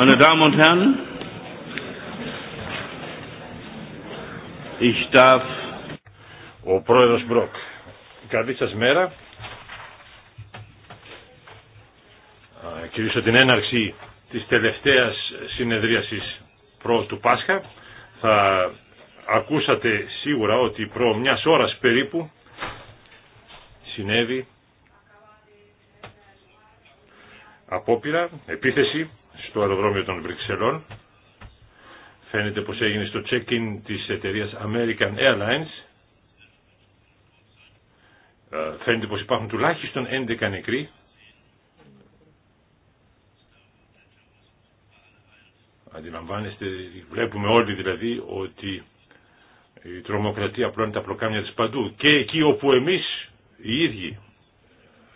Meine Damen und Herren, ich darf... Ο πρόεδρος Μπροκ. Καλή σας μέρα. Κυρίσω την έναρξη της τελευταίας συνεδρίασης προ του Πάσχα. Θα ακούσατε σίγουρα ότι προ μια ώρα περίπου συνέβη απόπειρα, επίθεση στο αεροδρόμιο των Βρυξελών. Φαίνεται πως έγινε στο check-in της εταιρείας American Airlines. Ε, φαίνεται πως υπάρχουν τουλάχιστον 11 νεκροί. Αντιλαμβάνεστε, βλέπουμε όλοι δηλαδή ότι η τρομοκρατία πλώνει τα πλοκάμια της παντού και εκεί όπου εμείς οι ίδιοι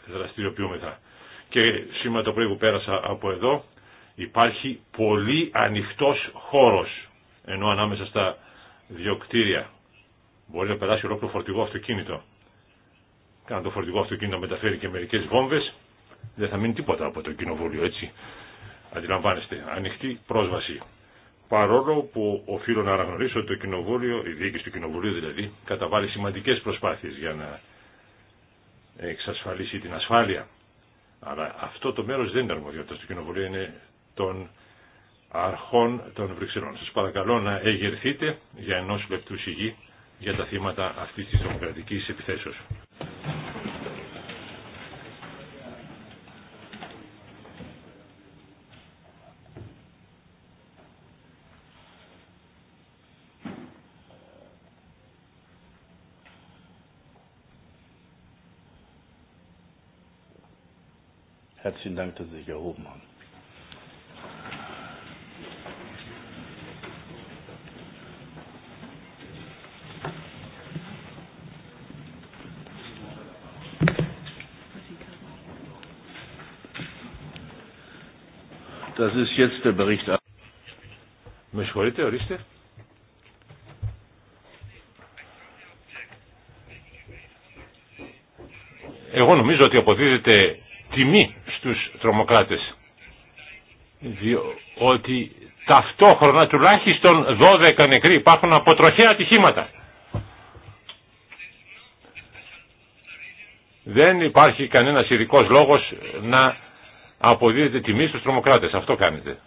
δραστηριοποιούμεθα. Και σήμερα το πρωί που πέρασα από εδώ Υπάρχει πολύ ανοιχτός χώρος, ενώ ανάμεσα στα δύο κτίρια μπορεί να περάσει ολόκληρο φορτηγό αυτοκίνητο. αν το φορτηγό αυτοκίνητο μεταφέρει και μερικές βόμβες, δεν θα μείνει τίποτα από το κοινοβούλιο, έτσι. Αντιλαμβάνεστε, ανοιχτή πρόσβαση. Παρόλο που οφείλω να αναγνωρίσω ότι το κοινοβούλιο, η διοίκηση του κοινοβουλίου δηλαδή, καταβάλει σημαντικές προσπάθειες για να εξασφαλίσει την ασφάλεια. Αλλά αυτό το μέρο δεν είναι αρμοδιότητα του κοινοβουλίου, είναι των αρχών των Βρυξελών. Σας παρακαλώ να εγερθείτε για ενός λεπτού σιγή για τα θύματα αυτής της δημοκρατικής επιθέσεως. Herzlichen Dank, dass Sie sich erhoben haben. jetzt der Bericht. Με συγχωρείτε, ορίστε. Εγώ νομίζω ότι αποδίδεται τιμή στους τρομοκράτες διότι ταυτόχρονα τουλάχιστον 12 νεκροί υπάρχουν από τροχαία ατυχήματα. Δεν υπάρχει κανένας ειδικός λόγος να Αποδίδετε τιμή στους τρομοκράτες. Αυτό κάνετε.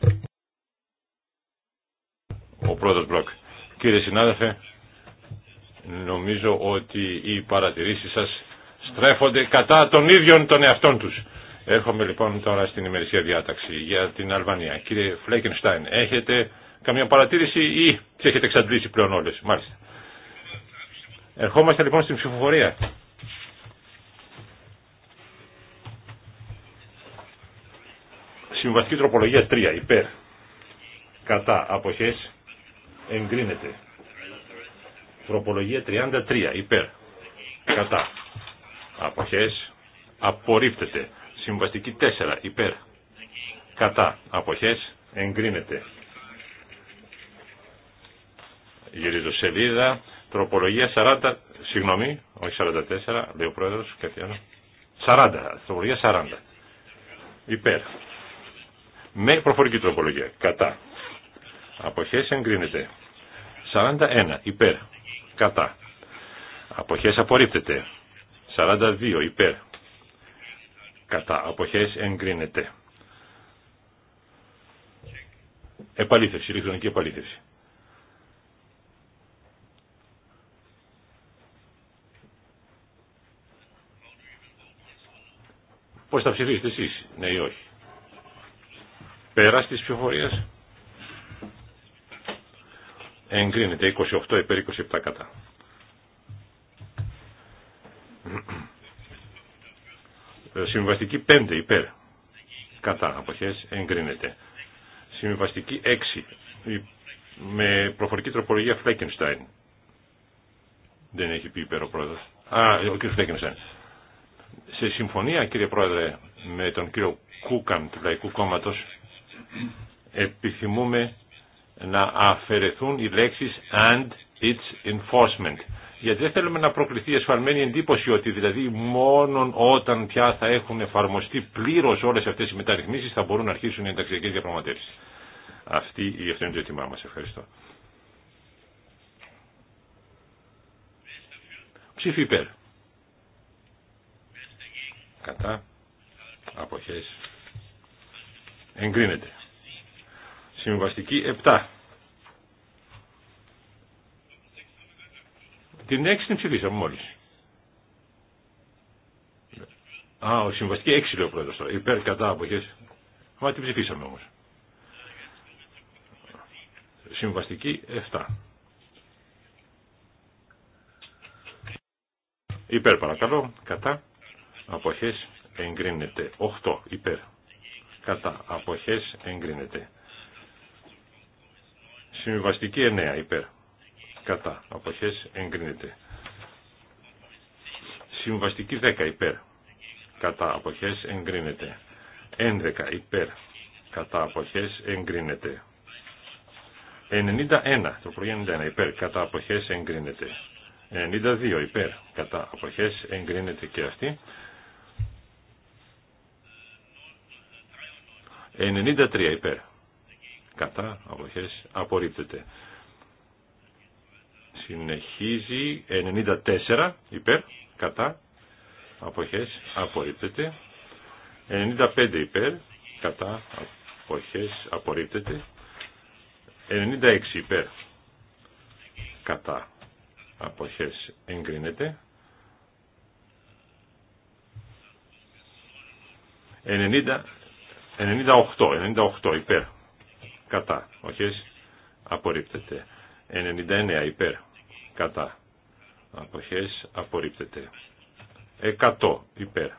Ο πρώτος μπλοκ. Κύριε συνάδελφε, νομίζω ότι οι παρατηρήσεις σας στρέφονται κατά των ίδιων των εαυτών τους. Έρχομαι λοιπόν τώρα στην ημερησία διάταξη για την Αλβανία. Κύριε Φλέκενστάιν, έχετε καμία παρατήρηση ή τι έχετε εξαντλήσει πλέον όλες. Μάλιστα. Ερχόμαστε λοιπόν στην ψηφοφορία. Συμβαστική τροπολογία 3 υπέρ κατά αποχές εγκρίνεται. Τροπολογία 33 υπέρ κατά αποχές απορρίπτεται. Συμβαστική 4 υπέρ κατά αποχές εγκρίνεται. Γυρίζω σελίδα. Τροπολογία 40, συγγνώμη, όχι 44, λέει ο πρόεδρος, κάτι άλλο. 40, τροπολογία 40. Υπέρ με προφορική τροπολογία. Κατά. Αποχές εγκρίνεται. 41 υπέρ. Κατά. Αποχές απορρίπτεται. 42 υπέρ. Κατά. Αποχές εγκρίνεται. Επαλήθευση, ηλεκτρονική επαλήθευση. Πώς θα ψηφίσετε εσείς, ναι ή όχι. Πέρα τη ψηφοφορία. Εγκρίνεται 28 υπέρ 27 κατά. Συμβαστική 5 υπέρ. Κατά αποχές εγκρίνεται. Συμβαστική 6 με προφορική τροπολογία Φλέκενστάιν. Δεν έχει πει υπέρ ο πρόεδρος. Α, ο κύριος Φλέκενστάιν. Σε συμφωνία κύριε πρόεδρε με τον κύριο Κούκαν του Λαϊκού Κόμματος επιθυμούμε να αφαιρεθούν οι λέξεις and its enforcement. Γιατί δεν θέλουμε να προκληθεί ασφαλμένη εντύπωση ότι δηλαδή μόνο όταν πια θα έχουν εφαρμοστεί πλήρω όλε αυτέ οι μεταρρυθμίσει θα μπορούν να αρχίσουν οι ενταξιακέ διαπραγματεύσει. Αυτή, η ευθύνη το έτοιμά μα. Ευχαριστώ. Ψήφι υπέρ. Κατά. Αποχές. Εγκρίνεται. Συμβαστική 7. Την 6 την ψηφίσαμε μόλις. Α, ο συμβαστική 6 λέει ο πρόεδρος τώρα. Υπέρ κατά αποχές. Μα την ψηφίσαμε όμως. Συμβαστική 7. Υπέρ παρακαλώ, κατά, αποχές εγκρίνεται. 8 υπέρ κατά αποχές εγκρίνεται. Συμβιβαστική 9 υπέρ κατά αποχές εγκρίνεται. Συμβαστική 10 υπέρ κατά αποχές εγκρίνεται. 11 υπέρ κατά αποχές εγκρίνεται. 91, το πρωί 91 υπέρ κατά αποχές εγκρίνεται. 92 υπέρ κατά αποχές εγκρίνεται και αυτή. 93 υπέρ. Κατά αποχές απορρίπτεται. Συνεχίζει 94 υπέρ. Κατά αποχές απορρίπτεται. 95 υπέρ. Κατά αποχές απορρίπτεται. 96 υπέρ. Κατά αποχές εγκρίνεται. 98, 98 υπέρ. Κατά. όχι, Απορρίπτεται. 99 υπέρ. Κατά. Αποχές. Απορρίπτεται. 100 υπέρ.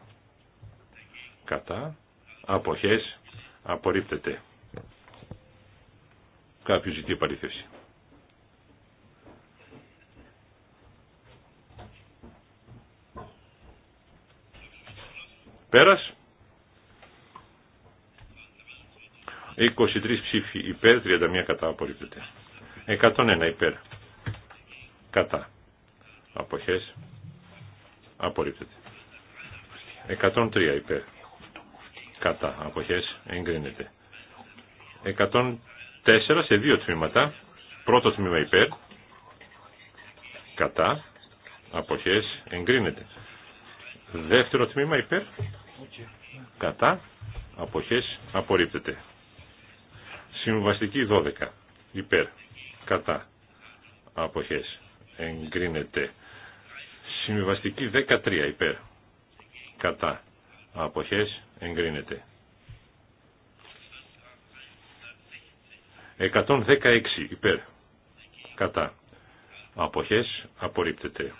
Κατά. Αποχές. Απορρίπτεται. Κάποιος ζητεί επαλήθευση. Πέρας. 23 ψήφοι υπέρ, 31 κατά απορρίπτεται. 101 υπέρ. Κατά. Αποχές. Απορρίπτεται. 103 υπέρ. Κατά. Αποχές. Εγκρίνεται. 104 σε δύο τμήματα. Πρώτο τμήμα υπέρ. Κατά. Αποχές. Εγκρίνεται. Δεύτερο τμήμα υπέρ. Κατά. Αποχές. Απορρίπτεται. Συμβαστική 12. Υπέρ. Κατά. Αποχές. Εγκρίνεται. Συμβαστική 13. Υπέρ. Κατά. Αποχές. Εγκρίνεται. 116. Υπέρ. Κατά. Αποχές. Απορρίπτεται.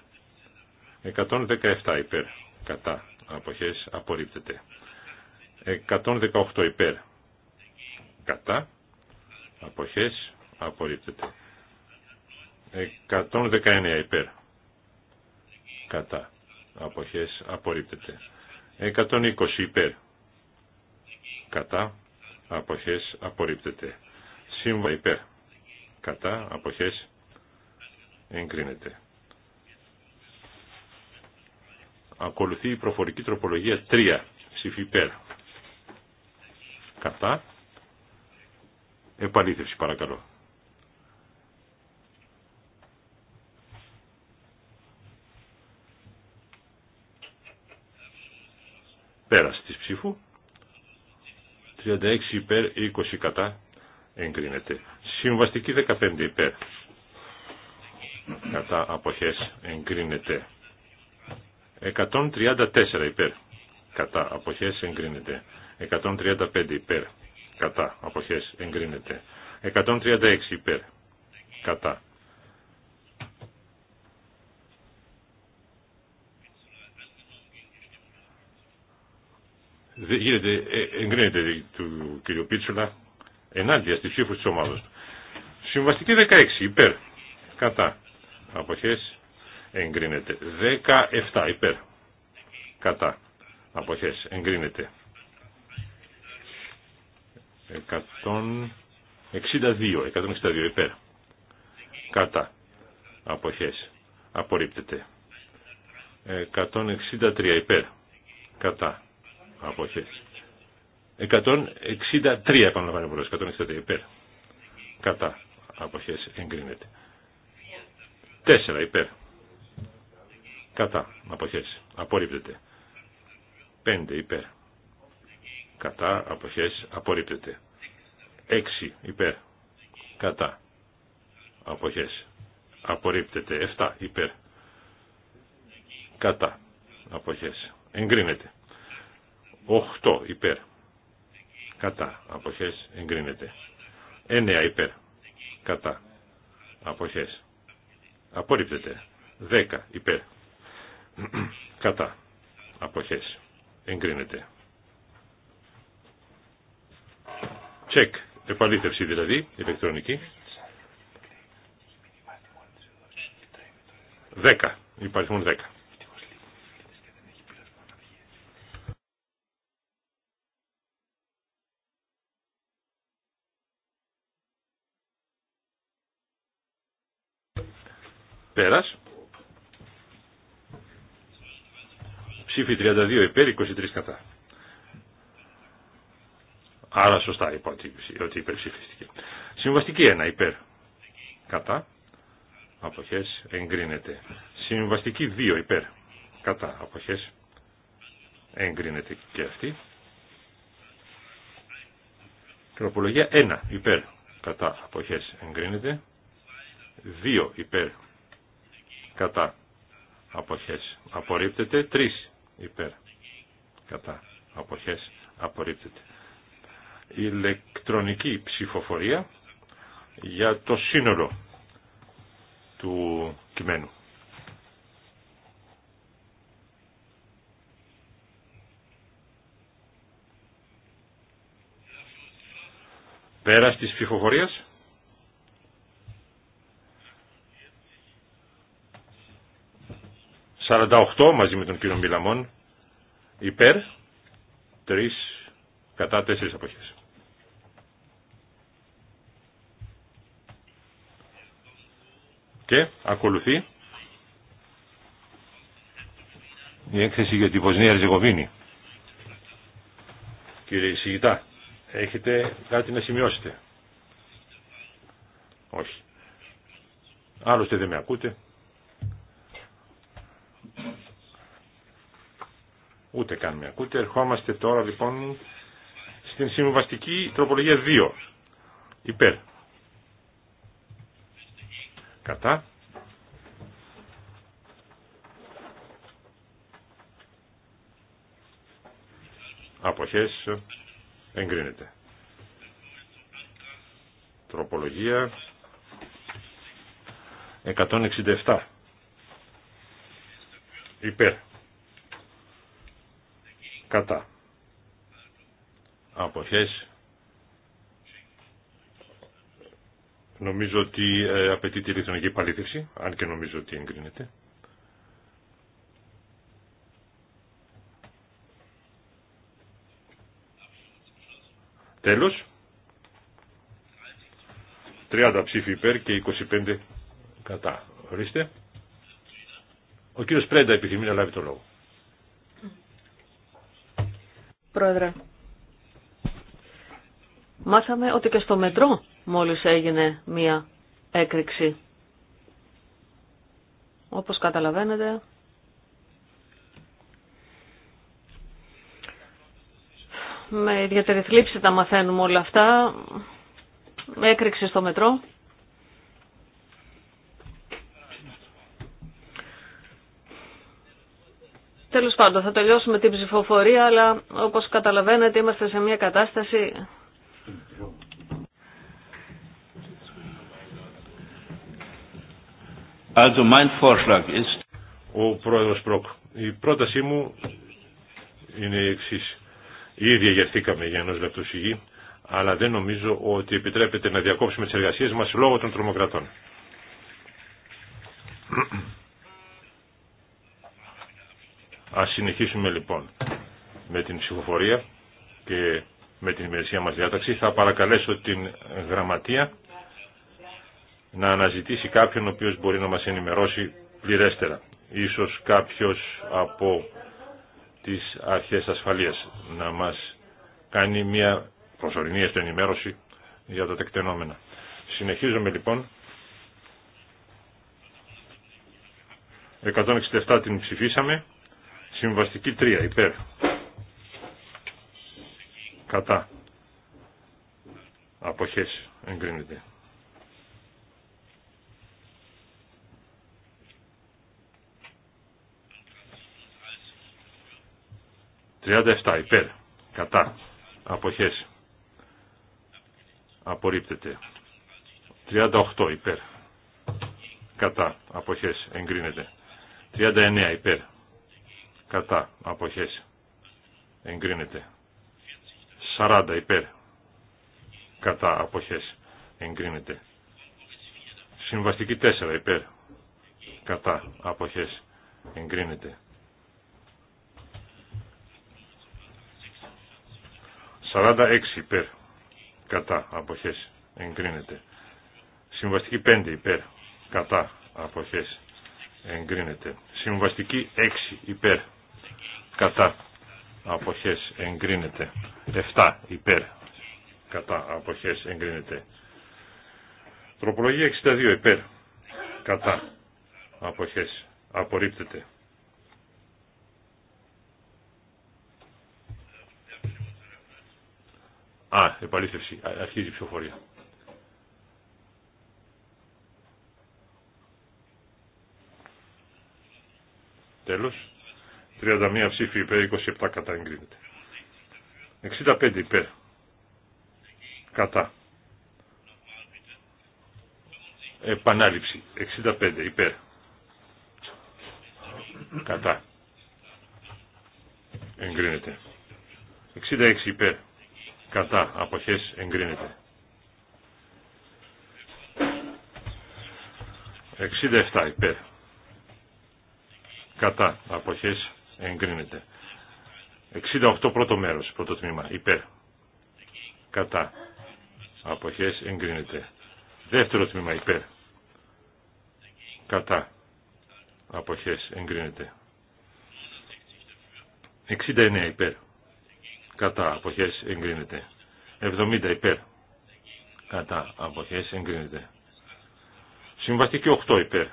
117. Υπέρ. Κατά. Αποχές. Απορρίπτεται. 118. Υπέρ. Κατά αποχές απορρίπτεται 119 υπέρ κατά αποχές απορρίπτεται 120 υπέρ κατά αποχές απορρίπτεται σύμβα υπέρ κατά αποχές εγκρίνεται ακολουθεί η προφορική τροπολογία 3 ψηφί υπέρ κατά Επαλήθευση παρακαλώ. Πέραση της ψήφου. 36 υπέρ, 20 κατά. Εγκρίνεται. Συμβαστική 15 υπέρ. Κατά αποχές εγκρίνεται. 134 υπέρ. Κατά αποχές εγκρίνεται. 135 υπέρ κατά αποχές εγκρίνεται 136 υπέρ κατά γίνεται, ε, εγκρίνεται του κ. Πίτσουλα ενάντια στη ψήφου της ομάδας του. Συμβαστική 16 υπέρ κατά αποχές εγκρίνεται 17 υπέρ κατά αποχές εγκρίνεται 162, υπέρ. Κατά. Αποχές. Απορρίπτεται. 163 υπέρ. Κατά. Αποχές. 163 επαναλαμβάνει προς 163 υπέρ. Κατά. Αποχές εγκρίνεται. 4 υπέρ. Κατά. Αποχές. Απορρίπτεται. 5 υπέρ κατά αποχές απορρίπτεται 6 υπέρ κατά αποχές απορρίπτεται 7 υπέρ κατά αποχές εγκρίνεται 8 υπέρ κατά αποχές εγκρίνεται 9 υπέρ κατά αποχές απορρίπτεται 10 υπέρ κατά αποχές εγκρίνεται Check, επαλήθευση δηλαδή, ηλεκτρονική. 10, υπαριθμόν 10. Πέρας. Ψήφι 32 υπέρ, 23 κατά. Άρα σωστά είπα ότι υπερψηφίστηκε. Συμβαστική 1 υπέρ. Κατά. Αποχές εγκρίνεται. Συμβαστική 2 υπέρ. Κατά. Αποχές εγκρίνεται και αυτή. Τροπολογία 1 υπέρ. Κατά. Αποχές εγκρίνεται. 2 υπέρ. Κατά. Αποχές απορρίπτεται. 3 υπέρ. Κατά. Αποχές απορρίπτεται ηλεκτρονική ψηφοφορία για το σύνολο του κειμένου. Πέρας της ψηφοφορίας. «48» μαζί με τον κύριο Μπιλαμόν υπέρ, 3 κατά 4 αποχές. Και ακολουθεί η έκθεση για τη Βοσνία Ριζεγοβίνη. Κύριε Ισηγητά, έχετε κάτι να σημειώσετε. Όχι. Άλλωστε δεν με ακούτε. Ούτε καν με ακούτε. Ερχόμαστε τώρα λοιπόν στην συμβαστική τροπολογία 2. Υπέρ. Κατά. Αποχές. Εγκρίνεται. Τροπολογία. 167. Υπέρ. Κατά. Αποχές Νομίζω ότι ε, απαιτεί τη ηλεκτρονική παλήθευση, αν και νομίζω ότι εγκρίνεται. Τέλος. 30 ψήφοι υπέρ και 25 κατά. Ορίστε. Ο κύριος Πρέντα επιθυμεί να λάβει το λόγο. Πρόεδρε, μάθαμε ότι και στο μετρό μόλις έγινε μία έκρηξη. Όπως καταλαβαίνετε, με ιδιαίτερη θλίψη τα μαθαίνουμε όλα αυτά. Έκρηξη στο μετρό. Τέλος πάντων, θα τελειώσουμε την ψηφοφορία, αλλά όπως καταλαβαίνετε είμαστε σε μια κατάσταση Also mein Vorschlag Ο πρόεδρος Πρόκ, η πρότασή μου είναι η εξή. Ήδη αγερθήκαμε για ενός λεπτού σιγή, αλλά δεν νομίζω ότι επιτρέπεται να διακόψουμε τις εργασίες μας λόγω των τρομοκρατών. Ας συνεχίσουμε λοιπόν με την ψηφοφορία και με την ημερησία μας διάταξη. Θα παρακαλέσω την γραμματεία να αναζητήσει κάποιον ο οποίος μπορεί να μας ενημερώσει πληρέστερα. Ίσως κάποιος από τις αρχές ασφαλείας να μας κάνει μια προσωρινή ενημέρωση για τα τεκτενόμενα. Συνεχίζουμε λοιπόν. 167 την ψηφίσαμε. Συμβαστική 3 υπέρ. Κατά. Αποχές εγκρίνεται. 37 υπέρ. Κατά. Αποχές. Απορρίπτεται. 38 υπέρ. Κατά. Αποχές. Εγκρίνεται. 39 υπέρ. Κατά. Αποχές. Εγκρίνεται. 40 υπέρ. Κατά. Αποχές. Εγκρίνεται. Συμβαστική 4 υπέρ. Κατά. Αποχές. Εγκρίνεται. 46 υπέρ. Κατά αποχές εγκρίνεται. Συμβαστική 5 υπέρ. Κατά αποχές εγκρίνεται. Συμβαστική 6 υπέρ. Κατά αποχές εγκρίνεται. 7 υπέρ. Κατά αποχές εγκρίνεται. Τροπολογία 62 υπέρ. Κατά αποχές απορρίπτεται. Α, επαλήθευση. Αρχίζει η ψηφοφορία. Τέλος. 31 ψήφοι υπέρ, 27 κατά εγκρίνεται. 65 υπέρ. Κατά. Επανάληψη. 65 υπέρ. Κατά. Εγκρίνεται. 66 υπέρ κατά αποχές εγκρίνεται. 67 υπέρ κατά αποχές εγκρίνεται. 68 πρώτο μέρος, πρώτο τμήμα, υπέρ κατά αποχές εγκρίνεται. Δεύτερο τμήμα υπέρ κατά αποχές εγκρίνεται. 69 υπέρ κατά αποχές εγκρίνεται. 70 υπέρ κατά αποχές εγκρίνεται. Συμβαστική 8 υπέρ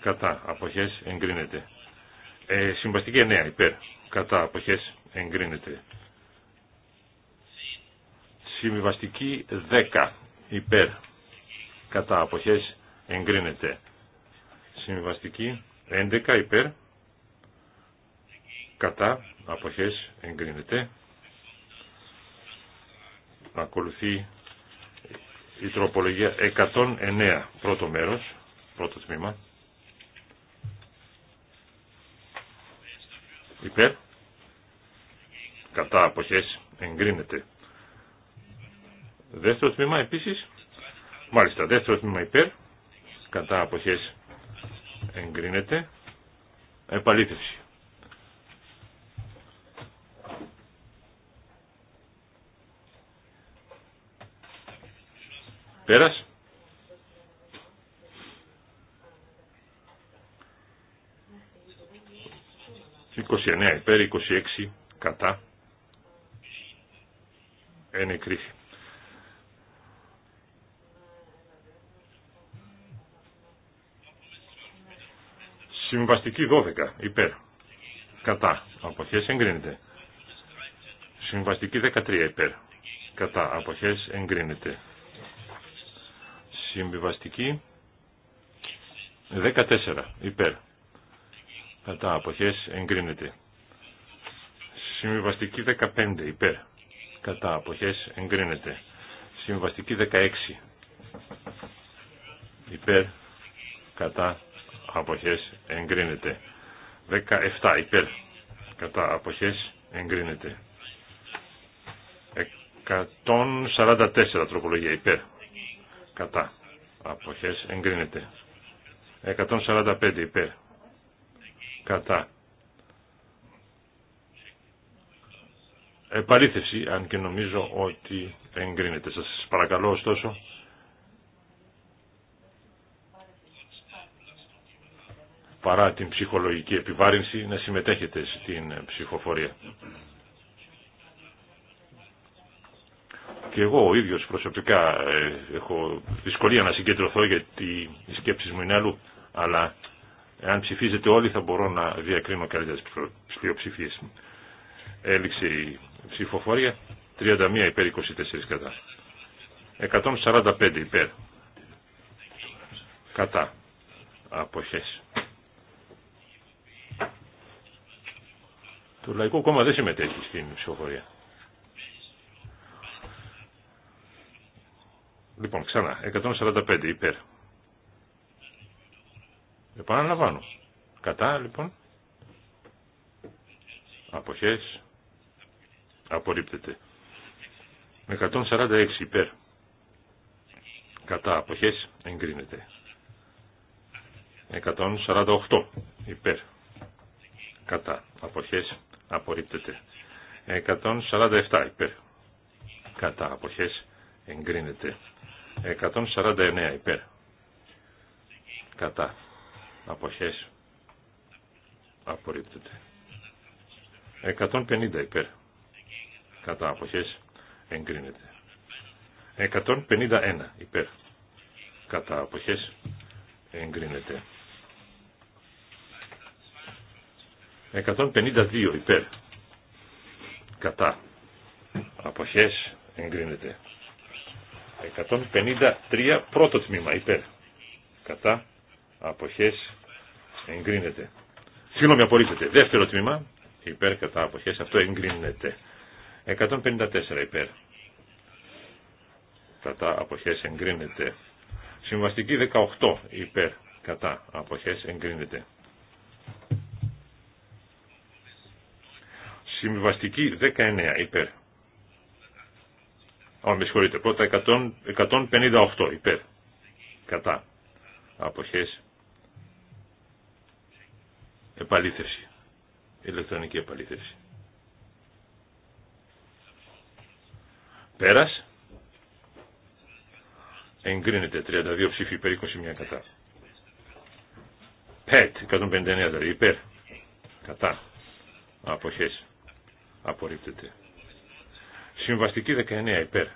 κατά αποχές εγκρίνεται. Ε, συμβαστική 9 υπέρ κατά αποχές εγκρίνεται. Συμβαστική 10 υπέρ κατά αποχές εγκρίνεται. Συμβαστική 11 υπέρ κατά αποχές εγκρίνεται. Ακολουθεί η τροπολογία 109 πρώτο μέρος, πρώτο τμήμα. Υπέρ. Κατά αποχές εγκρίνεται. Δεύτερο τμήμα επίσης. Μάλιστα, δεύτερο τμήμα υπέρ. Κατά αποχές εγκρίνεται. Επαλήθευση. Πέρας. ...29 υπέρ, 26 κατά, ενεκρίθη. Συμβαστική 12 υπέρ, κατά, αποχές εγκρίνεται. Συμβαστική 13 υπέρ, κατά, αποχές εγκρίνεται. Συμβιβαστική 14 υπέρ. Κατά αποχές εγκρίνεται. Συμβιβαστική 15 υπέρ. Κατά αποχές εγκρίνεται. Συμβιβαστική 16 υπέρ. Κατά αποχές εγκρίνεται. 17 υπέρ. Κατά αποχές εγκρίνεται. 144 τροπολογία υπέρ. Κατά αποχές εγκρίνεται. 145 υπέρ κατά. Επαλήθευση, αν και νομίζω ότι εγκρίνεται. Σας παρακαλώ ωστόσο. Παρά την ψυχολογική επιβάρυνση να συμμετέχετε στην ψυχοφορία. και εγώ ο ίδιος προσωπικά ε, έχω δυσκολία να συγκεντρωθώ γιατί οι σκέψεις μου είναι αλλού. Αλλά αν ψηφίζετε όλοι θα μπορώ να διακρίνω καλύτερα τις πλειοψηφίες. Έληξε η ψηφοφορία 31 υπέρ 24 κατά. 145 υπέρ. Κατά. Αποχές. Το Λαϊκό Κόμμα δεν συμμετέχει στην ψηφοφορία. Λοιπόν, ξανά, 145 υπέρ. Επαναλαμβάνω. Κατά, λοιπόν. Αποχές. Απορρίπτεται. 146 υπέρ. Κατά, αποχές. Εγκρίνεται. 148 υπέρ. Κατά, αποχές. Απορρίπτεται. 147 υπέρ. Κατά, αποχές. Εγκρίνεται. 149 υπέρ. Κατά. Αποχές. Απορρίπτεται. 150 υπέρ. Κατά αποχές. Εγκρίνεται. 151 υπέρ. Κατά αποχές. Εγκρίνεται. 152 υπέρ. Κατά. Αποχές εγκρίνεται. 153 πρώτο τμήμα υπέρ. Κατά αποχές εγκρίνεται. Συγγνώμη απορρίπτεται. Δεύτερο τμήμα υπέρ κατά αποχές αυτό εγκρίνεται. 154 υπέρ. Κατά αποχές εγκρίνεται. Συμβαστική 18 υπέρ κατά αποχές εγκρίνεται. Συμβαστική 19 υπέρ Ω, με συγχωρείτε, πρώτα 158 υπέρ. Κατά. Αποχές. Επαλήθευση. Ηλεκτρονική επαλήθευση. Πέρας. Εγκρίνεται 32 ψήφοι υπέρ 21 κατά. Πέτ 159 δηλαδή υπέρ. Κατά. Αποχές. Απορρίπτεται. Συμβαστική 19 υπέρ.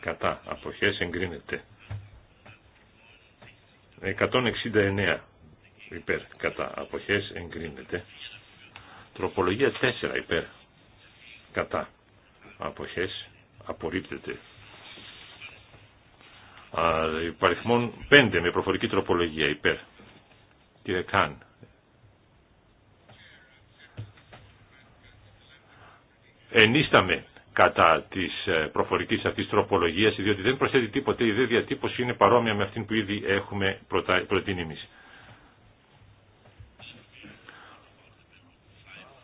Κατά. Αποχές εγκρίνεται. 169 υπέρ. Κατά. Αποχές εγκρίνεται. Τροπολογία 4 υπέρ. Κατά. Αποχές απορρίπτεται. Υπαριθμόν 5 με προφορική τροπολογία υπέρ. Κύριε Καν. Ενίσταμε κατά της ε, προφορικής αυτής τροπολογίας, διότι δεν προσθέτει τίποτε, η δε διατύπωση είναι παρόμοια με αυτήν που ήδη έχουμε προτείνει εμείς.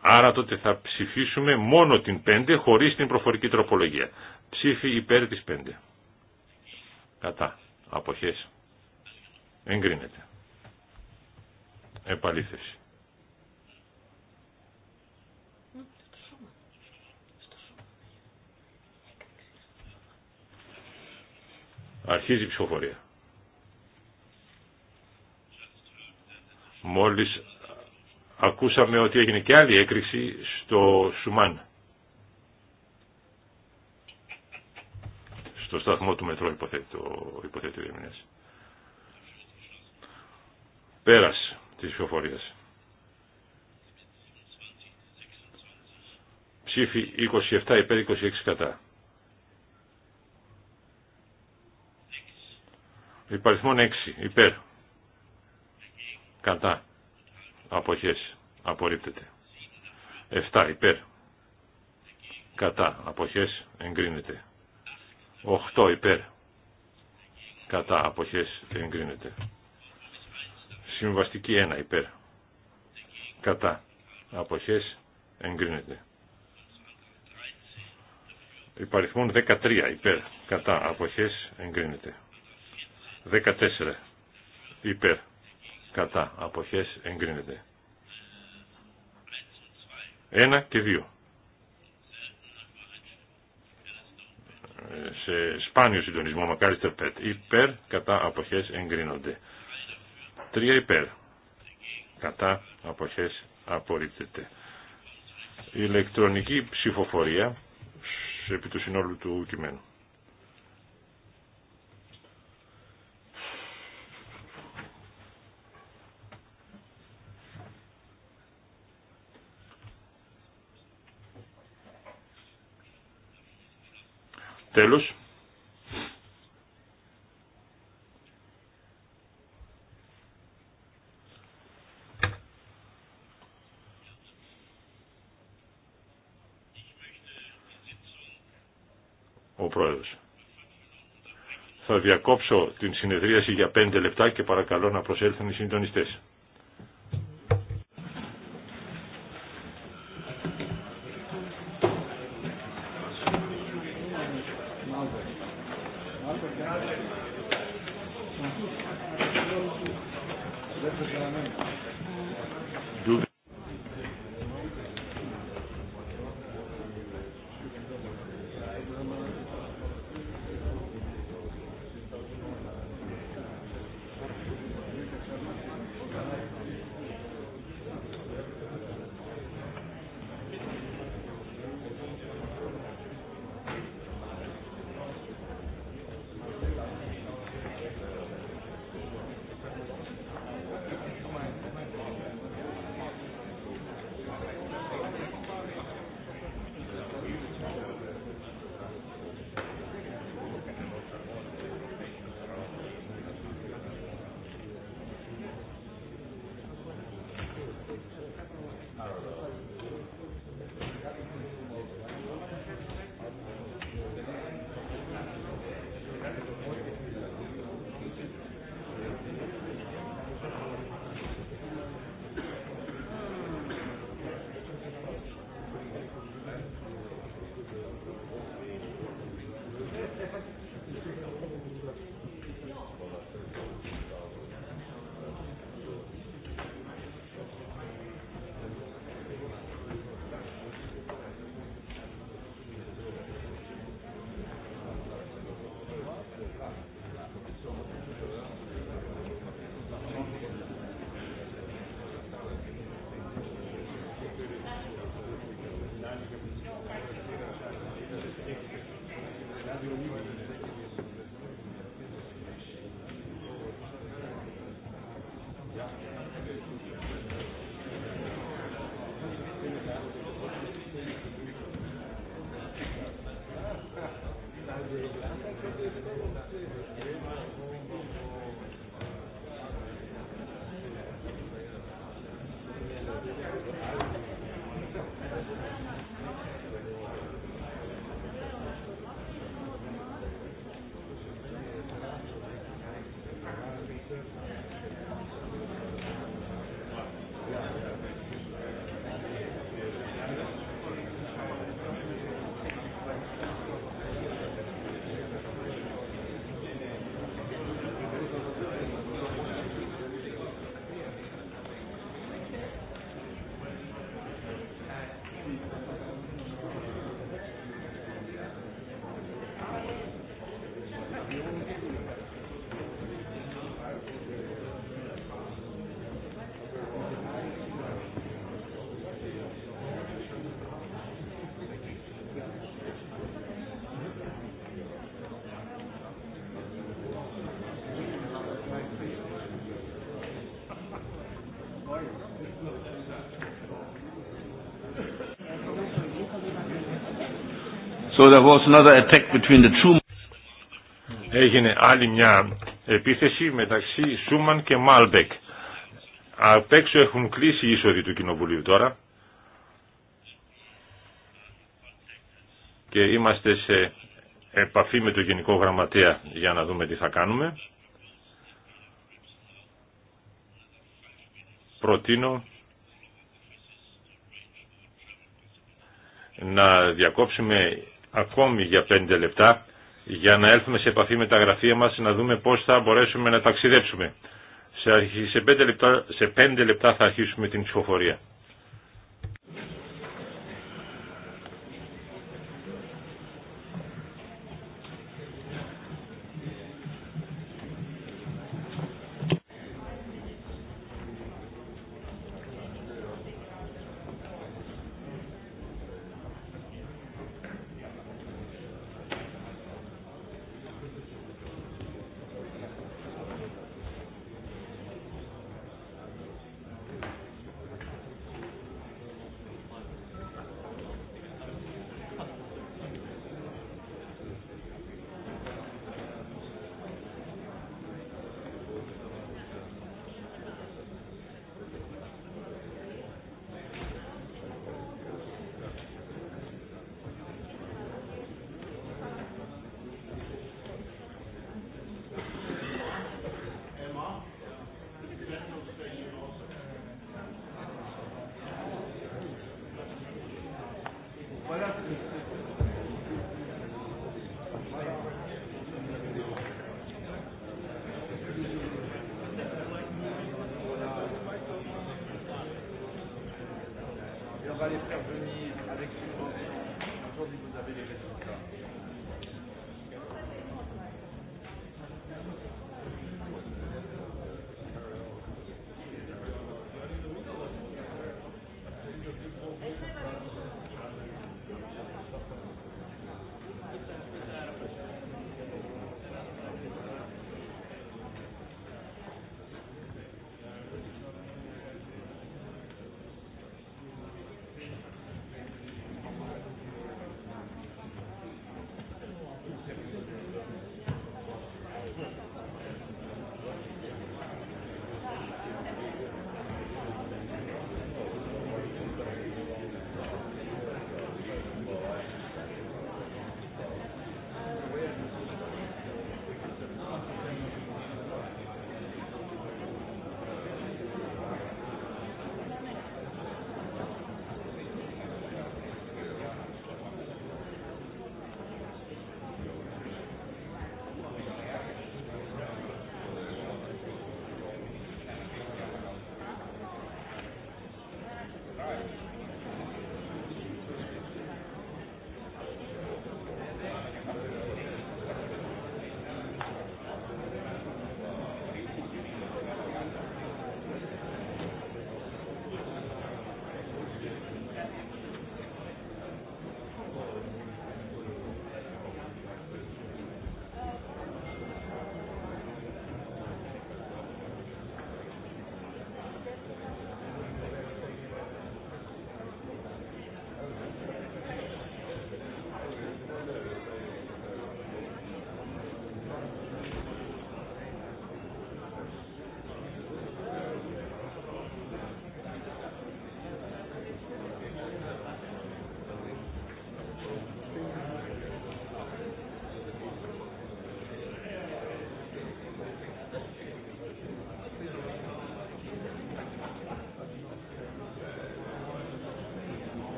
Άρα τότε θα ψηφίσουμε μόνο την 5 χωρίς την προφορική τροπολογία. Ψήφι υπέρ της 5. Κατά. Αποχές. Εγκρίνεται. Επαλήθευση. Αρχίζει η ψηφοφορία. Μόλις ακούσαμε ότι έγινε και άλλη έκρηξη στο Σουμάν. Στο σταθμό του μετρό υποθέτω, υποθετή. έμεινες. Πέρας της ψηφοφορίας. Ψήφι 27 υπέρ 26 κατά. Υπαριθμόν 6. Υπέρ. Κατά. Αποχές. Απορρίπτεται. 7. Υπέρ. Κατά. Αποχές. Εγκρίνεται. 8. Υπέρ. Κατά. Αποχές. Εγκρίνεται. Συμβαστική 1. Υπέρ. Κατά. Αποχές. Εγκρίνεται. Υπαριθμόν 13. Υπέρ. Κατά. Αποχές. Εγκρίνεται. 14 υπέρ κατά αποχές εγκρίνεται. 1 και 2. Σε σπάνιο συντονισμό Μακάριστερ Πέτ υπέρ κατά αποχές εγκρίνονται. 3 υπέρ κατά αποχές απορρίπτεται. Η ηλεκτρονική ψηφοφορία επί του συνόλου του κειμένου. Τέλος. Ο Πρόεδρος. Θα διακόψω την συνεδρίαση για πέντε λεπτά και παρακαλώ να προσέλθουν οι συντονιστές. Έγινε άλλη μια επίθεση μεταξύ Σούμαν και Μάλμπεκ. Απ' έξω έχουν κλείσει οι είσοδοι του Κοινοβουλίου τώρα. Και είμαστε σε επαφή με το Γενικό Γραμματέα για να δούμε τι θα κάνουμε. Προτείνω να διακόψουμε ακόμη για πέντε λεπτά για να έλθουμε σε επαφή με τα γραφεία μας να δούμε πώς θα μπορέσουμε να ταξιδέψουμε. Σε, σε, 5 λεπτά, σε 5 λεπτά θα αρχίσουμε την ψηφοφορία.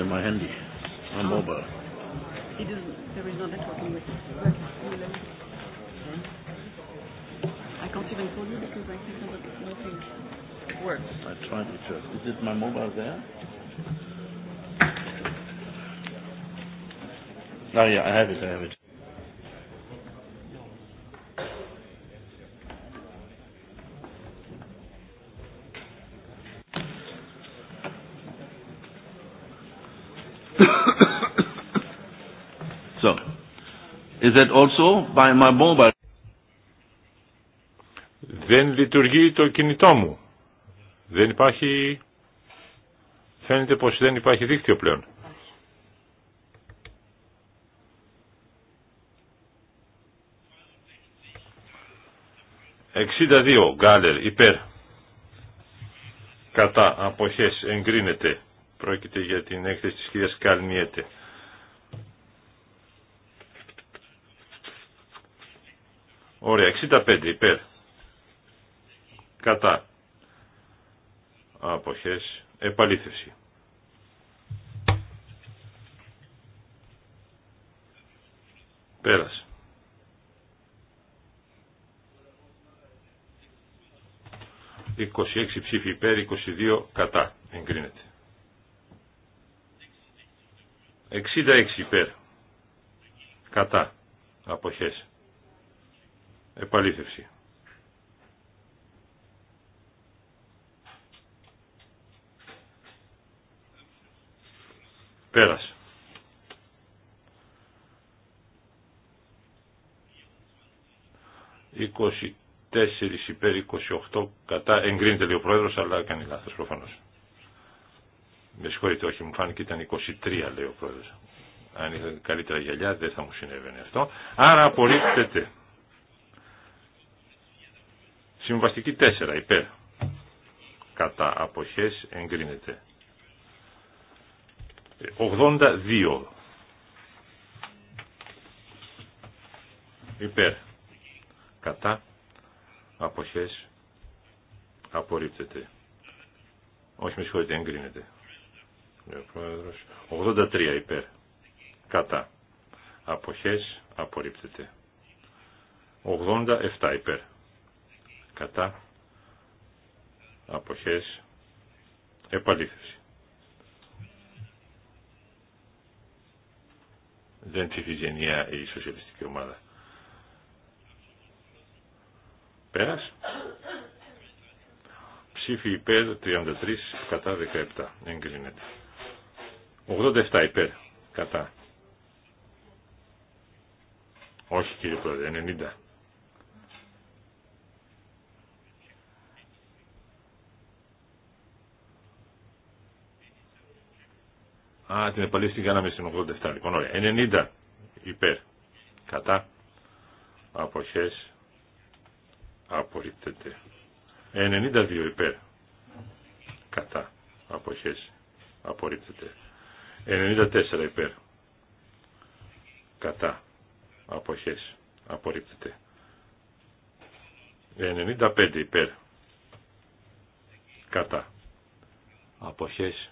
in my handy, my mobile. It doesn't, there is no networking with I can't even call you because I think nothing works. I tried it first. Is it my mobile there? Oh yeah, I have it, I have it. Is that also by my Δεν λειτουργεί το κινητό μου. Δεν υπάρχει... Φαίνεται πως δεν υπάρχει δίκτυο πλέον. 62 δύο, Γκάλερ, υπέρ. Κατά αποχές εγκρίνεται. Πρόκειται για την έκθεση της κυρίας Καλνιέτε. 65 υπέρ. Κατά. Αποχές. Επαλήθευση. Πέρασε. ...26 ψήφοι υπέρ, 22 κατά, εγκρίνεται. 66 υπέρ, κατά, αποχές, Επαλήθευση. Πέρασε. 24 υπέρ 28 κατά εγκρίνεται λέει ο πρόεδρος αλλά έκανε λάθος προφανώς. Με συγχωρείτε όχι μου φάνηκε ήταν 23 λέει ο πρόεδρος. Αν είχα καλύτερα γυαλιά δεν θα μου συνέβαινε αυτό. Άρα απορρίπτεται. Συμβαστική 4 υπέρ. Κατά αποχές εγκρίνεται. 82 υπέρ. Κατά αποχές απορρίπτεται. Όχι με συγχωρείτε, εγκρίνεται. 83 ναι, υπέρ. Κατά. Αποχές απορρίπτεται. 87 υπέρ κατά αποχές επαλήθευση. Δεν ψηφίζει η σοσιαλιστική ομάδα. Πέρας. Ψήφι υπέρ 33 κατά 17. Εγκρίνεται. 87 υπέρ κατά. Όχι κύριε Πρόεδρε, 90. Α, την επαλήθη κάναμε στην 87. Λοιπόν, ωραία. 90 υπέρ. Κατά. Αποχές. Απορρίπτεται. 92 υπέρ. Κατά. Αποχές. Απορρίπτεται. 94 υπέρ. Κατά. Αποχές. Απορρίπτεται. 95 υπέρ. Κατά. Αποχές.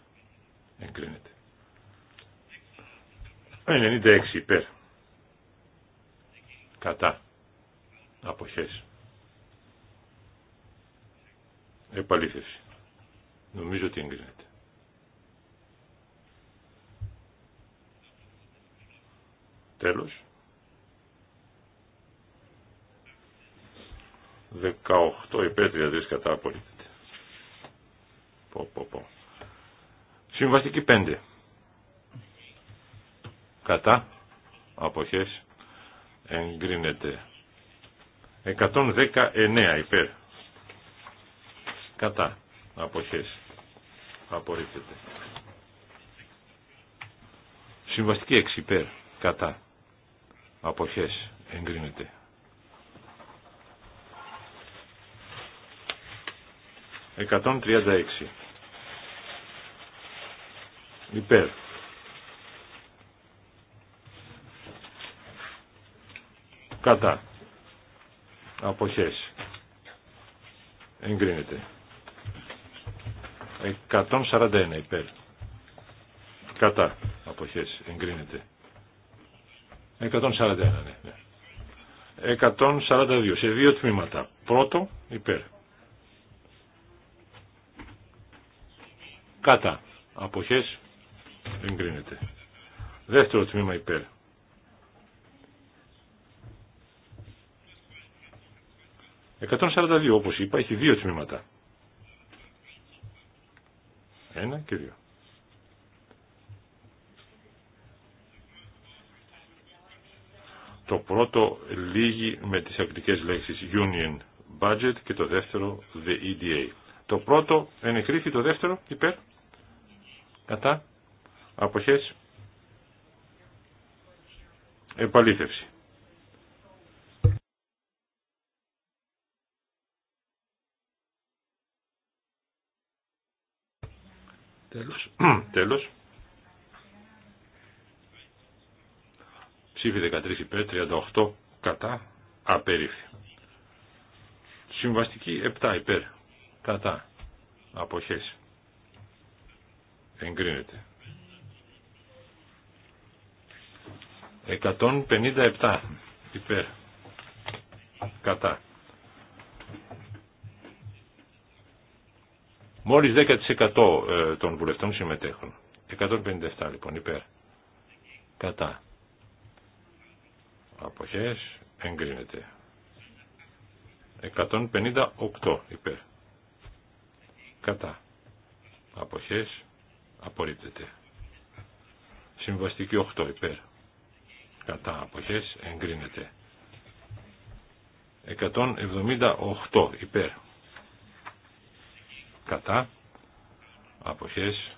Εγκρίνεται. 96 υπέρ. Κατά. Αποχές. Επαλήθευση. Νομίζω ότι εγκρίνεται. Τέλος. 18 υπέρ 33 κατά απολύτεται. Συμβαστική 5 κατά αποχές εγκρίνεται 119 υπέρ κατά αποχές απορρίπτεται συμβαστική 6 υπέρ κατά αποχές εγκρίνεται 136 υπέρ Κατά. Αποχές. Εγκρίνεται. 141 υπέρ. Κατά. Αποχές. Εγκρίνεται. 141 ναι. 142 ναι. σε δύο τμήματα. Πρώτο υπέρ. Κατά. Αποχές. Εγκρίνεται. Δεύτερο τμήμα υπέρ. 142 όπως είπα έχει δύο τμήματα. Ένα και δύο. Το πρώτο λύγει με τις αγγλικές λέξεις Union Budget και το δεύτερο The EDA. Το πρώτο ενεκρίθη, το δεύτερο υπέρ, κατά, αποχές, επαλήθευση. Τέλος. Τέλος. Ψήφι 13 υπέρ, 38 κατά, απερίφθη. Συμβαστική 7 υπέρ, κατά, αποχές. Εγκρίνεται. 157 υπέρ, κατά Μόλις 10% ε, των βουλευτών συμμετέχουν. 157 λοιπόν υπέρ. Κατά. Αποχές εγκρίνεται. 158 υπέρ. Κατά. Αποχές απορρίπτεται. Συμβαστική 8 υπέρ. Κατά. Αποχές εγκρίνεται. 178 υπέρ κατά αποχές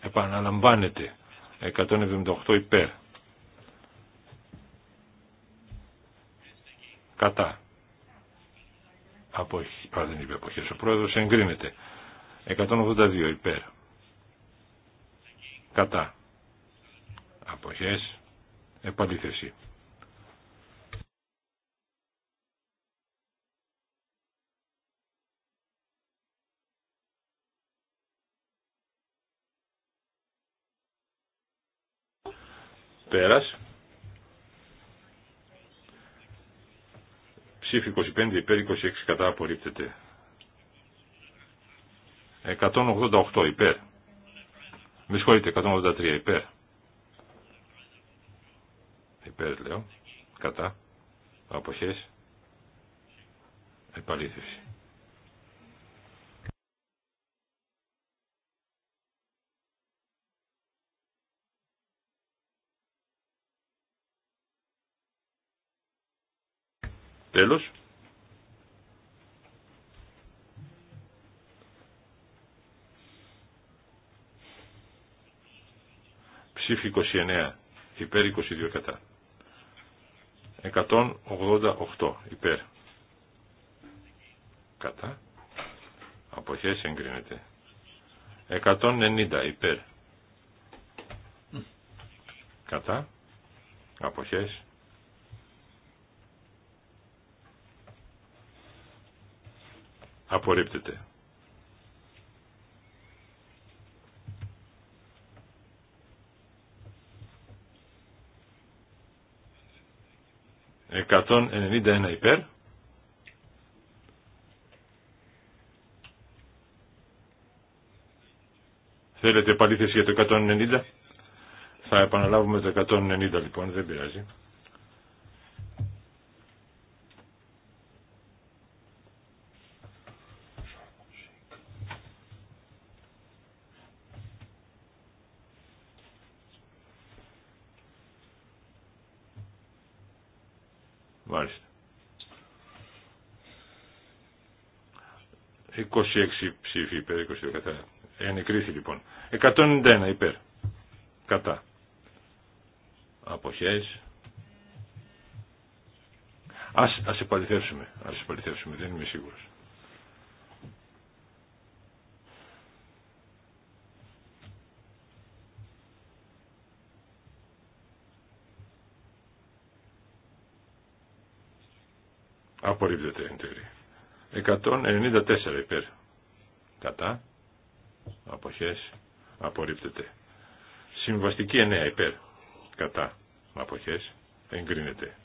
επαναλαμβάνεται 178 υπέρ κατά αποχές, α, δεν είπε αποχές ο πρόεδρος εγκρίνεται 182 υπέρ κατά αποχές επαλήθευση Πέρας. Ψήφι 25 υπέρ 26 κατά απορρίπτεται. 188 υπέρ. Με συγχωρείτε, 183 υπέρ. Υπέρ λέω. Κατά. Αποχές. Επαλήθευση. Τέλος. Ψήφι 29 υπέρ 22 κατά. 188 υπέρ. Κατά. Αποχές εγκρίνεται. 190 υπέρ. Κατά. Αποχές απορρίπτεται. Εκατόν ενενήντα υπέρ. Θέλετε επαλήθευση για το 190. Θα επαναλάβουμε το 190 λοιπόν, δεν πειράζει. 26 ψήφοι υπέρ, 22 κατά. Ενεκρίθη λοιπόν. 191 υπέρ. Κατά. Αποχέ. Ας, ας επαληθεύσουμε. Ας επαληθεύσουμε. Δεν είμαι σίγουρος. Απορρίπτεται εν τέλει. 194 υπέρ κατά αποχές απορρίπτεται. Συμβαστική 9 υπέρ κατά αποχές εγκρίνεται.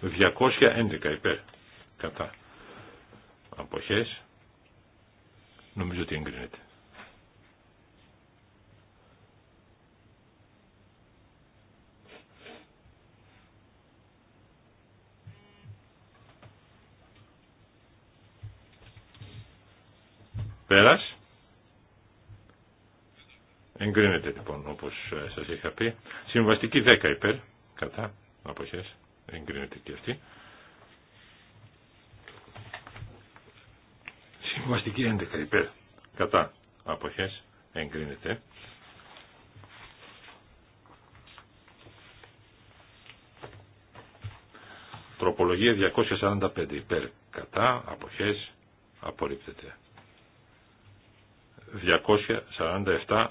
211 υπέρ κατά αποχές νομίζω ότι εγκρίνεται. Πέρας. Εγκρίνεται λοιπόν όπως ε, σας είχα πει. Συμβαστική 10 υπέρ. Κατά. Αποχές. Εγκρίνεται και αυτή. Συμβαστική 11 υπέρ. Κατά. Αποχές. Εγκρίνεται. Τροπολογία 245 υπέρ. Κατά. Αποχές. Απορρίπτεται. 247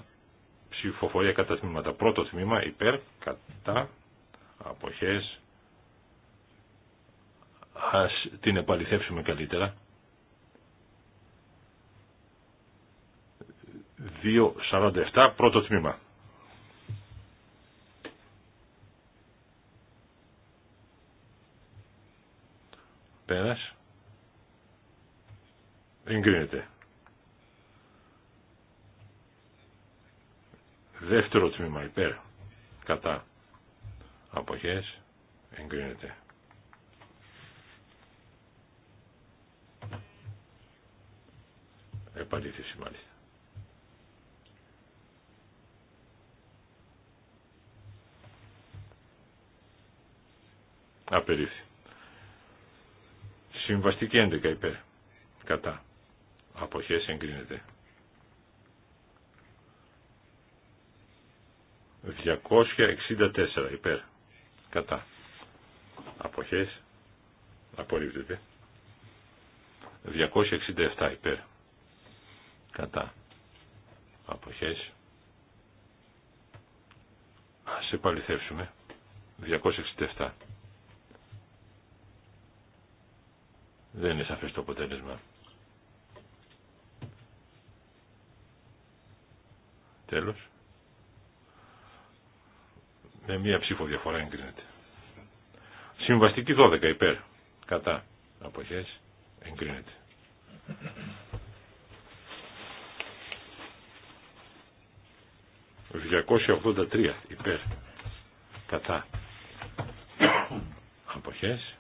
ψηφοφορία κατά τμήματα. Πρώτο τμήμα υπέρ, κατά, αποχές. Ας την επαληθεύσουμε καλύτερα. 2.47 πρώτο τμήμα. Πέρας. Εγκρίνεται. Δεύτερο τμήμα υπέρ. Κατά. Αποχές. Εγκρίνεται. επαλήφθηση μάλιστα. Απερίφθη. Συμβαστική 11 υπέρ. Κατά. Αποχές εγκρίνεται. 264 υπέρ κατά αποχές απορρίπτεται 267 υπέρ κατά αποχές ας επαληθεύσουμε 267 δεν είναι σαφές το αποτέλεσμα τέλος με μία ψήφο διαφορά εγκρίνεται. Συμβαστική 12 υπέρ. Κατά. Αποχές εγκρίνεται. 283 υπέρ. Κατά. Αποχές.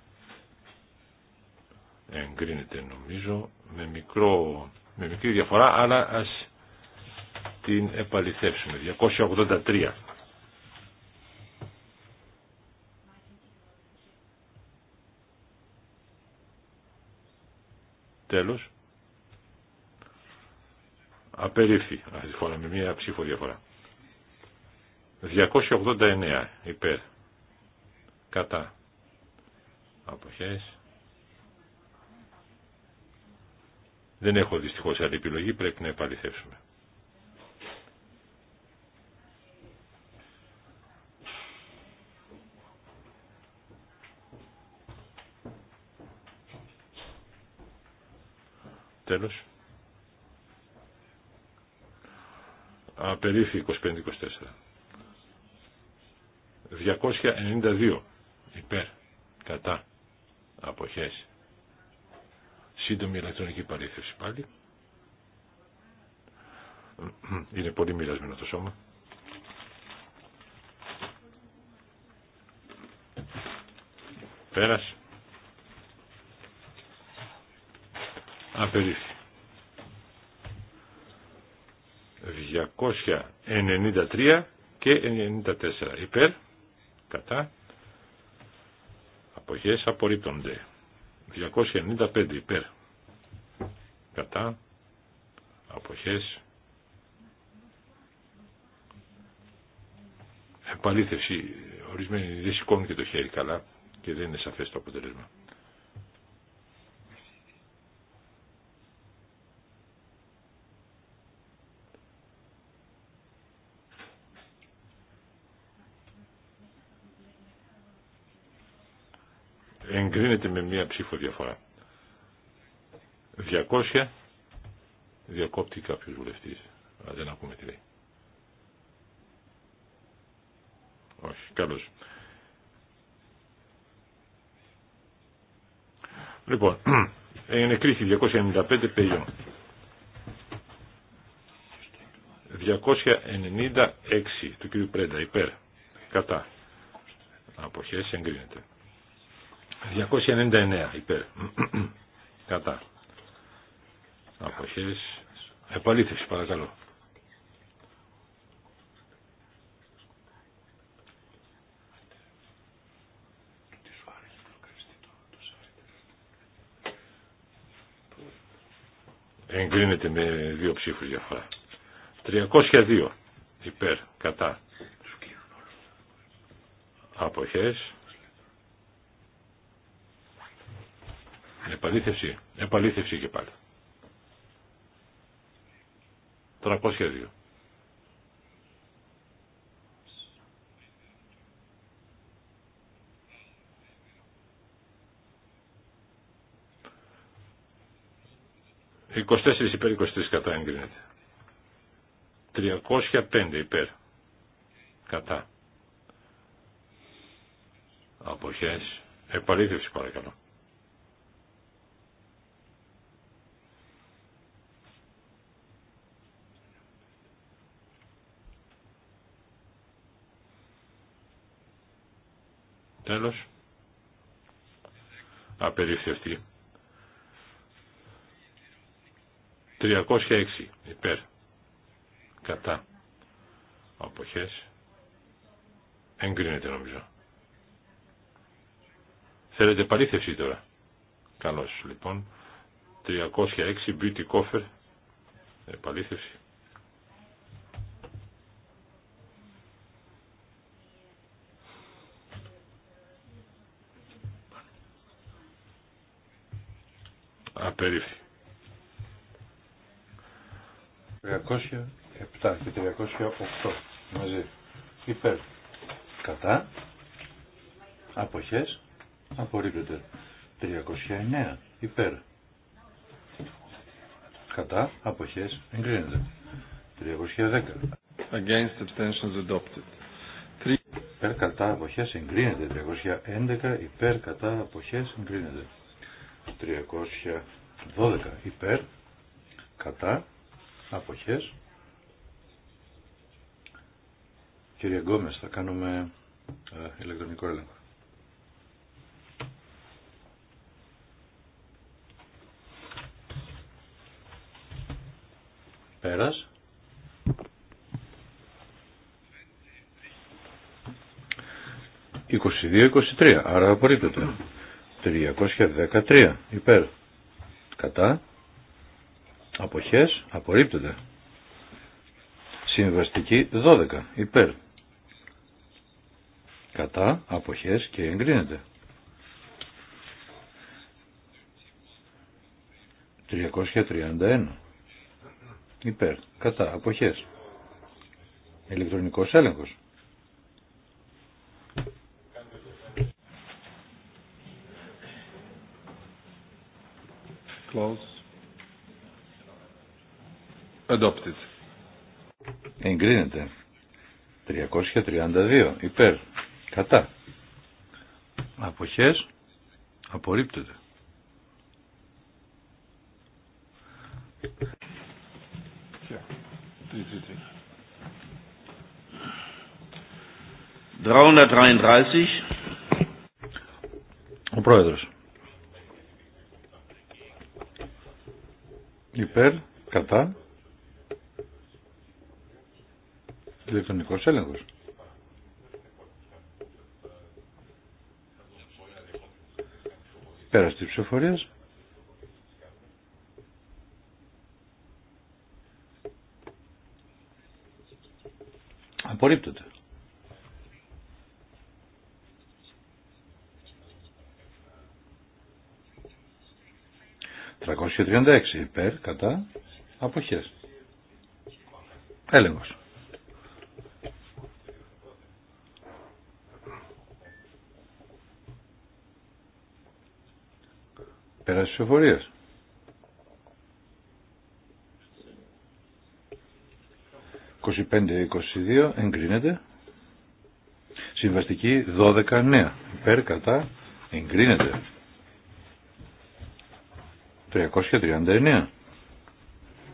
Εγκρίνεται νομίζω με, μικρό, με μικρή διαφορά αλλά ας την επαληθεύσουμε. 283 Τέλος. Απερίφθη. Αυτή τη φορά με μία ψήφο διαφορά. 289 υπέρ. Κατά. Αποχές. Δεν έχω δυστυχώς άλλη επιλογή, πρέπει να επαληθεύσουμε. Τέλος. Απερίφη 25-24. 292 υπέρ κατά αποχές. Σύντομη ηλεκτρονική παρήθευση πάλι. Είναι πολύ μοιρασμένο το σώμα. Πέρασε. απερίφθη. 293 και 94 υπέρ, κατά, αποχές απορρίπτονται. 295 υπέρ, κατά, αποχές, επαλήθευση, ορισμένοι δεν σηκώνουν και το χέρι καλά και δεν είναι σαφές το αποτέλεσμα. ψήφο διαφορά. 200 διακόπτει κάποιος βουλευτής, αλλά δεν ακούμε τι λέει. Όχι, καλώς. Λοιπόν, είναι κρίση 295 παιδιών. 296 του κ. Πρέντα, υπέρ, κατά. Αποχές εγκρίνεται. 299 υπέρ. Κατά. Αποχές. Επαλήθευση παρακαλώ. Εγκρίνεται με δύο ψήφους διαφορά. 302 υπέρ κατά αποχές Επαλήθευση. Επαλήθευση και πάλι. 302. 24 υπέρ, 23 κατά εγκρίνεται. 305 υπέρ. Κατά. Αποχές. Επαλήθευση παρακαλώ. Τέλος. Απερίφθη 306 υπέρ. Κατά. Αποχές. Εγκρίνεται νομίζω. Θέλετε παρήθευση τώρα. Καλώς λοιπόν. 306 beauty coffer. Επαλήθευση. Απερίφθη. 307 και 308 μαζί. Υπέρ. Κατά. Αποχές. Απορρίπτεται. 309 υπέρ. Κατά. Αποχές. Εγκρίνεται. 310. Against abstentions adopted. Υπέρ κατά αποχές εγκρίνεται. 311 υπέρ κατά αποχές εγκρίνεται. 312 υπέρ κατά αποχές Κύριε Γκόμες θα κάνουμε ε, ηλεκτρονικό έλεγχο Πέρας 22-23 άρα απορρίπτεται 313 υπέρ κατά αποχές απορρίπτεται συμβαστική 12 υπέρ κατά αποχές και εγκρίνεται 331 υπέρ κατά αποχές ηλεκτρονικός έλεγχος Close. Adopted. Εγκρίνεται. 332. Υπέρ. Κατά. Αποχές. Απορρίπτεται. 333. Ο πρόεδρος. υπέρ, κατά, ηλεκτρονικός έλεγχος. πέρα τη ψηφοφορία. Απορρίπτεται. 336 υπέρ κατά αποχές. Έλεγχος. Πέρασε ερασιωφορίες, 25-22 εγκρίνεται. Συμβαστική 12 νέα. Υπέρ κατά εγκρίνεται. 339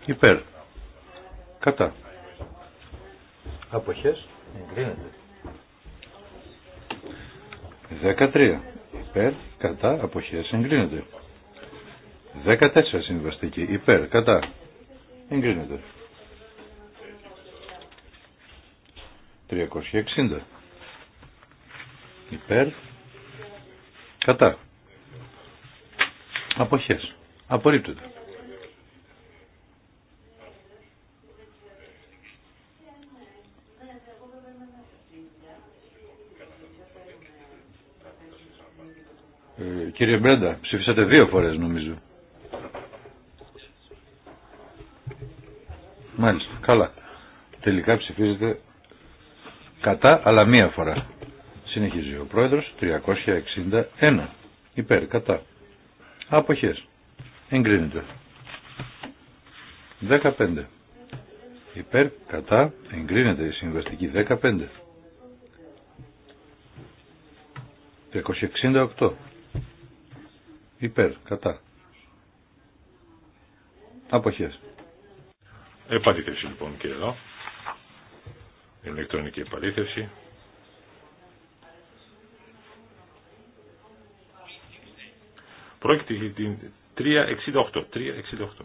υπέρ κατά αποχές εγκρίνεται 13 υπέρ κατά αποχές εγκρίνεται 14 συμβαστική υπέρ κατά εγκρίνεται 360 υπέρ κατά αποχές Απορρίπτεται. Ε, κύριε Μπρέντα, ψήφισατε δύο φορές νομίζω. Μάλιστα, καλά. Τελικά ψηφίζετε κατά, αλλά μία φορά. Συνεχίζει ο πρόεδρος, 361. Υπέρ, κατά. Αποχές εγκρίνεται. 15. Υπέρ, κατά, εγκρίνεται η συμβαστική 15. 268. Υπέρ, κατά. Αποχές. Επαλήθευση λοιπόν και εδώ. Ηλεκτρονική επαλήθευση. Πρόκειται 368.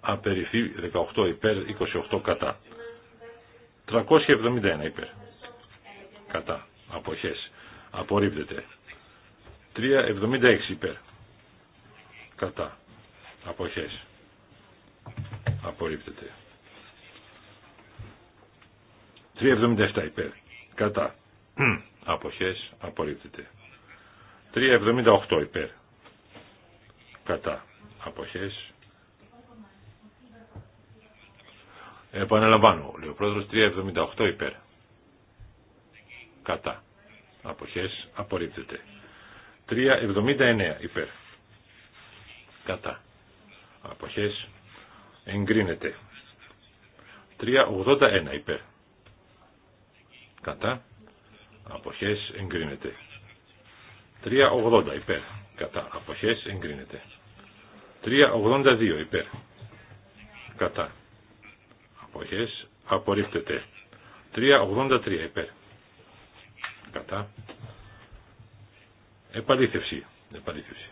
Απεριθεί 18 υπέρ, 28 κατά. 371 υπέρ. Κατά. Αποχές. Απορρίπτεται. 376 υπέρ. Κατά. Αποχές. Απορρίπτεται. 377 υπέρ. Κατά. Αποχές απορρίπτεται. 378 υπέρ. Κατά. Αποχές. Επαναλαμβάνω. Λέει ο πρόεδρος 378 υπέρ. Κατά. Αποχές απορρίπτεται. 379 υπέρ. Κατά. Αποχές εγκρίνεται. 381 υπέρ κατά αποχές εγκρίνεται 3.80 υπέρ κατά αποχές εγκρίνεται 3.82 υπέρ κατά αποχές απορρίπτεται 3.83 υπέρ κατά επαλήθευση επαλήθευση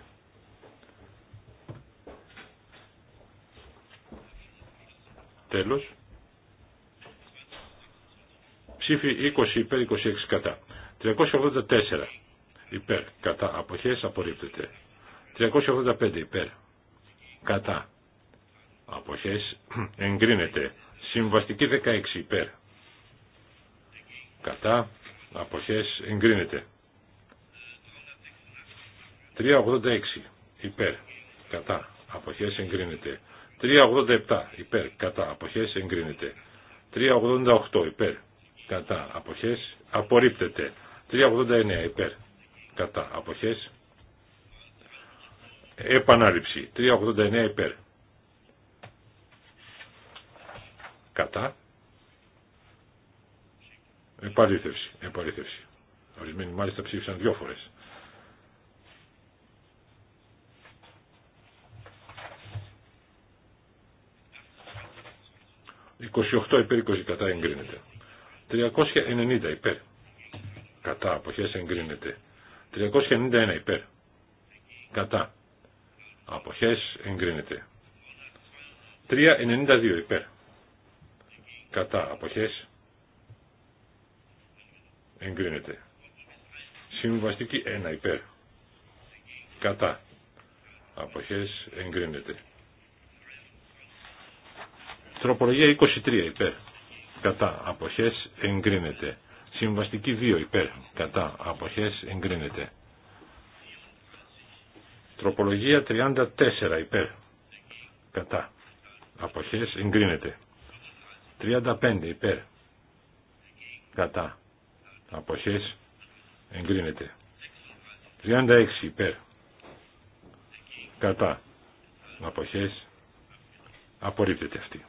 τέλος Ψήφι 20 υπέρ 26 κατά. 384 υπέρ κατά. Αποχές απορρίπτεται. 385 υπέρ κατά. Αποχές εγκρίνεται. Συμβαστική 16 υπέρ. Κατά. Αποχές εγκρίνεται. 386 υπέρ. Κατά. Αποχές εγκρίνεται. 387 υπέρ. Κατά. Αποχές εγκρίνεται. 388 υπέρ κατά αποχές απορρίπτεται 389 υπέρ κατά αποχές επανάληψη 389 υπέρ κατά επαλήθευση, επαλήθευση. Ορισμένοι μάλιστα ψήφισαν δυο φορές. «28 υπέρ 20 κατά εγκρίνεται». 390 υπέρ. Κατά αποχές εγκρίνεται. 391 υπέρ. Κατά αποχές εγκρίνεται. 392 υπέρ. Κατά αποχές εγκρίνεται. Συμβαστική 1 υπέρ. Κατά αποχές εγκρίνεται. Τροπολογία 23 υπέρ κατά αποχές εγκρίνεται. Συμβαστική 2 υπέρ κατά αποχές εγκρίνεται. Τροπολογία 34 υπέρ κατά αποχές εγκρίνεται. 35 υπέρ κατά αποχές εγκρίνεται. 36 υπέρ κατά αποχές απορρίπτεται αυτή.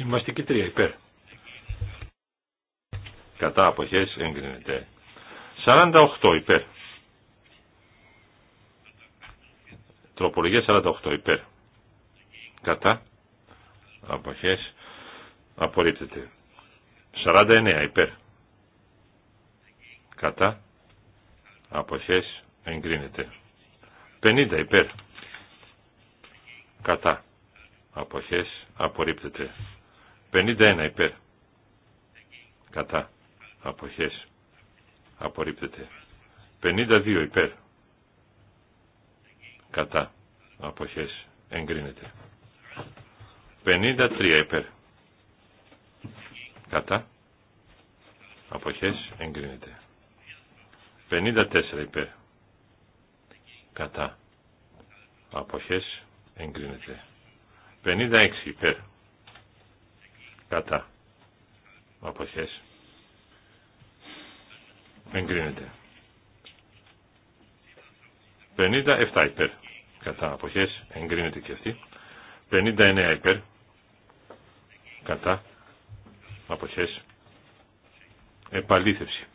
Συμβαστική 3 υπέρ. Κατά αποχές εγκρίνεται. 48 υπέρ. Τροπολογία 48 υπέρ. Κατά αποχές απορρίπτεται. 49 υπέρ. Κατά αποχές εγκρίνεται. 50 υπέρ. Κατά αποχές απορρίπτεται. 51 υπέρ. Κατά. Αποχές. Απορρίπτεται. 52 υπέρ. Κατά. Αποχές. Εγκρίνεται. 53 υπέρ. Κατά. Αποχές. Εγκρίνεται. 54 υπέρ. Κατά. Αποχές. Εγκρίνεται. 56 υπέρ κατά αποχές εγκρίνεται 57 υπέρ κατά αποχές εγκρίνεται και αυτή 59 υπέρ κατά αποχές επαλήθευση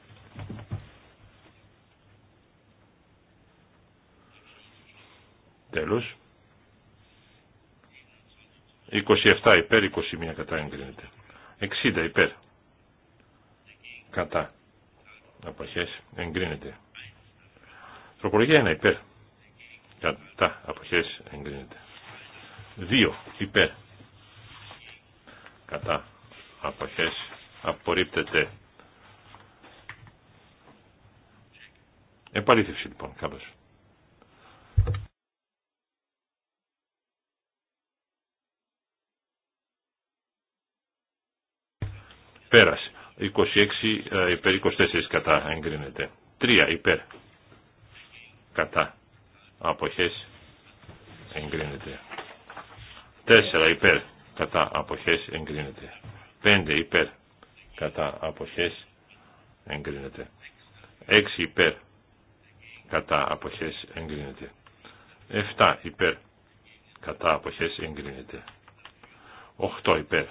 τέλος 27 υπέρ, 21 κατά εγκρίνεται. 60 υπέρ. Κατά. Αποχές εγκρίνεται. Τροπολογία 1 υπέρ. Κατά. Αποχές εγκρίνεται. 2 υπέρ. Κατά. Αποχές απορρίπτεται. Επαλήθευση λοιπόν κάπως. 26 ε, υπέρ 24 κατά εγκρίνεται. 3 υπέρ κατά αποχές εγκρίνεται. 4 υπέρ κατά αποχές εγκρίνεται. 5 υπέρ κατά αποχές εγκρίνεται. 6 υπέρ κατά αποχές εγκρίνεται. 7 υπέρ κατά αποχές εγκρίνεται. 8 υπέρ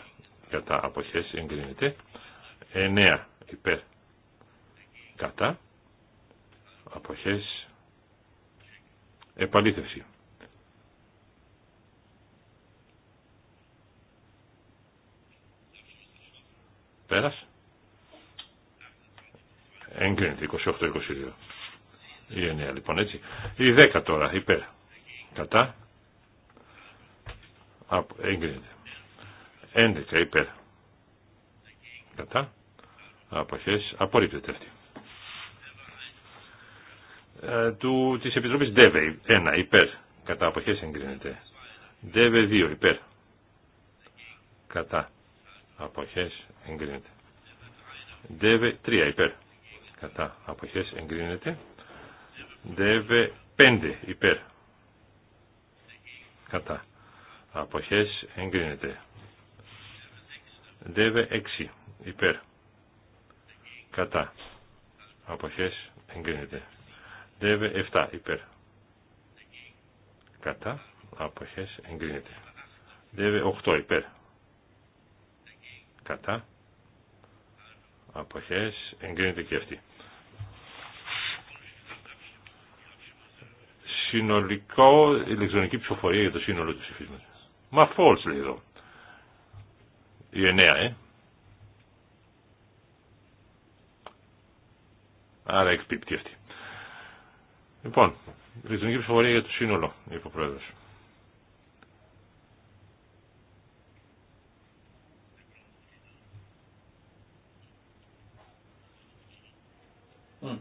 κατά αποχές εγκρίνεται. 9 υπέρ κατά αποχές επαλήθευση. Πέρας. Εγκρίνεται 28-22. Η 9 λοιπόν έτσι. Η 10 τώρα υπέρ. Κατά. Εγκρίνεται. 11 υπέρ. Κατά αποχές απορρίπτεται αυτή ε, του, της Επιτροπής ΔΕΒΕ 1 υπέρ κατά αποχές εγκρίνεται ΔΕΒΕ 2 υπέρ κατά αποχές εγκρίνεται ΔΕΒΕ 3 υπέρ κατά αποχές εγκρίνεται ΔΕΒΕ 5 υπέρ κατά αποχές εγκρίνεται ΔΕΒΕ 6 υπέρ κατά αποχές εγκρίνεται δεύε 7 υπέρ κατά αποχές εγκρίνεται δεύε 8 υπέρ κατά αποχές εγκρίνεται και αυτή συνολικό ηλεκτρονική ψηφοφορία για το σύνολο του ψηφίσματος μα false λέει εδώ η εννέα, ε Άρα εκπίπτει αυτή. Λοιπόν, λειτουργική ψηφοφορία για το σύνολο, είπε ο Πρόεδρος. Mm.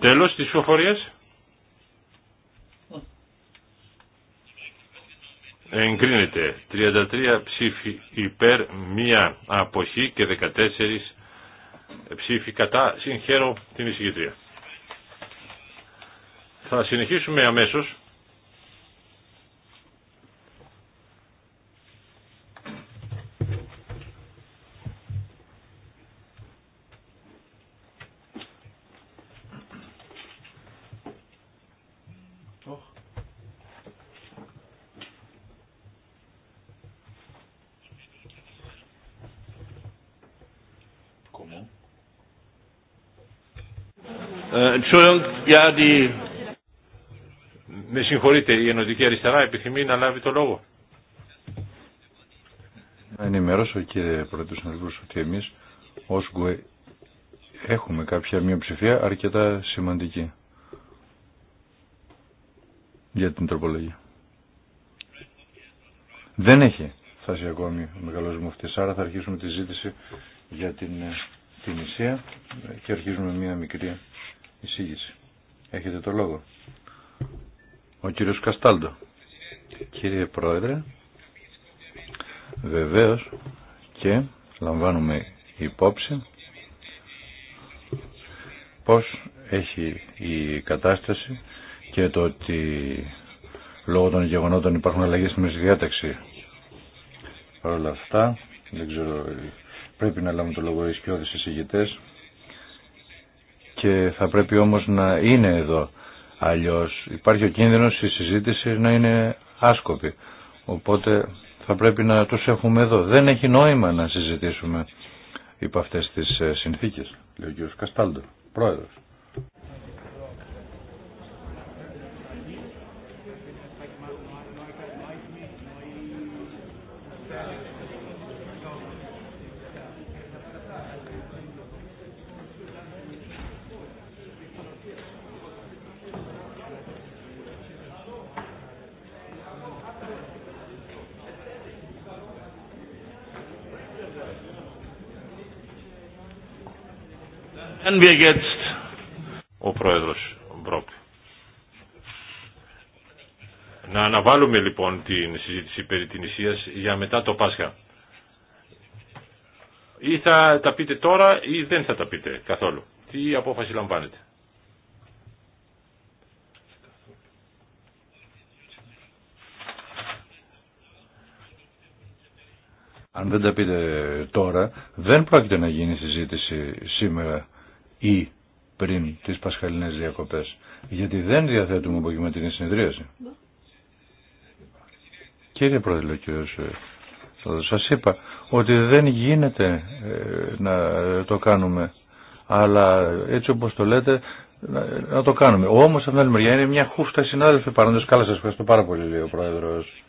Τέλος της ψηφοφορίας. εγκρίνεται 33 ψήφοι υπέρ, μία αποχή και 14 ψήφοι κατά. Συγχαίρω την εισηγητρία. Θα συνεχίσουμε αμέσως για τη... Με συγχωρείτε, η Ενωτική Αριστερά επιθυμεί να λάβει το λόγο. Να ενημερώσω κύριε Πρόεδρε Συνεργούς ότι εμείς ως ΓΟΕ έχουμε κάποια μειοψηφία αρκετά σημαντική για την τροπολογία. Δεν έχει φτάσει ακόμη ο μεγάλος μουφτής, άρα θα αρχίσουμε τη ζήτηση για την, ε, την Ισία και αρχίζουμε μια μικρή εισήγηση. Έχετε το λόγο. Ο κύριος Καστάλτο. Κύριε Πρόεδρε, βεβαίως και λαμβάνουμε υπόψη πώς έχει η κατάσταση και το ότι λόγω των γεγονότων υπάρχουν αλλαγές στη μέση διάταξη. Παρ' όλα αυτά, δεν ξέρω, πρέπει να λάβουμε το λόγο οι σκιώδεις εισηγητές και θα πρέπει όμως να είναι εδώ. Αλλιώς υπάρχει ο κίνδυνος η συζήτηση να είναι άσκοπη. Οπότε θα πρέπει να τους έχουμε εδώ. Δεν έχει νόημα να συζητήσουμε υπό αυτές τις ε, συνθήκες, λέει ο Καστάλντο, πρόεδρος. Ο πρόεδρος Μπρόκ. Να αναβάλουμε λοιπόν την συζήτηση περί την Ισίας για μετά το Πάσχα. Ή θα τα πείτε τώρα ή δεν θα τα πείτε καθόλου. Τι απόφαση λαμβάνετε. Αν δεν τα πείτε τώρα, δεν πρόκειται να γίνει συζήτηση σήμερα ή πριν τις πασχαλινές διακοπές. Γιατί δεν διαθέτουμε απογευματινή συνεδρίαση. Κύριε Πρόεδρε, κύριος, ε, σας είπα ότι δεν γίνεται ε, να το κάνουμε, αλλά έτσι όπως το λέτε, να, το κάνουμε. Όμως, από την άλλη μεριά, είναι μια χούφτα συνάδελφοι παρόντες. Καλά σας ευχαριστώ πάρα πολύ, λέει ο Πρόεδρος.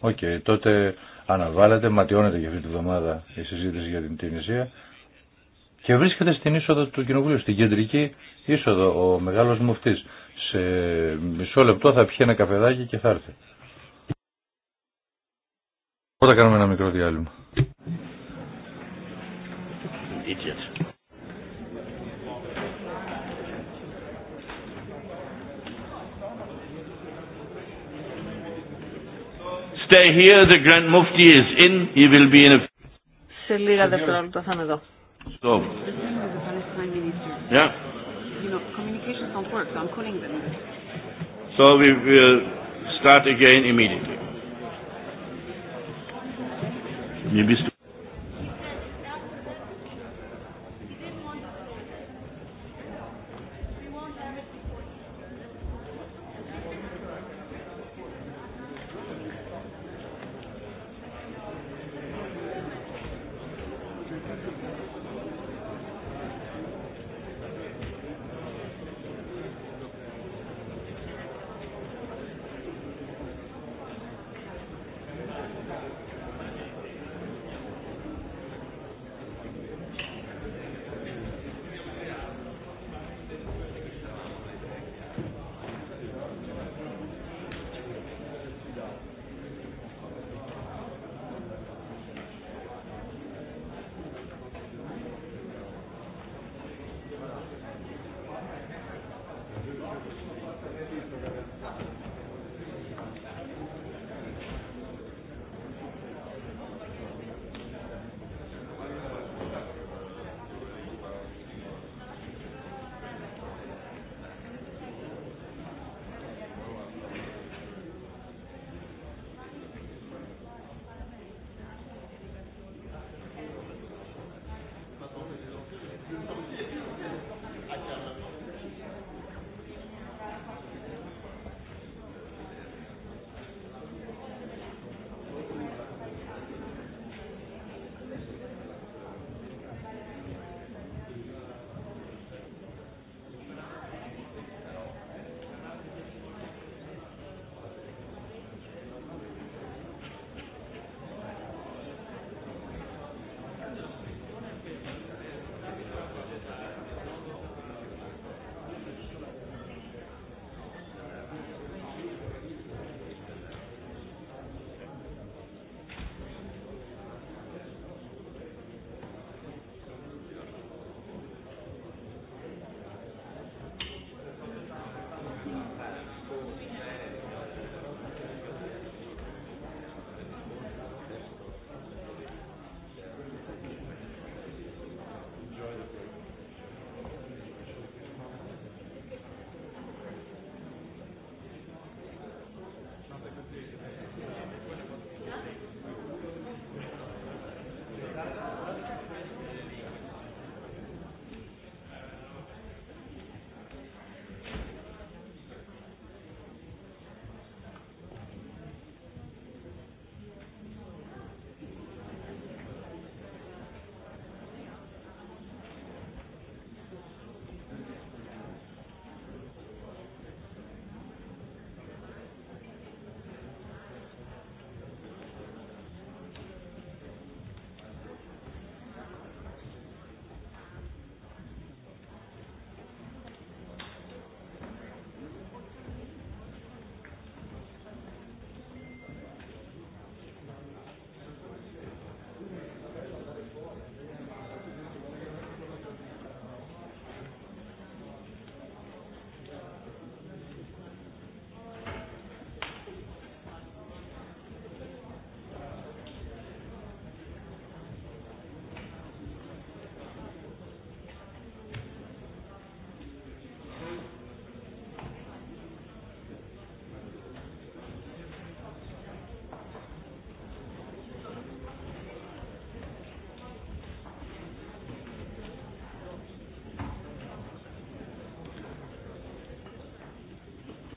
Οκ, okay, τότε αναβάλλεται, ματιώνεται για αυτή τη βδομάδα η συζήτηση για την Τινησία και βρίσκεται στην είσοδο του Κοινοβουλίου, στην κεντρική είσοδο, ο μεγάλος μουφτής. Σε μισό λεπτό θα πιει ένα καφεδάκι και θα έρθει. Πρώτα κάνουμε ένα μικρό διάλειμμα. Stay here, the Grand Mufti is in, he will be in a... Σε λίγα δευτερόλεπτα θα είναι εδώ. So. Yeah. You know, communications don't work, so I'm calling them. So we will start again immediately. Maybe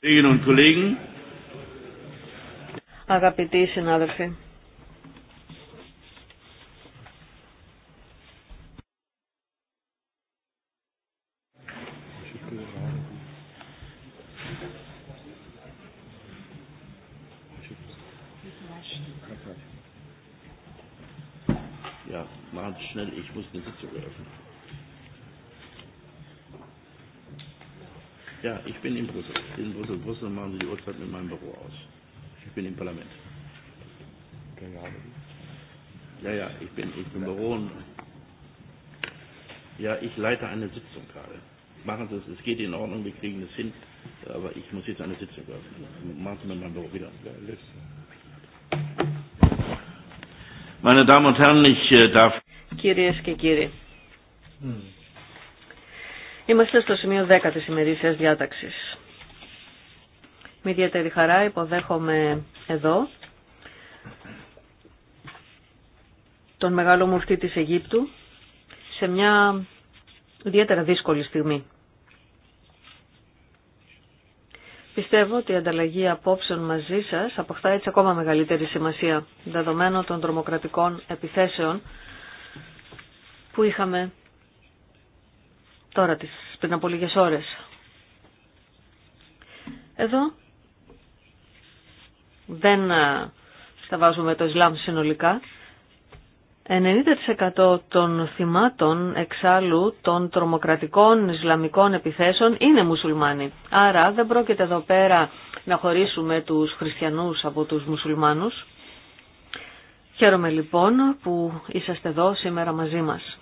und Kollegen Αγαπητοί συνάδελφοι, Ja, machen schnell, ich muss eine Sitzung machen Sie die Uhrzeit mit meinem Büro aus. Ich bin im Parlament. Ja, ja, ich bin, ich bin Büro. Und ja, ich leite eine Sitzung gerade. Machen Sie es, es geht in Ordnung, wir kriegen es hin. Aber ich muss jetzt eine Sitzung machen. Machen Sie mit meinem Büro wieder. Meine Damen und Herren, ich darf. Κυρίες και κύριοι, Είμαστε στο σημείο 10 της ημερήσιας διάταξης ιδιαίτερη χαρά υποδέχομαι εδώ τον μεγάλο μουρτή της Αιγύπτου σε μια ιδιαίτερα δύσκολη στιγμή. Πιστεύω ότι η ανταλλαγή απόψεων μαζί σας αποκτά έτσι ακόμα μεγαλύτερη σημασία δεδομένων των τρομοκρατικών επιθέσεων που είχαμε τώρα τις πριν από λίγες ώρες. Εδώ δεν ε, σταβάζουμε βάζουμε το Ισλάμ συνολικά. 90% των θυμάτων εξάλλου των τρομοκρατικών Ισλαμικών επιθέσεων είναι μουσουλμάνοι. Άρα δεν πρόκειται εδώ πέρα να χωρίσουμε τους χριστιανούς από τους μουσουλμάνους. Χαίρομαι λοιπόν που είσαστε εδώ σήμερα μαζί μας.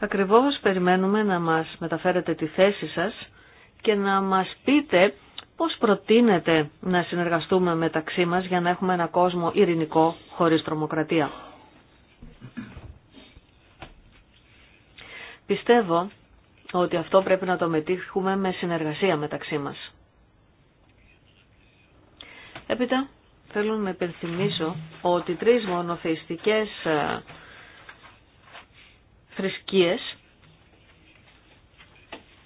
Ακριβώς περιμένουμε να μας μεταφέρετε τη θέση σας και να μας πείτε Πώς προτείνετε να συνεργαστούμε μεταξύ μας για να έχουμε ένα κόσμο ειρηνικό χωρίς τρομοκρατία. Πιστεύω ότι αυτό πρέπει να το μετήχουμε με συνεργασία μεταξύ μας. Έπειτα θέλω να υπενθυμίσω ότι τρεις μονοθεϊστικές ε, θρησκείες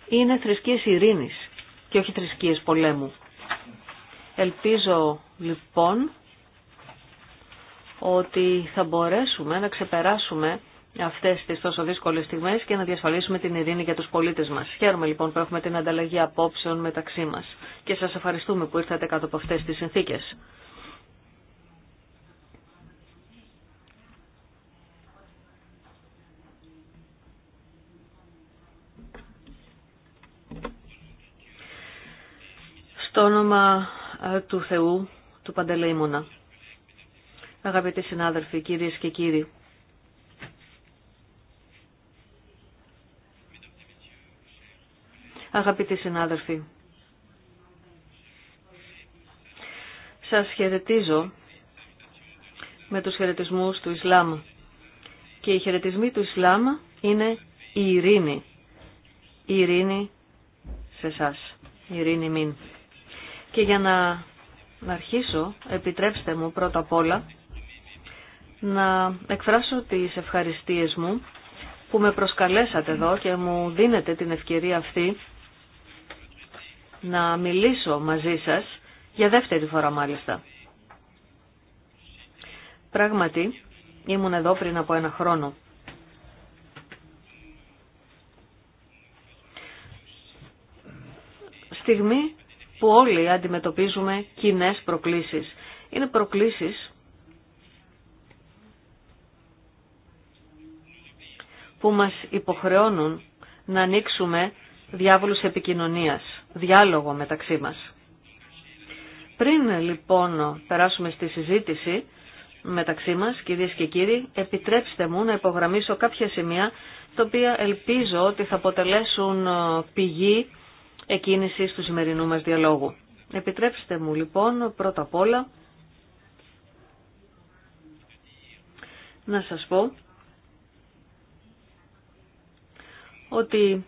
είναι θρησκείες ειρήνης και όχι θρησκείες πολέμου. Ελπίζω λοιπόν ότι θα μπορέσουμε να ξεπεράσουμε αυτές τις τόσο δύσκολες στιγμές και να διασφαλίσουμε την ειρήνη για τους πολίτες μας. Χαίρομαι λοιπόν που έχουμε την ανταλλαγή απόψεων μεταξύ μας και σας ευχαριστούμε που ήρθατε κάτω από αυτές τις συνθήκες. στο όνομα ε, του Θεού, του Παντελεήμωνα. Αγαπητοί συνάδελφοι, κυρίες και κύριοι, Αγαπητοί συνάδελφοι, σας χαιρετίζω με τους χαιρετισμούς του Ισλάμ. Και οι χαιρετισμοί του Ισλάμ είναι η ειρήνη. Η ειρήνη σε σας, Η ειρήνη μην. Και για να, να αρχίσω, επιτρέψτε μου πρώτα απ' όλα να εκφράσω τις ευχαριστίες μου που με προσκαλέσατε εδώ και μου δίνετε την ευκαιρία αυτή να μιλήσω μαζί σας για δεύτερη φορά μάλιστα. Πράγματι, ήμουν εδώ πριν από ένα χρόνο. Στιγμή που όλοι αντιμετωπίζουμε κοινέ προκλήσεις. Είναι προκλήσεις που μας υποχρεώνουν να ανοίξουμε διάβολους επικοινωνίας, διάλογο μεταξύ μας. Πριν λοιπόν περάσουμε στη συζήτηση μεταξύ μας, κυρίες και κύριοι, επιτρέψτε μου να υπογραμμίσω κάποια σημεία, τα οποία ελπίζω ότι θα αποτελέσουν ε, πηγή εκκίνησης του σημερινού μας διαλόγου. Επιτρέψτε μου λοιπόν πρώτα απ' όλα να σας πω ότι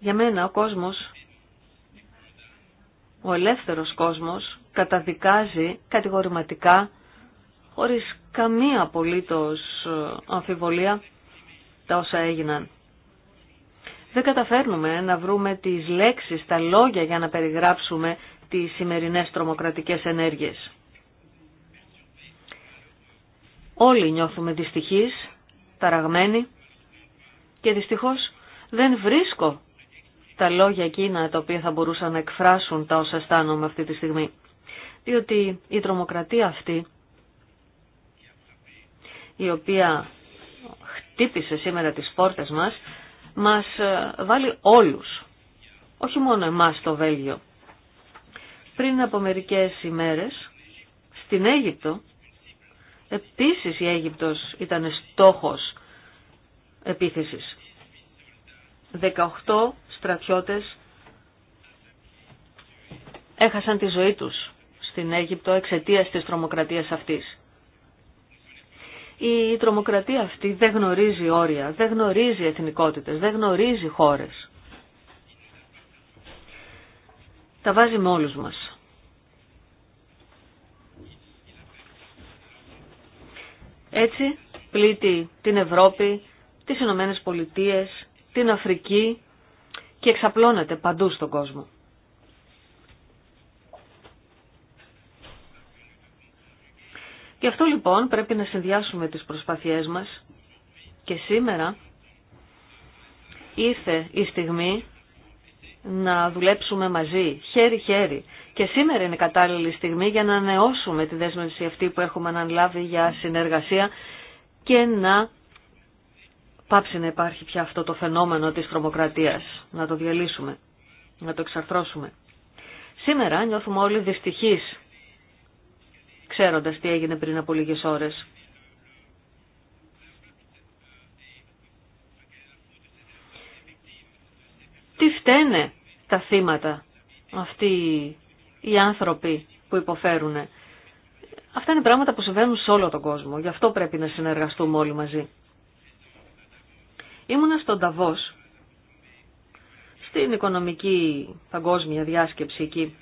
για μένα ο κόσμος, ο ελεύθερος κόσμος καταδικάζει κατηγορηματικά χωρίς καμία απολύτως αμφιβολία τα όσα έγιναν. Δεν καταφέρνουμε να βρούμε τις λέξεις, τα λόγια για να περιγράψουμε τις σημερινές τρομοκρατικές ενέργειες. Όλοι νιώθουμε δυστυχείς, ταραγμένοι και δυστυχώς δεν βρίσκω τα λόγια εκείνα τα οποία θα μπορούσαν να εκφράσουν τα όσα αισθάνομαι αυτή τη στιγμή. Διότι η τρομοκρατία αυτή, η οποία χτύπησε σήμερα τις πόρτες μας, μας ε, βάλει όλους, όχι μόνο εμάς το Βέλγιο. Πριν από μερικές ημέρες, στην Αίγυπτο, επίσης η Αίγυπτος ήταν στόχος επίθεσης. 18 στρατιώτες έχασαν τη ζωή τους στην Αίγυπτο εξαιτίας της τρομοκρατίας αυτής. Η τρομοκρατία αυτή δεν γνωρίζει όρια, δεν γνωρίζει εθνικότητες, δεν γνωρίζει χώρες. Τα βάζει με όλους μας. Έτσι πλήττει την Ευρώπη, τις Ηνωμένες Πολιτείες, την Αφρική και εξαπλώνεται παντού στον κόσμο. Γι' αυτό λοιπόν πρέπει να συνδυάσουμε τις προσπάθειές μας και σήμερα ήρθε η στιγμή να δουλέψουμε μαζί, χέρι-χέρι. Και σήμερα είναι κατάλληλη στιγμή για να ανεώσουμε τη δέσμευση αυτή που έχουμε αναλάβει για συνεργασία και να πάψει να υπάρχει πια αυτό το φαινόμενο της τρομοκρατίας, να το διαλύσουμε, να το εξαρθρώσουμε. Σήμερα νιώθουμε όλοι δυστυχείς ξέροντας τι έγινε πριν από λίγες ώρες. Τι φταίνε τα θύματα αυτοί οι άνθρωποι που υποφέρουν. Αυτά είναι πράγματα που συμβαίνουν σε όλο τον κόσμο. Γι' αυτό πρέπει να συνεργαστούμε όλοι μαζί. Ήμουνα στον Ταβός, στην οικονομική παγκόσμια διάσκεψη εκεί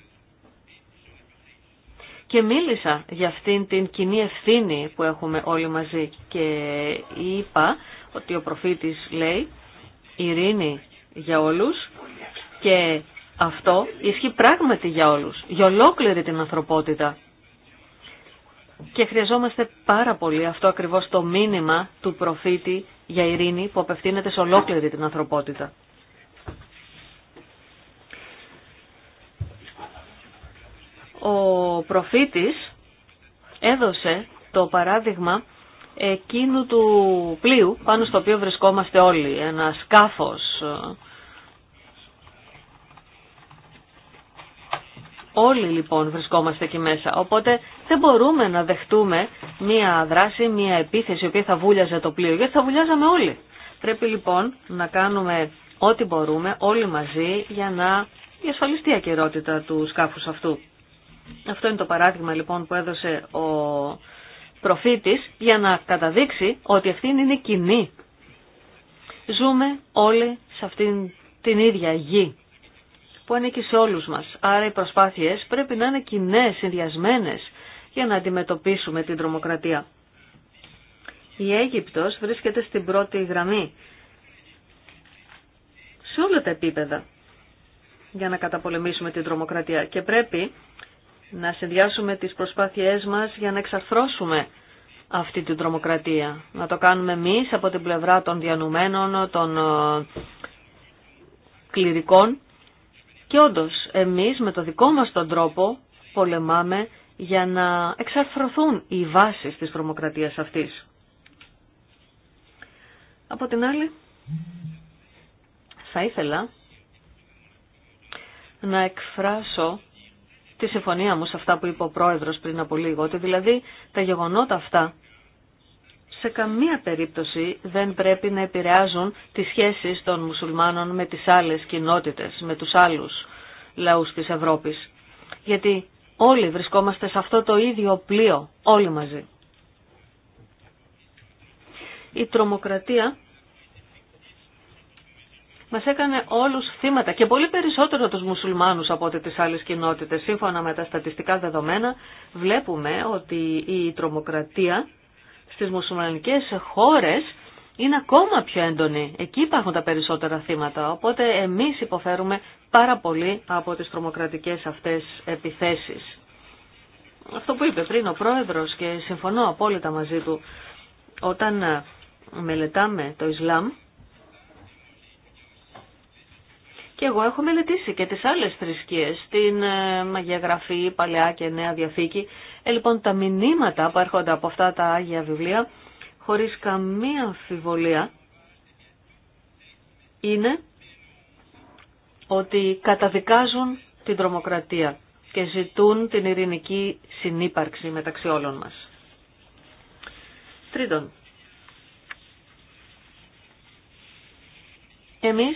και μίλησα για αυτήν την κοινή ευθύνη που έχουμε όλοι μαζί και είπα ότι ο προφήτης λέει ειρήνη για όλους και αυτό ισχύει πράγματι για όλους, για ολόκληρη την ανθρωπότητα. Και χρειαζόμαστε πάρα πολύ αυτό ακριβώς το μήνυμα του προφήτη για ειρήνη που απευθύνεται σε ολόκληρη την ανθρωπότητα. Ο προφήτης έδωσε το παράδειγμα εκείνου του πλοίου πάνω στο οποίο βρισκόμαστε όλοι, ένα σκάφος. Όλοι λοιπόν βρισκόμαστε εκεί μέσα, οπότε δεν μπορούμε να δεχτούμε μία δράση, μία επίθεση η οποία θα βούλιαζε το πλοίο, γιατί θα βουλιάζαμε όλοι. Πρέπει λοιπόν να κάνουμε ό,τι μπορούμε όλοι μαζί για να διασφαλιστεί η ακαιρότητα του σκάφους αυτού. Αυτό είναι το παράδειγμα λοιπόν που έδωσε ο προφήτης για να καταδείξει ότι αυτή είναι κοινή. Ζούμε όλοι σε αυτήν την ίδια γη που ανήκει σε όλους μας. Άρα οι προσπάθειες πρέπει να είναι κοινέ, συνδυασμένε για να αντιμετωπίσουμε την τρομοκρατία. Η Αίγυπτος βρίσκεται στην πρώτη γραμμή σε όλα τα επίπεδα για να καταπολεμήσουμε την τρομοκρατία και πρέπει να συνδυάσουμε τις προσπάθειές μας για να εξαρθρώσουμε αυτή την τρομοκρατία. Να το κάνουμε εμείς από την πλευρά των διανουμένων, των ε, κληρικών. Και όντως εμείς με το δικό μας τον τρόπο πολεμάμε για να εξαρθρωθούν οι βάσεις της τρομοκρατίας αυτής. Από την άλλη, θα ήθελα να εκφράσω τη συμφωνία μου σε αυτά που είπε ο πρόεδρος πριν από λίγο, ότι δηλαδή τα γεγονότα αυτά σε καμία περίπτωση δεν πρέπει να επηρεάζουν τις σχέσεις των μουσουλμάνων με τις άλλες κοινότητες, με τους άλλους λαούς της Ευρώπης. Γιατί όλοι βρισκόμαστε σε αυτό το ίδιο πλοίο, όλοι μαζί. Η τρομοκρατία μα έκανε όλους θύματα και πολύ περισσότερο τους μουσουλμάνους από ό,τι τις άλλες κοινότητε, Σύμφωνα με τα στατιστικά δεδομένα βλέπουμε ότι η τρομοκρατία στις μουσουλμανικές χώρες είναι ακόμα πιο έντονη. Εκεί υπάρχουν τα περισσότερα θύματα, οπότε εμείς υποφέρουμε πάρα πολύ από τις τρομοκρατικές αυτές επιθέσει. Αυτό που είπε πριν ο πρόεδρο και συμφωνώ απόλυτα μαζί του, όταν μελετάμε το Ισλάμ Και εγώ έχω μελετήσει και τις άλλες θρησκείες, την Μαγιαγραφή, ε, Παλαιά και Νέα Διαθήκη. Ε, λοιπόν, τα μηνύματα που έρχονται από αυτά τα Άγια Βιβλία, χωρίς καμία αμφιβολία, είναι ότι καταδικάζουν την τρομοκρατία και ζητούν την ειρηνική συνύπαρξη μεταξύ όλων μας. Τρίτον, εμείς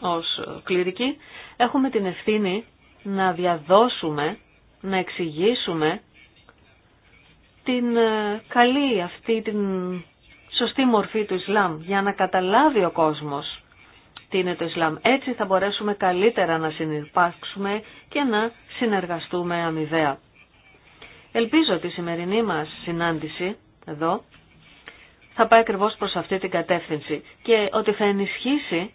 ως κλήρικοι, έχουμε την ευθύνη να διαδώσουμε, να εξηγήσουμε την ε, καλή αυτή, την σωστή μορφή του Ισλάμ, για να καταλάβει ο κόσμος τι είναι το Ισλάμ. Έτσι θα μπορέσουμε καλύτερα να συνεπάρξουμε και να συνεργαστούμε αμοιβαία. Ελπίζω ότι η σημερινή μας συνάντηση εδώ θα πάει ακριβώς προς αυτή την κατεύθυνση και ότι θα ενισχύσει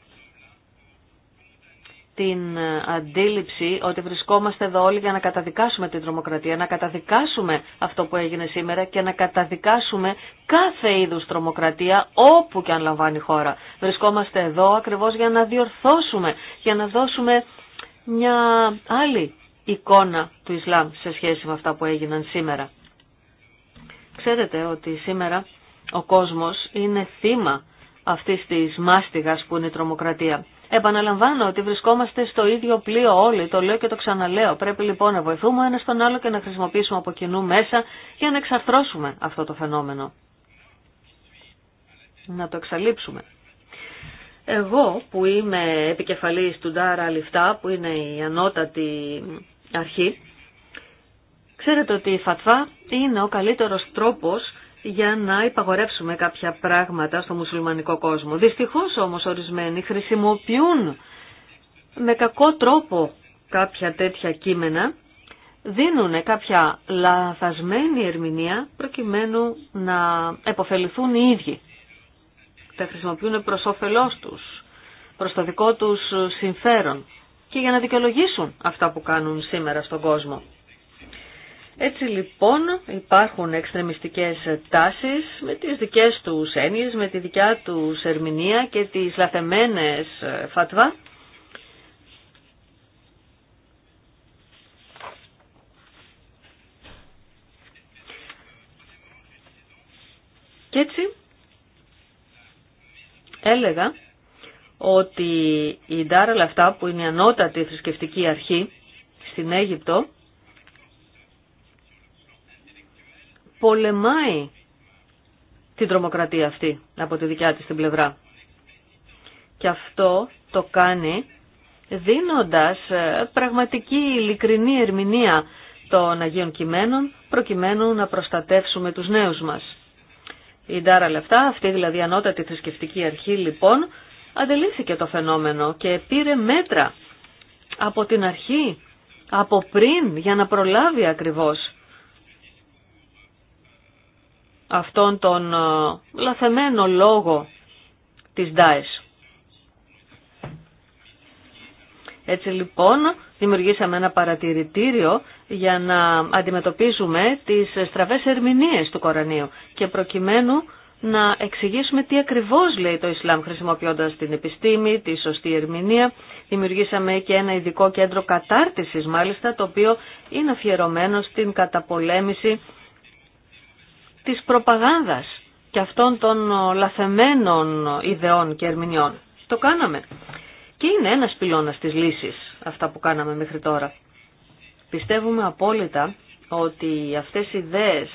την ε, αντίληψη ότι βρισκόμαστε εδώ όλοι για να καταδικάσουμε την τρομοκρατία, να καταδικάσουμε αυτό που έγινε σήμερα και να καταδικάσουμε κάθε είδους τρομοκρατία όπου και αν λαμβάνει χώρα. Βρισκόμαστε εδώ ακριβώς για να διορθώσουμε, για να δώσουμε μια άλλη εικόνα του Ισλάμ σε σχέση με αυτά που έγιναν σήμερα. Ξέρετε ότι σήμερα ο κόσμος είναι θύμα αυτής της μάστιγας που είναι η τρομοκρατία. Επαναλαμβάνω ότι βρισκόμαστε στο ίδιο πλοίο όλοι, το λέω και το ξαναλέω. Πρέπει λοιπόν να βοηθούμε ένα τον άλλο και να χρησιμοποιήσουμε από κοινού μέσα για να εξαρθρώσουμε αυτό το φαινόμενο. Να το εξαλείψουμε. Εγώ που είμαι επικεφαλής του Ντάρα Λιφτά, που είναι η ανώτατη αρχή, ξέρετε ότι η Φατφά είναι ο καλύτερος τρόπος για να υπαγορεύσουμε κάποια πράγματα στο μουσουλμανικό κόσμο. Δυστυχώς όμως ορισμένοι χρησιμοποιούν με κακό τρόπο κάποια τέτοια κείμενα, δίνουν κάποια λαθασμένη ερμηνεία προκειμένου να επωφεληθούν οι ίδιοι. Τα χρησιμοποιούν προς όφελός τους, προς το δικό τους συμφέρον και για να δικαιολογήσουν αυτά που κάνουν σήμερα στον κόσμο. Έτσι λοιπόν υπάρχουν εξτρεμιστικές τάσεις με τις δικές του έννοιες, με τη δικιά του ερμηνεία και τις λαθεμένες ε, φατβά. Και έτσι έλεγα ότι η Ντάρα Λαφτά που είναι η ανώτατη θρησκευτική αρχή στην Αίγυπτο πολεμάει την τρομοκρατία αυτή από τη δικιά της την πλευρά. Και αυτό το κάνει δίνοντας ε, πραγματική ειλικρινή ερμηνεία των Αγίων Κειμένων προκειμένου να προστατεύσουμε τους νέους μας. Η Ντάρα Λεφτά, αυτή δηλαδή η ανώτατη θρησκευτική αρχή λοιπόν, αντελήθηκε το φαινόμενο και πήρε μέτρα από την αρχή, από πριν, για να προλάβει ακριβώς αυτόν τον ε, λαθεμένο λόγο της ΔΑΕΣ. Έτσι λοιπόν δημιουργήσαμε ένα παρατηρητήριο για να αντιμετωπίζουμε τις στραβές ερμηνείες του Κορανίου και προκειμένου να εξηγήσουμε τι ακριβώς λέει το Ισλάμ χρησιμοποιώντας την επιστήμη, τη σωστή ερμηνεία. Δημιουργήσαμε και ένα ειδικό κέντρο κατάρτισης μάλιστα το οποίο είναι αφιερωμένο στην καταπολέμηση της προπαγάνδας και αυτών των ε, λαθεμένων ιδεών και ερμηνεών. Το κάναμε. Και είναι ένας πυλώνας της λύσης αυτά που κάναμε μέχρι τώρα. Πιστεύουμε απόλυτα ότι αυτές οι ιδέες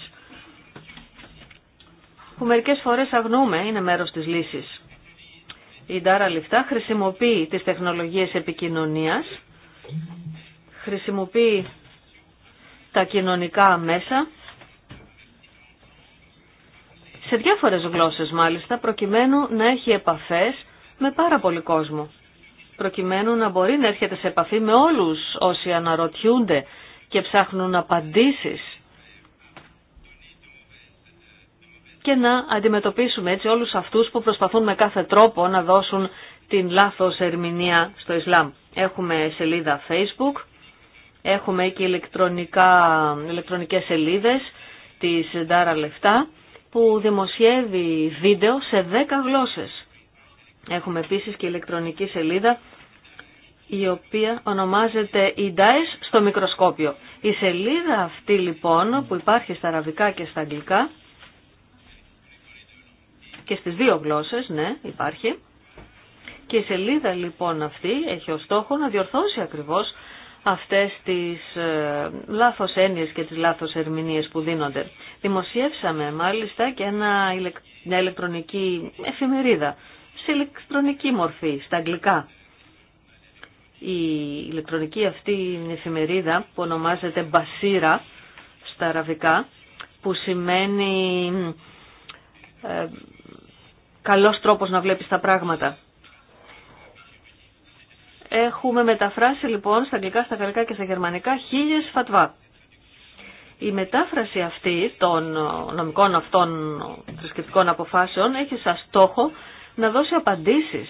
που μερικές φορές αγνούμε είναι μέρος της λύσης. Η Ντάρα Λιφτά χρησιμοποιεί τις τεχνολογίες επικοινωνίας, χρησιμοποιεί τα κοινωνικά μέσα σε διάφορες γλώσσες μάλιστα, προκειμένου να έχει επαφές με πάρα πολύ κόσμο. Προκειμένου να μπορεί να έρχεται σε επαφή με όλους όσοι αναρωτιούνται και ψάχνουν απαντήσεις και να αντιμετωπίσουμε έτσι όλους αυτούς που προσπαθούν με κάθε τρόπο να δώσουν την λάθος ερμηνεία στο Ισλάμ. Έχουμε σελίδα Facebook, έχουμε και ηλεκτρονικά, ηλεκτρονικές σελίδες της Ντάρα Λεφτά που δημοσιεύει βίντεο σε 10 γλώσσες. Έχουμε επίσης και ηλεκτρονική σελίδα η οποία ονομάζεται «Η στο μικροσκόπιο». Η σελίδα αυτή λοιπόν που υπάρχει στα αραβικά και στα αγγλικά και στις δύο γλώσσες, ναι, υπάρχει. Και η σελίδα λοιπόν αυτή έχει ως στόχο να διορθώσει ακριβώς αυτές τις ε, λάθος έννοιες και τις λάθος ερμηνείες που δίνονται. Δημοσιεύσαμε μάλιστα και ένα, μια ηλεκτρονική εφημερίδα, σε ηλεκτρονική μορφή, στα αγγλικά. Η ηλεκτρονική αυτή εφημερίδα που ονομάζεται Μπασίρα στα αραβικά, που σημαίνει ε, καλός τρόπος να βλέπεις τα πράγματα. Έχουμε μεταφράσει λοιπόν στα αγγλικά, στα γαλλικά και στα γερμανικά χίλιες φατβά. Η μετάφραση αυτή των νομικών αυτών θρησκευτικών αποφάσεων έχει σαν στόχο να δώσει απαντήσεις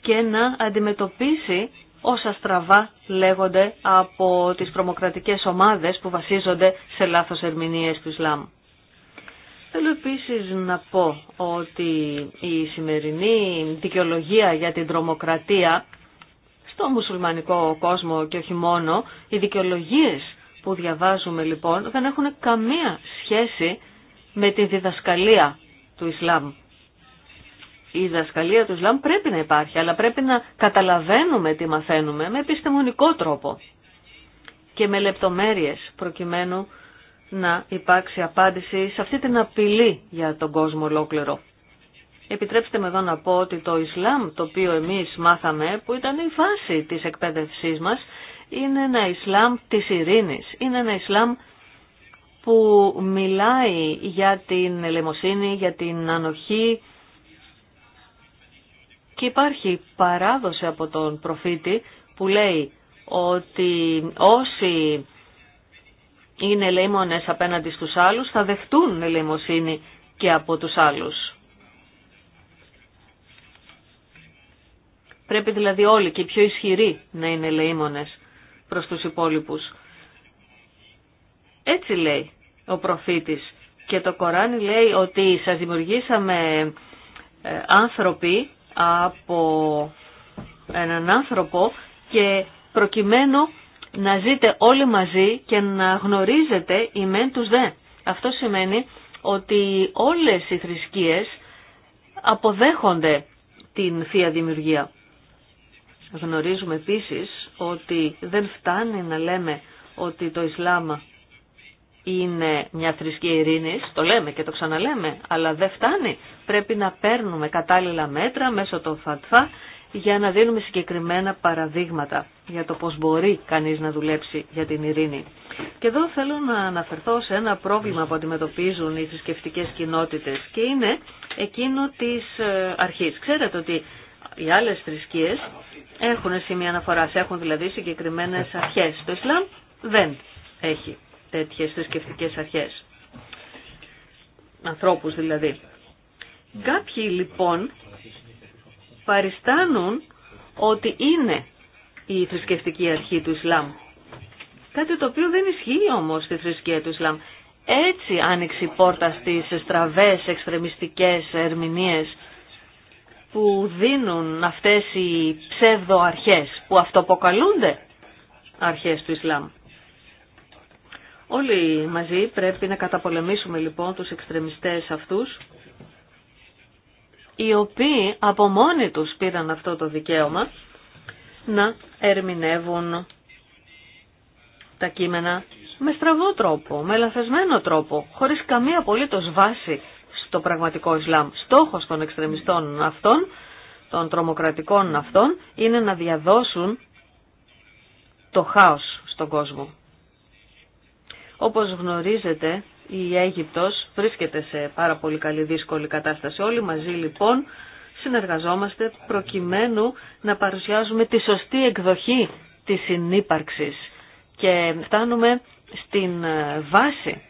και να αντιμετωπίσει όσα στραβά λέγονται από τις τρομοκρατικές ομάδες που βασίζονται σε λάθος ερμηνείες του Ισλάμ. Θέλω επίσης να πω ότι η σημερινή δικαιολογία για την τρομοκρατία στο μουσουλμανικό κόσμο και όχι μόνο. Οι δικαιολογίε που διαβάζουμε λοιπόν δεν έχουν καμία σχέση με τη διδασκαλία του Ισλάμ. Η διδασκαλία του Ισλάμ πρέπει να υπάρχει, αλλά πρέπει να καταλαβαίνουμε τι μαθαίνουμε με επιστημονικό τρόπο και με λεπτομέρειες προκειμένου να υπάρξει απάντηση σε αυτή την απειλή για τον κόσμο ολόκληρο. Επιτρέψτε με εδώ να πω ότι το Ισλάμ το οποίο εμείς μάθαμε, που ήταν η βάση της εκπαίδευσής μας, είναι ένα Ισλάμ της ειρήνης. Είναι ένα Ισλάμ που μιλάει για την ελεημοσύνη, για την ανοχή και υπάρχει παράδοση από τον προφήτη που λέει ότι όσοι είναι ελεήμονες απέναντι στους άλλους θα δεχτούν ελεημοσύνη και από τους άλλους. Πρέπει δηλαδή όλοι και οι πιο ισχυροί να είναι ελεήμονες προς τους υπόλοιπους. Έτσι λέει ο προφήτης. Και το Κοράνι λέει ότι σας δημιουργήσαμε ε, άνθρωποι από έναν άνθρωπο και προκειμένου να ζείτε όλοι μαζί και να γνωρίζετε οι μεν τους δε. Αυτό σημαίνει ότι όλες οι θρησκείες αποδέχονται την Θεία Δημιουργία. Γνωρίζουμε επίσης ότι δεν φτάνει να λέμε ότι το Ισλάμ είναι μια θρησκεία ειρήνης, το λέμε και το ξαναλέμε, αλλά δεν φτάνει. Πρέπει να παίρνουμε κατάλληλα μέτρα μέσω των ΦΑΤΦΑ για να δίνουμε συγκεκριμένα παραδείγματα για το πώς μπορεί κανείς να δουλέψει για την ειρήνη. Και εδώ θέλω να αναφερθώ σε ένα πρόβλημα που αντιμετωπίζουν οι θρησκευτικέ κοινότητες και είναι εκείνο της ε, αρχής. Ξέρετε ότι οι άλλες θρησκείες έχουν σημεία αναφοράς, έχουν δηλαδή συγκεκριμένες αρχές. Το Ισλάμ δεν έχει τέτοιες θρησκευτικέ αρχές. Ανθρώπους δηλαδή. Κάποιοι λοιπόν παριστάνουν ότι είναι η θρησκευτική αρχή του Ισλάμ. Κάτι το οποίο δεν ισχύει όμως στη θρησκεία του Ισλάμ. Έτσι άνοιξε η πόρτα στις στραβές εξτρεμιστικές ερμηνείες που δίνουν αυτές οι αρχές, που αυτοποκαλούνται αρχές του Ισλάμ. Όλοι μαζί πρέπει να καταπολεμήσουμε λοιπόν τους εξτρεμιστές αυτούς οι οποίοι από μόνοι τους πήραν αυτό το δικαίωμα να ερμηνεύουν τα κείμενα με στραβό τρόπο, με λαθασμένο τρόπο, χωρίς καμία απολύτως βάση το πραγματικό Ισλάμ. Στόχος των εξτρεμιστών αυτών, των τρομοκρατικών αυτών, είναι να διαδώσουν το χάος στον κόσμο. Όπως γνωρίζετε, η Αίγυπτος βρίσκεται σε πάρα πολύ καλή δύσκολη κατάσταση. Όλοι μαζί λοιπόν συνεργαζόμαστε προκειμένου να παρουσιάζουμε τη σωστή εκδοχή της συνύπαρξης και φτάνουμε στην ε, βάση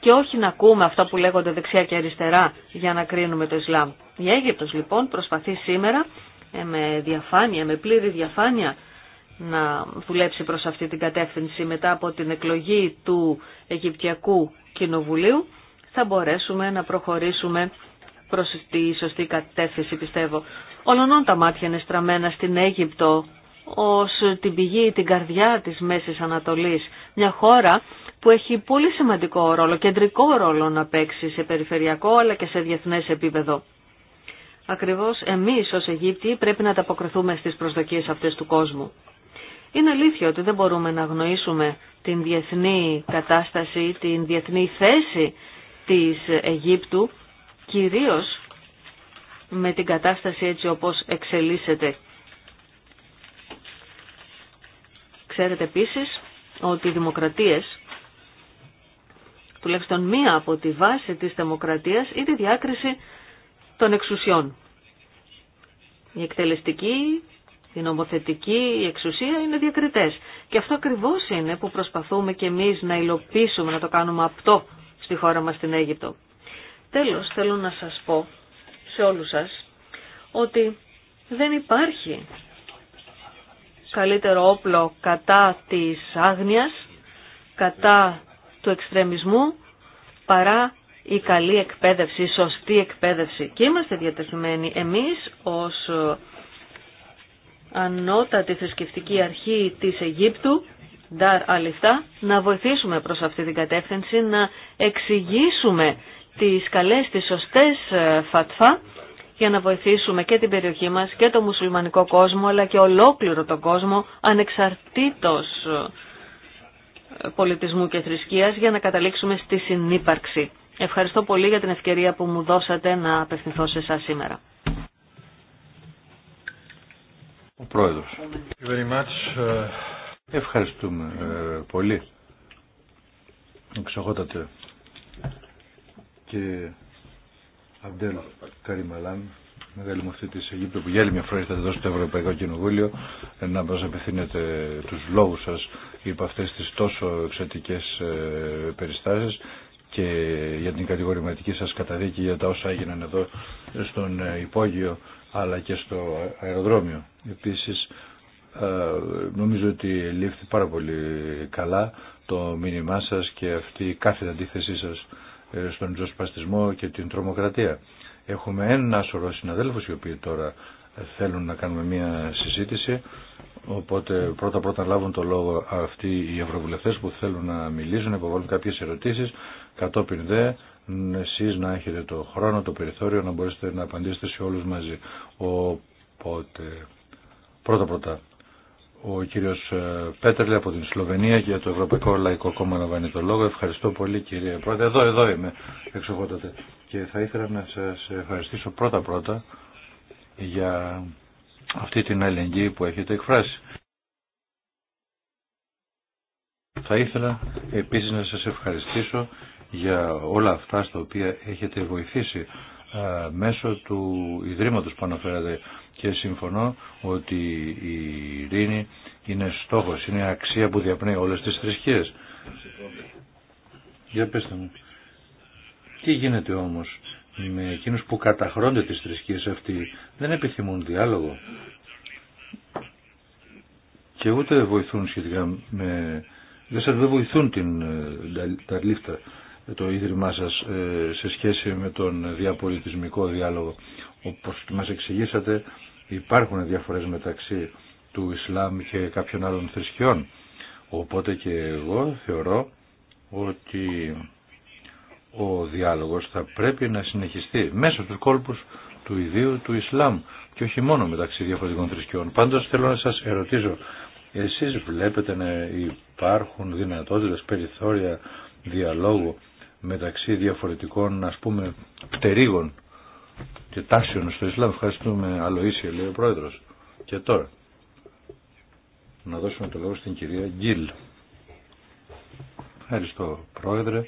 και όχι να ακούμε αυτά που λέγονται δεξιά και αριστερά για να κρίνουμε το Ισλάμ. Η Αίγυπτος λοιπόν προσπαθεί σήμερα ε, με διαφάνεια, με πλήρη διαφάνεια να δουλέψει προς αυτή την κατεύθυνση μετά από την εκλογή του Αιγυπτιακού Κοινοβουλίου θα μπορέσουμε να προχωρήσουμε προς τη σωστή κατεύθυνση πιστεύω. Ολονόν τα μάτια είναι στραμμένα στην Αίγυπτο ως την πηγή, την καρδιά της Μέσης Ανατολής. Μια χώρα που έχει πολύ σημαντικό ρόλο, κεντρικό ρόλο να παίξει σε περιφερειακό αλλά και σε διεθνές επίπεδο. Ακριβώς εμείς ως Αιγύπτιοι πρέπει να ανταποκριθούμε στις προσδοκίες αυτές του κόσμου. Είναι αλήθεια ότι δεν μπορούμε να γνωρίσουμε την διεθνή κατάσταση, την διεθνή θέση της Αιγύπτου, κυρίως με την κατάσταση έτσι όπως εξελίσσεται. Ξέρετε επίσης ότι οι δημοκρατίες τουλάχιστον μία από τη βάση της δημοκρατίας ή τη διάκριση των εξουσιών. Η εκτελεστική, η νομοθετική, η εξουσία είναι διακριτές. Και αυτό ακριβώς είναι που προσπαθούμε και εμείς να υλοποιήσουμε, να το κάνουμε αυτό στη χώρα μας στην Αίγυπτο. Τέλος, θέλω να σας πω σε όλους σας ότι δεν υπάρχει καλύτερο όπλο κατά της άγνοιας, κατά του εξτρεμισμού παρά η καλή εκπαίδευση, η σωστή εκπαίδευση. Και είμαστε διατεθειμένοι εμείς ως ανώτατη θρησκευτική αρχή της Αιγύπτου, Νταρ αλιστά να βοηθήσουμε προς αυτή την κατεύθυνση, να εξηγήσουμε τις καλές, τις σωστές ε, φατφά, για να βοηθήσουμε και την περιοχή μας και το μουσουλμανικό κόσμο, αλλά και ολόκληρο τον κόσμο, ανεξαρτήτως ε, πολιτισμού και θρησκείας για να καταλήξουμε στη συνύπαρξη. Ευχαριστώ πολύ για την ευκαιρία που μου δώσατε να απευθυνθώ σε εσάς σήμερα. Ο Πρόεδρος. Uh, Ευχαριστούμε ε, πολύ. Εξοχότατε και Αντέλ Καριμαλάν, μεγάλη μου αυτή της Αιγύπτου που για άλλη μια φορά ήρθατε εδώ στο Ευρωπαϊκό Κοινοβούλιο να μας απευθύνετε τους λόγους σας υπό αυτές τις τόσο εξωτικές ε, περιστάσεις και για την κατηγορηματική σας καταδίκη για τα όσα έγιναν εδώ στον ε, υπόγειο αλλά και στο αεροδρόμιο. Επίσης ε, νομίζω ότι λήφθη πάρα πολύ καλά το μήνυμά σας και αυτή η κάθε αντίθεσή σας στον ζωσπαστισμό και την τρομοκρατία. Έχουμε ένα σωρό συναδέλφους οι οποίοι τώρα θέλουν να κάνουμε μια συζήτηση οπότε πρώτα πρώτα λάβουν το λόγο αυτοί οι ευρωβουλευτές που θέλουν να μιλήσουν, να υποβάλουν κάποιες ερωτήσεις κατόπιν δε εσείς να έχετε το χρόνο, το περιθώριο να μπορέσετε να απαντήσετε σε όλους μαζί οπότε πρώτα πρώτα ο κύριος ε, Πέτερλε από την Σλοβενία για το Ευρωπαϊκό Λαϊκό Κόμμα λαμβάνει το λόγο. Ευχαριστώ πολύ κύριε Πρόεδρε. Εδώ, εδώ είμαι εξοχότατε. Και θα ήθελα να σας ευχαριστήσω πρώτα πρώτα για αυτή την αλληλεγγύη που έχετε εκφράσει. Θα ήθελα επίσης να σας ευχαριστήσω για όλα αυτά στα οποία έχετε βοηθήσει μέσω του Ιδρύματος που αναφέρατε και συμφωνώ ότι η ειρήνη είναι στόχος, είναι αξία που διαπνέει όλες τις θρησκείες. Για πέστε μου, τι γίνεται όμως με εκείνους που καταχρώνται τις θρησκείες αυτοί δεν επιθυμούν διάλογο και ούτε βοηθούν σχετικά με δεν σας δεν βοηθούν την ε, τα λίφτα, το Ίδρυμά σας ε, σε σχέση με τον διαπολιτισμικό διάλογο όπως μας εξηγήσατε υπάρχουν διαφορές μεταξύ του Ισλάμ και κάποιων άλλων θρησκειών οπότε και εγώ θεωρώ ότι ο διάλογος θα πρέπει να συνεχιστεί μέσω του κόλπους του ιδίου του Ισλάμ και όχι μόνο μεταξύ διαφορετικών θρησκειών. Πάντως θέλω να σας ερωτήσω, εσείς βλέπετε να υπάρχουν δυνατότητες, περιθώρια διαλόγου μεταξύ διαφορετικών ας πούμε πτερίγων και τάσεων στο Ισλάμ. Ευχαριστούμε Αλοίσια λέει ο Πρόεδρος. Και τώρα να δώσουμε το λόγο στην κυρία Γκίλ. Ευχαριστώ Πρόεδρε.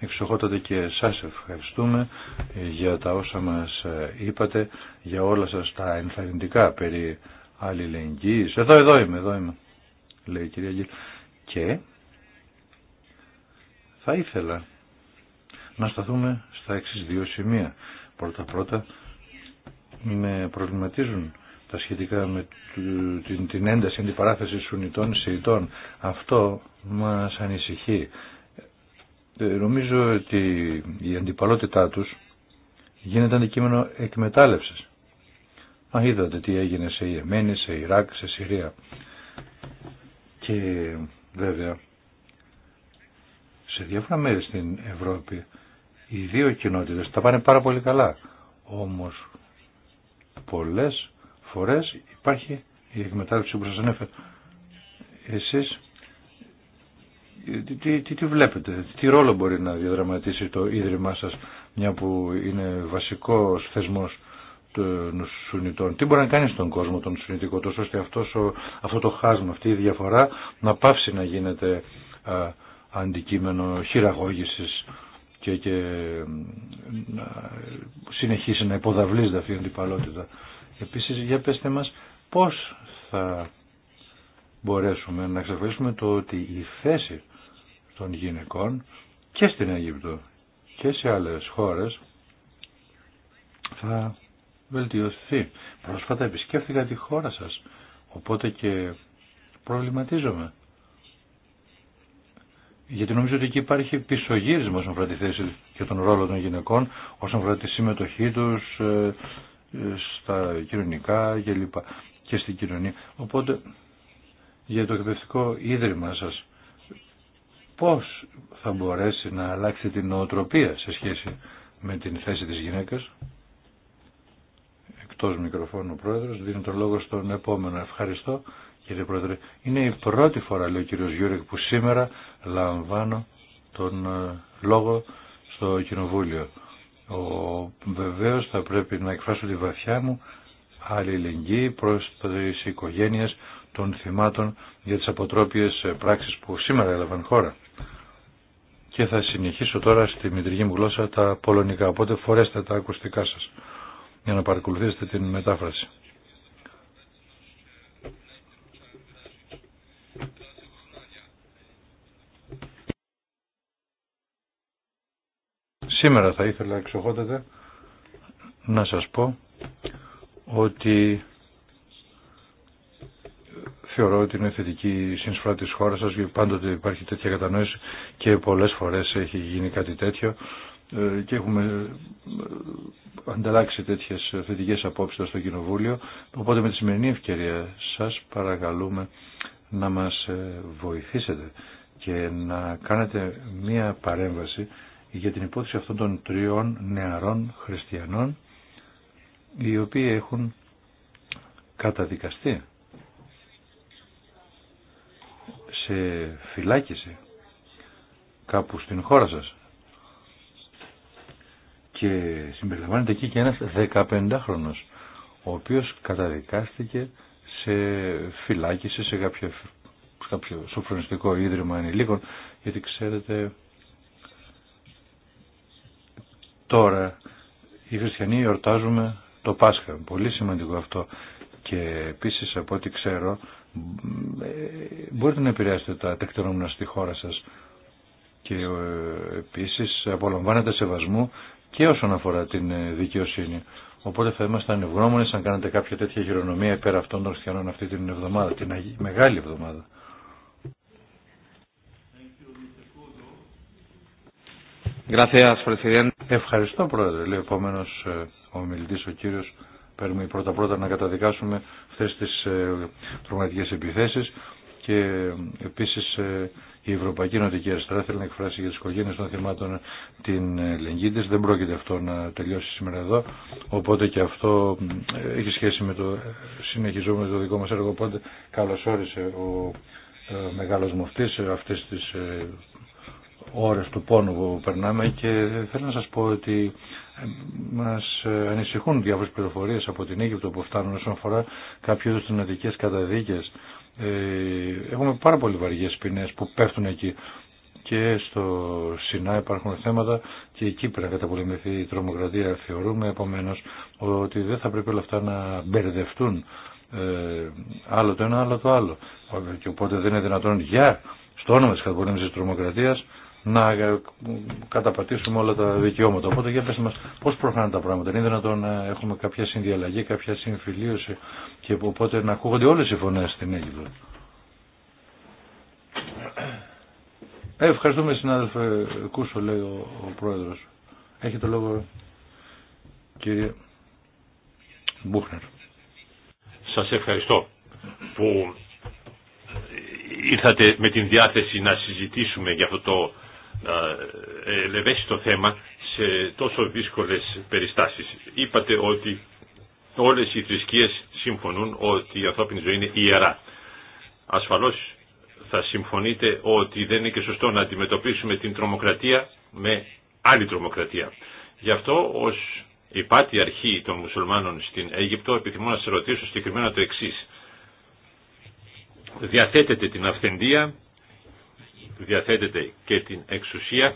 Εξοχότατε και σας ευχαριστούμε για τα όσα μας ε, είπατε, για όλα σας τα ενθαρρυντικά περί αλληλεγγύης. Εδώ, εδώ είμαι, εδώ είμαι, λέει η κυρία Γκίλ. Και θα ήθελα να σταθούμε στα εξής δύο σημεία. Πρώτα-πρώτα με προβληματίζουν τα σχετικά με την, την παράθεση αντιπαράθεση σε Σιητών. Αυτό μας ανησυχεί. Ε, νομίζω ότι η αντιπαλότητά τους γίνεται αντικείμενο εκμετάλλευσης. Α, είδατε τι έγινε σε Ιεμένη, σε Ιράκ, σε Συρία. Και βέβαια, σε διάφορα μέρη στην Ευρώπη, οι δύο κοινότητες τα πάνε πάρα πολύ καλά. Όμως, πολλές φορές υπάρχει η εκμετάλλευση που σας ανέφερα. Εσείς τι, τι, βλέπετε, τι ρόλο μπορεί να διαδραματίσει το Ίδρυμά σας, μια που είναι βασικός θεσμός των Σουνιτών. Τι μπορεί να κάνει στον κόσμο τον Σουνιτικό, τόσο ώστε αυτό το χάσμα, αυτή η διαφορά να πάψει να γίνεται αντικείμενο χειραγώγησης και, και να συνεχίσει να υποδαβλίζεται αυτή η αντιπαλότητα. Επίσης, για πέστε μας, πώς θα μπορέσουμε να εξεφαλίσουμε το ότι η θέση των γυναικών και στην Αίγυπτο και σε άλλες χώρες θα βελτιωθεί. Πρόσφατα επισκέφθηκα τη χώρα σας, οπότε και προβληματίζομαι. Γιατί νομίζω ότι εκεί υπάρχει πισωγύρισμα όσον αφορά τη θέση και τον ρόλο των γυναικών, όσον αφορά τη συμμετοχή τους ε, ε, στα κοινωνικά κλπ. Και, και στην κοινωνία. Οπότε για το εκπαιδευτικό ίδρυμα σας πώς θα μπορέσει να αλλάξει την νοοτροπία σε σχέση με την θέση της γυναίκας. Εκτός μικροφώνου ο Πρόεδρος, δίνει τον λόγο στον επόμενο. Ευχαριστώ κύριε Πρόεδρε. Είναι η πρώτη φορά, λέει ο κύριος Γιούρεκ, που σήμερα λαμβάνω τον ε, λόγο στο Κοινοβούλιο. Ο, βεβαίως θα πρέπει να εκφράσω τη βαθιά μου αλληλεγγύη προς τις οικογένειες των θυμάτων για τις αποτρόπιες ε, πράξεις που σήμερα έλαβαν χώρα και θα συνεχίσω τώρα στη μητρική μου γλώσσα τα πολωνικά. Οπότε φορέστε τα ακουστικά σας για να παρακολουθήσετε την μετάφραση. Σήμερα θα ήθελα εξοχότατε να σας πω ότι θεωρώ ότι είναι θετική η συνεισφορά της χώρας σας, γιατί πάντοτε υπάρχει τέτοια κατανόηση και πολλές φορές έχει γίνει κάτι τέτοιο ε, και έχουμε ε, ανταλλάξει τέτοιες θετικές απόψεις στο Κοινοβούλιο. Οπότε με τη σημερινή ευκαιρία σας παρακαλούμε να μας ε, βοηθήσετε και να κάνετε μία παρέμβαση για την υπόθεση αυτών των τριών νεαρών χριστιανών οι οποίοι έχουν καταδικαστεί σε φυλάκιση κάπου στην χώρα σας και συμπεριλαμβάνεται εκεί και ένας 15χρονος ο οποίος καταδικάστηκε σε φυλάκιση σε κάποιο, κάποιο σοφρονιστικό ίδρυμα ανηλίκων γιατί ξέρετε τώρα οι χριστιανοί εορτάζουμε το Πάσχα πολύ σημαντικό αυτό και επίσης από ό,τι ξέρω μπορείτε να επηρεάσετε τα τεκτενόμενα στη χώρα σας και ε, επίσης απολαμβάνετε σεβασμού και όσον αφορά την ε, δικαιοσύνη. Οπότε θα ήμασταν ευγνώμονε αν κάνετε κάποια τέτοια χειρονομία πέρα αυτών των χριστιανών αυτή την εβδομάδα, την μεγάλη εβδομάδα. Ευχαριστώ, Πρόεδρε. Λέει ο επόμενο ε, ο ο κύριος Παίρνουμε πρώτα-πρώτα να καταδικάσουμε αυτές τις ε, τρομακτικές επιθέσεις και ε, επίσης ε, η Ευρωπαϊκή Νοτική Αριστερά θέλει να εκφράσει για τι οικογένειε των θυμάτων την ελεγγύη τη. Δεν πρόκειται αυτό να τελειώσει σήμερα εδώ. Οπότε και αυτό έχει σχέση με το συνεχιζόμενο το δικό μα έργο. Οπότε καλώ όρισε ο μεγάλο μοφτή αυτέ τι ώρε του πόνου που περνάμε και θέλω να σα πω ότι μας ε, ανησυχούν διάφορες πληροφορίες από την Αίγυπτο που φτάνουν όσον αφορά κάποιο είδους καταδίκε. καταδίκες. Ε, έχουμε πάρα πολύ βαριές ποινές που πέφτουν εκεί και στο Σινά υπάρχουν θέματα και εκεί πρέπει να καταπολεμηθεί η τρομοκρατία. Θεωρούμε επομένω ότι δεν θα πρέπει όλα αυτά να μπερδευτούν ε, άλλο το ένα, άλλο το άλλο. Και οπότε δεν είναι δυνατόν για στο όνομα τη καταπολέμηση τη τρομοκρατία να καταπατήσουμε όλα τα δικαιώματα. Οπότε για πέστε μας πώς προχωράνε τα πράγματα. Είναι δυνατόν να ε, έχουμε κάποια συνδιαλλαγή, κάποια συμφιλίωση και οπότε να ακούγονται όλες οι φωνές στην Αίγυπτο. Ε, ευχαριστούμε συνάδελφε Κούσο λέει ο, ο πρόεδρος. Έχει το λόγο κύριε Μπούχνερ. Σας ευχαριστώ που ήρθατε με την διάθεση να συζητήσουμε για αυτό το ε, το θέμα σε τόσο δύσκολες περιστάσεις. Είπατε ότι όλες οι θρησκείες συμφωνούν ότι η ανθρώπινη ζωή είναι ιερά. Ασφαλώς θα συμφωνείτε ότι δεν είναι και σωστό να αντιμετωπίσουμε την τρομοκρατία με άλλη τρομοκρατία. Γι' αυτό ως υπάτη αρχή των μουσουλμάνων στην Αίγυπτο επιθυμώ να σε ρωτήσω συγκεκριμένα το εξής. Διαθέτεται την αυθεντία διαθέτεται και την εξουσία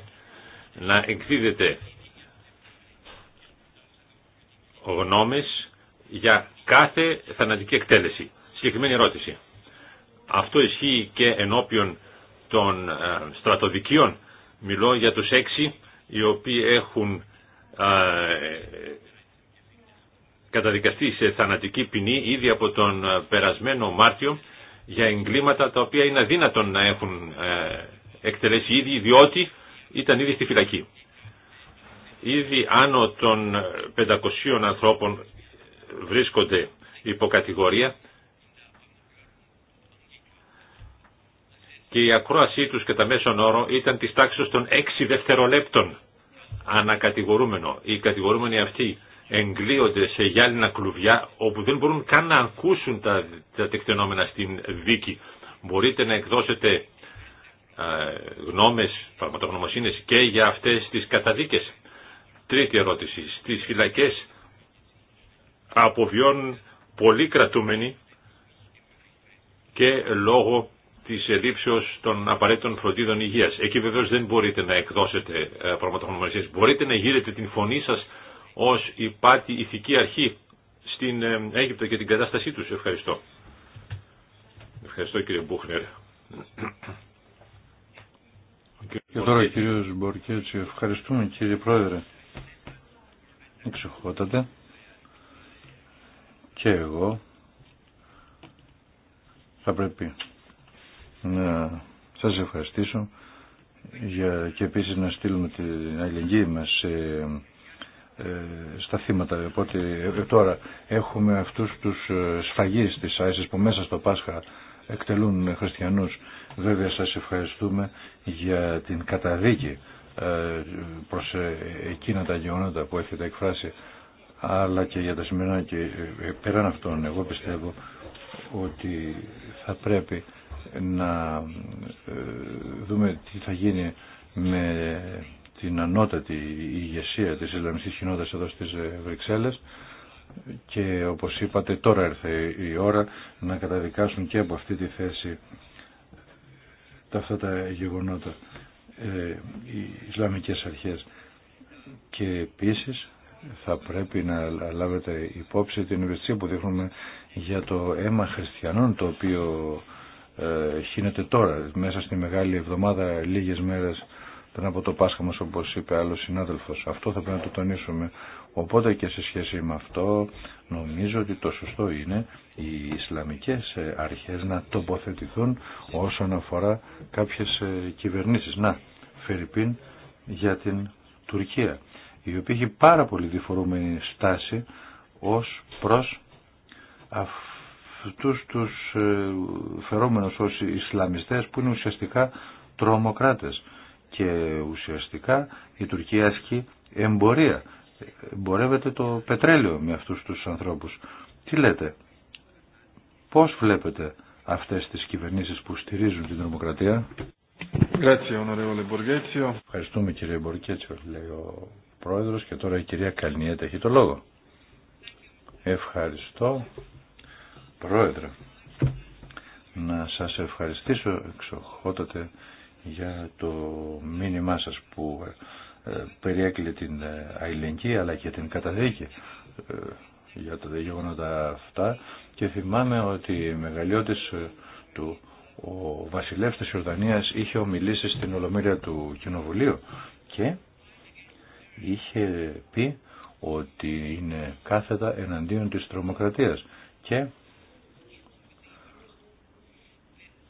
να εκδίδεται γνώμες για κάθε θανατική εκτέλεση. Συγκεκριμένη ερώτηση. Αυτό ισχύει και ενώπιον των ε, στρατοδικείων. Μιλώ για τους έξι οι οποίοι έχουν ε, καταδικαστεί σε θανατική ποινή ήδη από τον ε, περασμένο Μάρτιο για εγκλήματα τα οποία είναι αδύνατον να έχουν ε, εκτελέσει ήδη διότι ήταν ήδη στη φυλακή. Ήδη άνω των 500 ανθρώπων βρίσκονται υποκατηγορία και η ακρόασή τους κατά μέσον όρο ήταν της τάξης των 6 δευτερολέπτων ανακατηγορούμενο. Οι κατηγορούμενοι αυτοί εγκλείονται σε γυάλινα κλουβιά όπου δεν μπορούν καν να ακούσουν τα, τα τεκτενόμενα στην δίκη. Μπορείτε να εκδώσετε ε, γνώμες, πραγματογνωμοσύνες και για αυτές τις καταδίκες. Τρίτη ερώτηση. Στις φυλακές αποβιώνουν πολύ κρατούμενοι και λόγω της ελήψεως των απαραίτητων φροντίδων υγείας. Εκεί βεβαίως δεν μπορείτε να εκδώσετε ε, πραγματογνωμοσύνες. Μπορείτε να γύρετε την φωνή σας ως υπάτη ηθική αρχή στην ε, Αίγυπτο και την κατάστασή τους. Ευχαριστώ. Ευχαριστώ κύριε Μπούχνερ. Και τώρα κύριος Μπορκέτσι, ευχαριστούμε κύριε Πρόεδρε. Εξοχότατε. Και εγώ θα πρέπει να σας ευχαριστήσω για, και επίσης να στείλουμε την αλληλεγγύη μας σε ε, στα θύματα. Οπότε ε, τώρα έχουμε αυτούς τους ε, σφαγείς της ΆΕΣΕΣ που μέσα στο Πάσχα εκτελούν χριστιανούς. Βέβαια σα ευχαριστούμε για την καταδίκη προς εκείνα τα γεγονότα που έχετε εκφράσει αλλά και για τα σημερινά και πέραν αυτών εγώ πιστεύω ότι θα πρέπει να δούμε τι θα γίνει με την ανώτατη ηγεσία της Ισλαμιστής Κοινότητας εδώ στις Βρυξέλλες και όπως είπατε τώρα έρθε η ώρα να καταδικάσουν και από αυτή τη θέση τα αυτά τα γεγονότα ε, οι Ισλαμικές αρχές και επίσης θα πρέπει να λάβετε υπόψη την ευαισθησία που δείχνουμε για το αίμα χριστιανών το οποίο ε, χύνεται τώρα μέσα στη Μεγάλη Εβδομάδα λίγες μέρες πριν από το Πάσχα μας όπως είπε άλλος συνάδελφος. Αυτό θα πρέπει να το τονίσουμε. Οπότε και σε σχέση με αυτό νομίζω ότι το σωστό είναι οι Ισλαμικές ε, αρχές να τοποθετηθούν όσον αφορά κάποιες ε, κυβερνήσεις. Να, Φερρυπίν για την Τουρκία η οποία έχει πάρα πολύ διφορούμενη στάση ως προς αυτούς τους ε, φερόμενους ως Ισλαμιστές που είναι ουσιαστικά τρομοκράτες και ουσιαστικά η Τουρκία ασκεί εμπορία. Εμπορεύεται το πετρέλαιο με αυτούς τους ανθρώπους. Τι λέτε, πώς βλέπετε αυτές τις κυβερνήσεις που στηρίζουν την δημοκρατία. Ευχαριστούμε κύριε Μπορκέτσιο, λέει ο πρόεδρος και τώρα η κυρία Καλνιέτα έχει το λόγο. Ευχαριστώ πρόεδρε. Να σας ευχαριστήσω εξοχότατε για το μήνυμά σας που ε, περιέκλει την ε, αηλενική αλλά και την καταδίκη ε, για τα γεγονότα αυτά και θυμάμαι ότι η μεγαλειώτης του ο βασιλεύς της Ιορδανίας είχε ομιλήσει στην Ολομήρια του Κοινοβουλίου και είχε πει ότι είναι κάθετα εναντίον της τρομοκρατίας και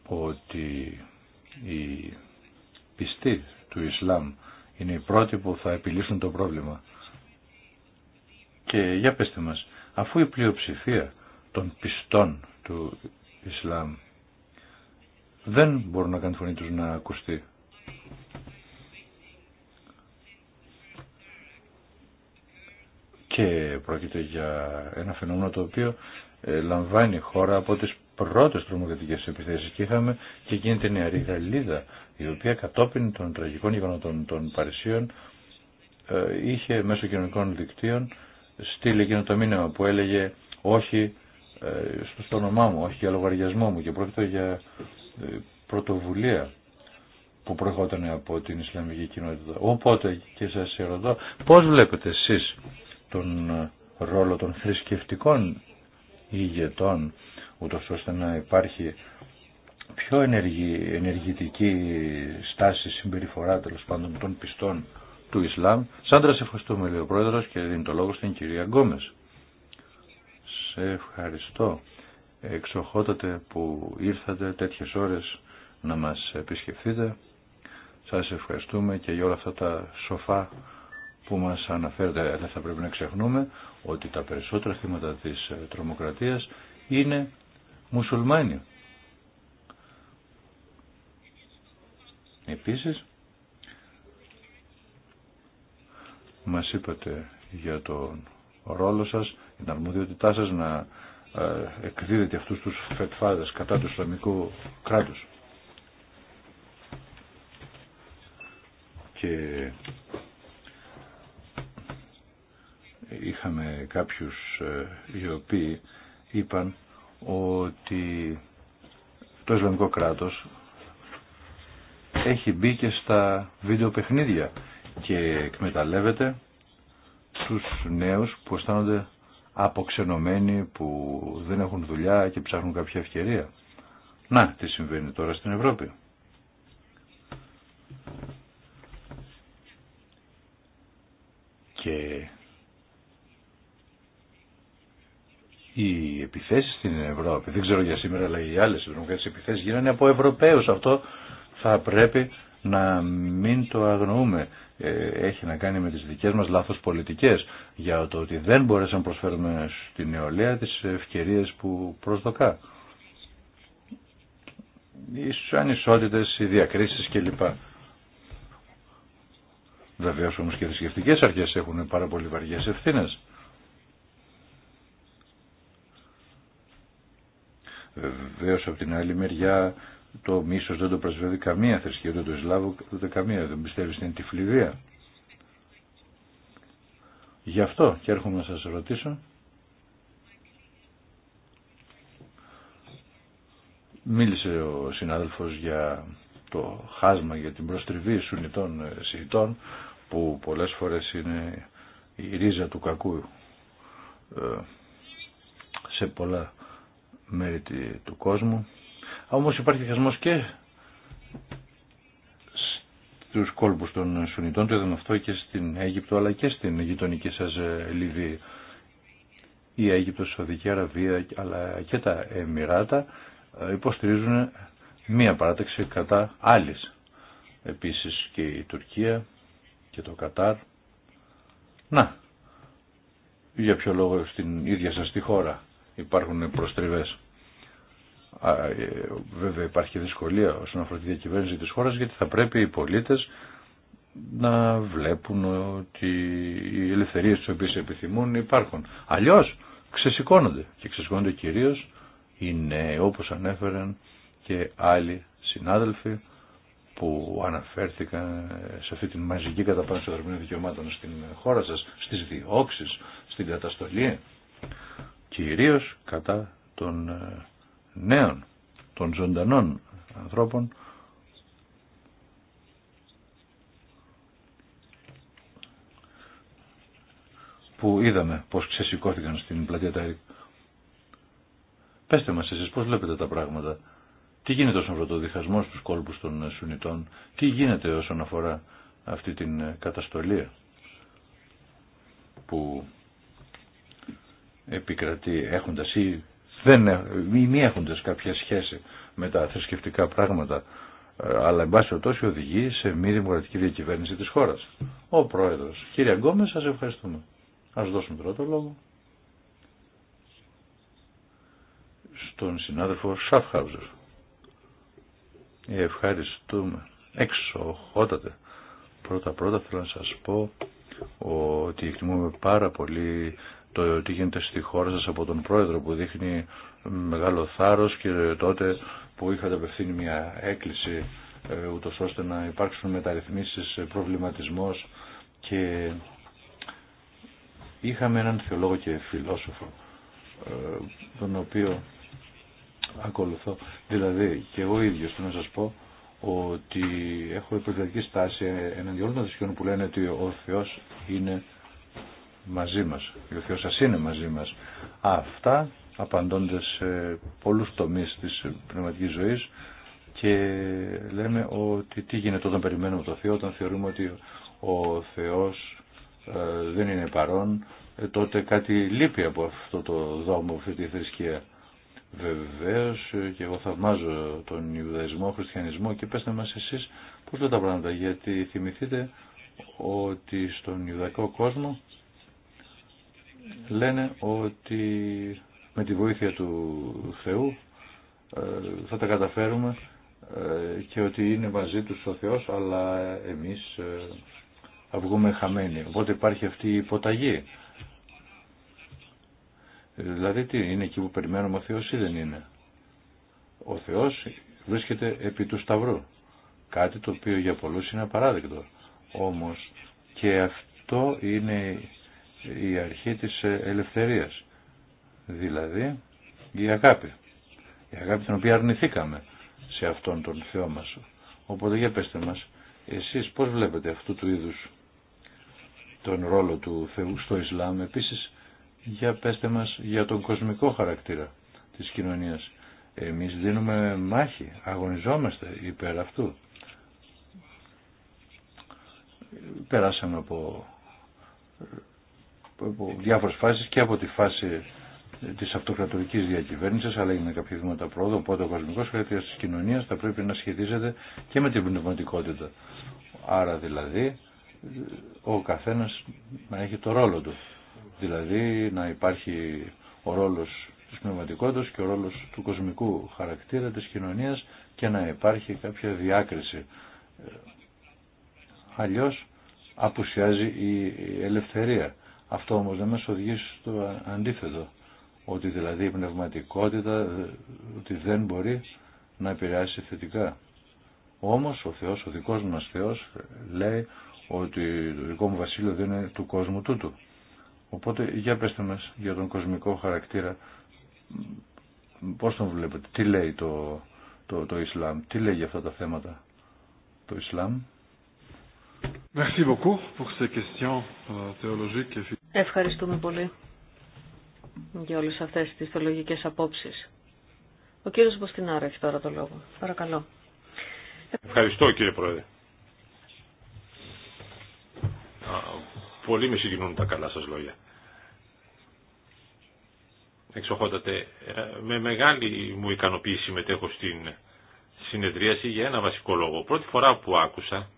ότι η πιστοί του Ισλάμ είναι οι πρώτοι που θα επιλύσουν το πρόβλημα. Και για πέστε μας, αφού η πλειοψηφία των πιστών του Ισλάμ δεν μπορούν να κάνουν φωνή τους να ακουστεί. Και πρόκειται για ένα φαινόμενο το οποίο ε, λαμβάνει η χώρα από τις πρώτε τρομοκρατικέ επιθέσει και είχαμε και εκείνη την νεαρή Γαλλίδα η οποία κατόπιν των τραγικών γεγονότων των Παρισίων ε, είχε μέσω κοινωνικών δικτύων στείλει εκείνο το μήνυμα που έλεγε όχι ε, στο όνομά μου, όχι για λογαριασμό μου και πρόκειται για ε, πρωτοβουλία που προηγόταν από την Ισλαμική κοινότητα. Οπότε και σας ερωτώ Πώ βλέπετε εσεί τον ρόλο των θρησκευτικών ηγετών ούτως ώστε να υπάρχει πιο ενεργη, ενεργητική στάση συμπεριφορά τέλο πάντων των πιστών του Ισλάμ. Σάντρα, σε ευχαριστούμε λέει ο Πρόεδρος και δίνει το λόγο στην κυρία Γκόμες. Σε ευχαριστώ εξοχότατε που ήρθατε τέτοιες ώρες να μας επισκεφθείτε. Σας ευχαριστούμε και για όλα αυτά τα σοφά που μας αναφέρετε. Δεν θα πρέπει να ξεχνούμε ότι τα περισσότερα θύματα της τρομοκρατίας είναι μουσουλμάνοι. Επίσης, μας είπατε για τον ρόλο σας, την αρμοδιότητά σας να ε, εκδίδετε αυτούς τους φετφάδες κατά του Ισλαμικού κράτους. Και είχαμε κάποιους ε, οι οποίοι είπαν ότι το Ισλαμικό κράτος έχει μπει και στα βίντεο παιχνίδια και εκμεταλλεύεται τους νέους που αισθάνονται αποξενωμένοι, που δεν έχουν δουλειά και ψάχνουν κάποια ευκαιρία. Να, τι συμβαίνει τώρα στην Ευρώπη. Και οι επιθέσεις στην Ευρώπη, δεν ξέρω για σήμερα, αλλά οι άλλες ευρωπαϊκές επιθέσεις γίνανε από Ευρωπαίους. Αυτό θα πρέπει να μην το αγνοούμε. Ε, έχει να κάνει με τις δικές μας λάθος πολιτικές για το ότι δεν μπορέσαμε να προσφέρουμε στην νεολαία τις ευκαιρίες που προσδοκά. Οι ανισότητες, οι διακρίσεις κλπ. Βεβαίω όμως και οι θρησκευτικέ αρχές έχουν πάρα πολύ βαριές ευθύνες. Βεβαίω από την άλλη μεριά το μίσος δεν το προσβεύει καμία θρησκεία, ούτε το Ισλάβο, ούτε καμία, δεν πιστεύει στην τυφλιβία. Γι' αυτό και έρχομαι να σας ρωτήσω. Μίλησε ο συνάδελφος για το χάσμα, για την προστριβή σουνητών ε, σιητών, που πολλές φορές είναι η ρίζα του κακού ε, σε πολλά μέρη του κόσμου. Όμως υπάρχει χασμός και στους κόλπους των Σουνιτών, το είδαμε αυτό και στην Αίγυπτο αλλά και στην γειτονική σας ε, Λιβύη. Η Αίγυπτος, η Σαουδική Αραβία αλλά και τα Εμμυράτα ε, υποστηρίζουν μία παράταξη κατά άλλης. Επίσης και η Τουρκία και το Κατάρ. Να, για ποιο λόγο στην ίδια σας τη χώρα υπάρχουν προστριβές. Ε, βέβαια υπάρχει δυσκολία όσον αφορά τη διακυβέρνηση της χώρας γιατί θα πρέπει οι πολίτες να βλέπουν ότι οι ελευθερίες τις οποίες επιθυμούν υπάρχουν. Αλλιώς ξεσηκώνονται και ξεσηκώνονται κυρίως οι νέοι όπως ανέφεραν και άλλοι συνάδελφοι που αναφέρθηκαν σε αυτή τη μαζική καταπάνωση των δρομινών δικαιωμάτων στην χώρα σας, στις διώξεις, στην καταστολή, κυρίως κατά των ε, νέων, των ζωντανών ανθρώπων που είδαμε πως ξεσηκώθηκαν στην πλατεία Τάρικ. Πέστε μας εσείς πώς βλέπετε τα πράγματα. Τι γίνεται όσον αφορά το διχασμό στους κόλπους των Σουνιτών. Τι γίνεται όσον αφορά αυτή την ε, καταστολή που επικρατεί έχοντας ή δεν έχουν ε, μη έχοντες κάποια σχέση με τα θρησκευτικά πράγματα ε, αλλά εν πάση τόσο οδηγεί σε μη δημοκρατική διακυβέρνηση της χώρας. Ο Πρόεδρος. Κύριε Αγκόμε, σας ευχαριστούμε. Ας δώσουμε τώρα το λόγο στον συνάδελφο Σαφχάουζερ. Ευχαριστούμε. Εξοχότατε. Πρώτα πρώτα θέλω να σας πω ότι εκτιμούμε πάρα πολύ το τι γίνεται στη χώρα σας από τον πρόεδρο που δείχνει μεγάλο θάρρος και τότε που είχατε απευθύνει μια έκκληση ε, ούτω ώστε να υπάρξουν μεταρρυθμίσεις, ε, προβληματισμός και είχαμε έναν θεολόγο και φιλόσοφο ε, τον οποίο ακολουθώ. Δηλαδή και εγώ ίδιος θέλω να σας πω ότι έχω υπερβολική στάση εναντί όλων των θρησκειών που λένε ότι ο Θεός είναι μαζί μας και ο Θεός σας είναι μαζί μας. Αυτά απαντώνται σε πολλούς τομείς της πνευματικής ζωής και λέμε ότι τι γίνεται όταν περιμένουμε το Θεό, όταν θεωρούμε ότι ο Θεός ε, δεν είναι παρόν, ε, τότε κάτι λείπει από αυτό το δόμο, αυτή τη θρησκεία. Βεβαίω ε, και εγώ θαυμάζω τον Ιουδαϊσμό, Χριστιανισμό και πέστε μας εσείς πώς λέτε τα πράγματα γιατί θυμηθείτε ότι στον Ιουδαϊκό κόσμο λένε ότι με τη βοήθεια του Θεού ε, θα τα καταφέρουμε ε, και ότι είναι μαζί τους ο Θεός αλλά εμείς ε, αυγούμε χαμένοι. Οπότε υπάρχει αυτή η υποταγή. Δηλαδή τι είναι εκεί που περιμένουμε ο Θεός ή δεν είναι. Ο Θεός βρίσκεται επί του Σταυρού. Κάτι το οποίο για πολλούς είναι απαράδεκτο. Όμως και αυτό είναι η αρχή της ελευθερίας, δηλαδή η αγάπη. Η αγάπη την οποία αρνηθήκαμε σε αυτόν τον Θεό μας. Οπότε για πέστε μας, εσείς πώς βλέπετε αυτού του είδους τον ρόλο του Θεού στο Ισλάμ, επίσης για πέστε μας για τον κοσμικό χαρακτήρα της κοινωνίας. Εμείς δίνουμε μάχη, αγωνιζόμαστε υπέρ αυτού. Περάσαμε από από διάφορες φάσεις και από τη φάση της αυτοκρατορικής διακυβέρνησης αλλά είναι κάποια βήματα πρόοδο οπότε ο κοσμικός χαρακτήρας της κοινωνίας θα πρέπει να σχετίζεται και με την πνευματικότητα άρα δηλαδή ο καθένας να έχει το ρόλο του δηλαδή να υπάρχει ο ρόλος της πνευματικότητας και ο ρόλος του κοσμικού χαρακτήρα της κοινωνίας και να υπάρχει κάποια διάκριση αλλιώς απουσιάζει η ελευθερία αυτό όμως δεν μας οδηγεί στο αντίθετο, ότι δηλαδή η πνευματικότητα ε, ότι δεν μπορεί να επηρεάσει θετικά. Όμως ο Θεός, ο δικός μας Θεός λέει ότι το δικό μου βασίλειο δεν είναι του κόσμου τούτου. Οπότε για πέστε μας για τον κοσμικό χαρακτήρα πώς τον βλέπετε, τι λέει το, το, το Ισλάμ, τι λέει για αυτά τα θέματα το Ισλάμ. Merci beaucoup pour ces questions euh, théologiques Ευχαριστούμε πολύ για όλες αυτές τις θεολογικές απόψεις. Ο κύριος Μποστινάρα έχει τώρα το λόγο. Παρακαλώ. Ευχαριστώ κύριε Πρόεδρε. Πολύ με συγκινούν τα καλά σας λόγια. Εξοχότατε, ε, με μεγάλη μου ικανοποίηση συμμετέχω στην συνεδρίαση για ένα βασικό λόγο. Πρώτη φορά που άκουσα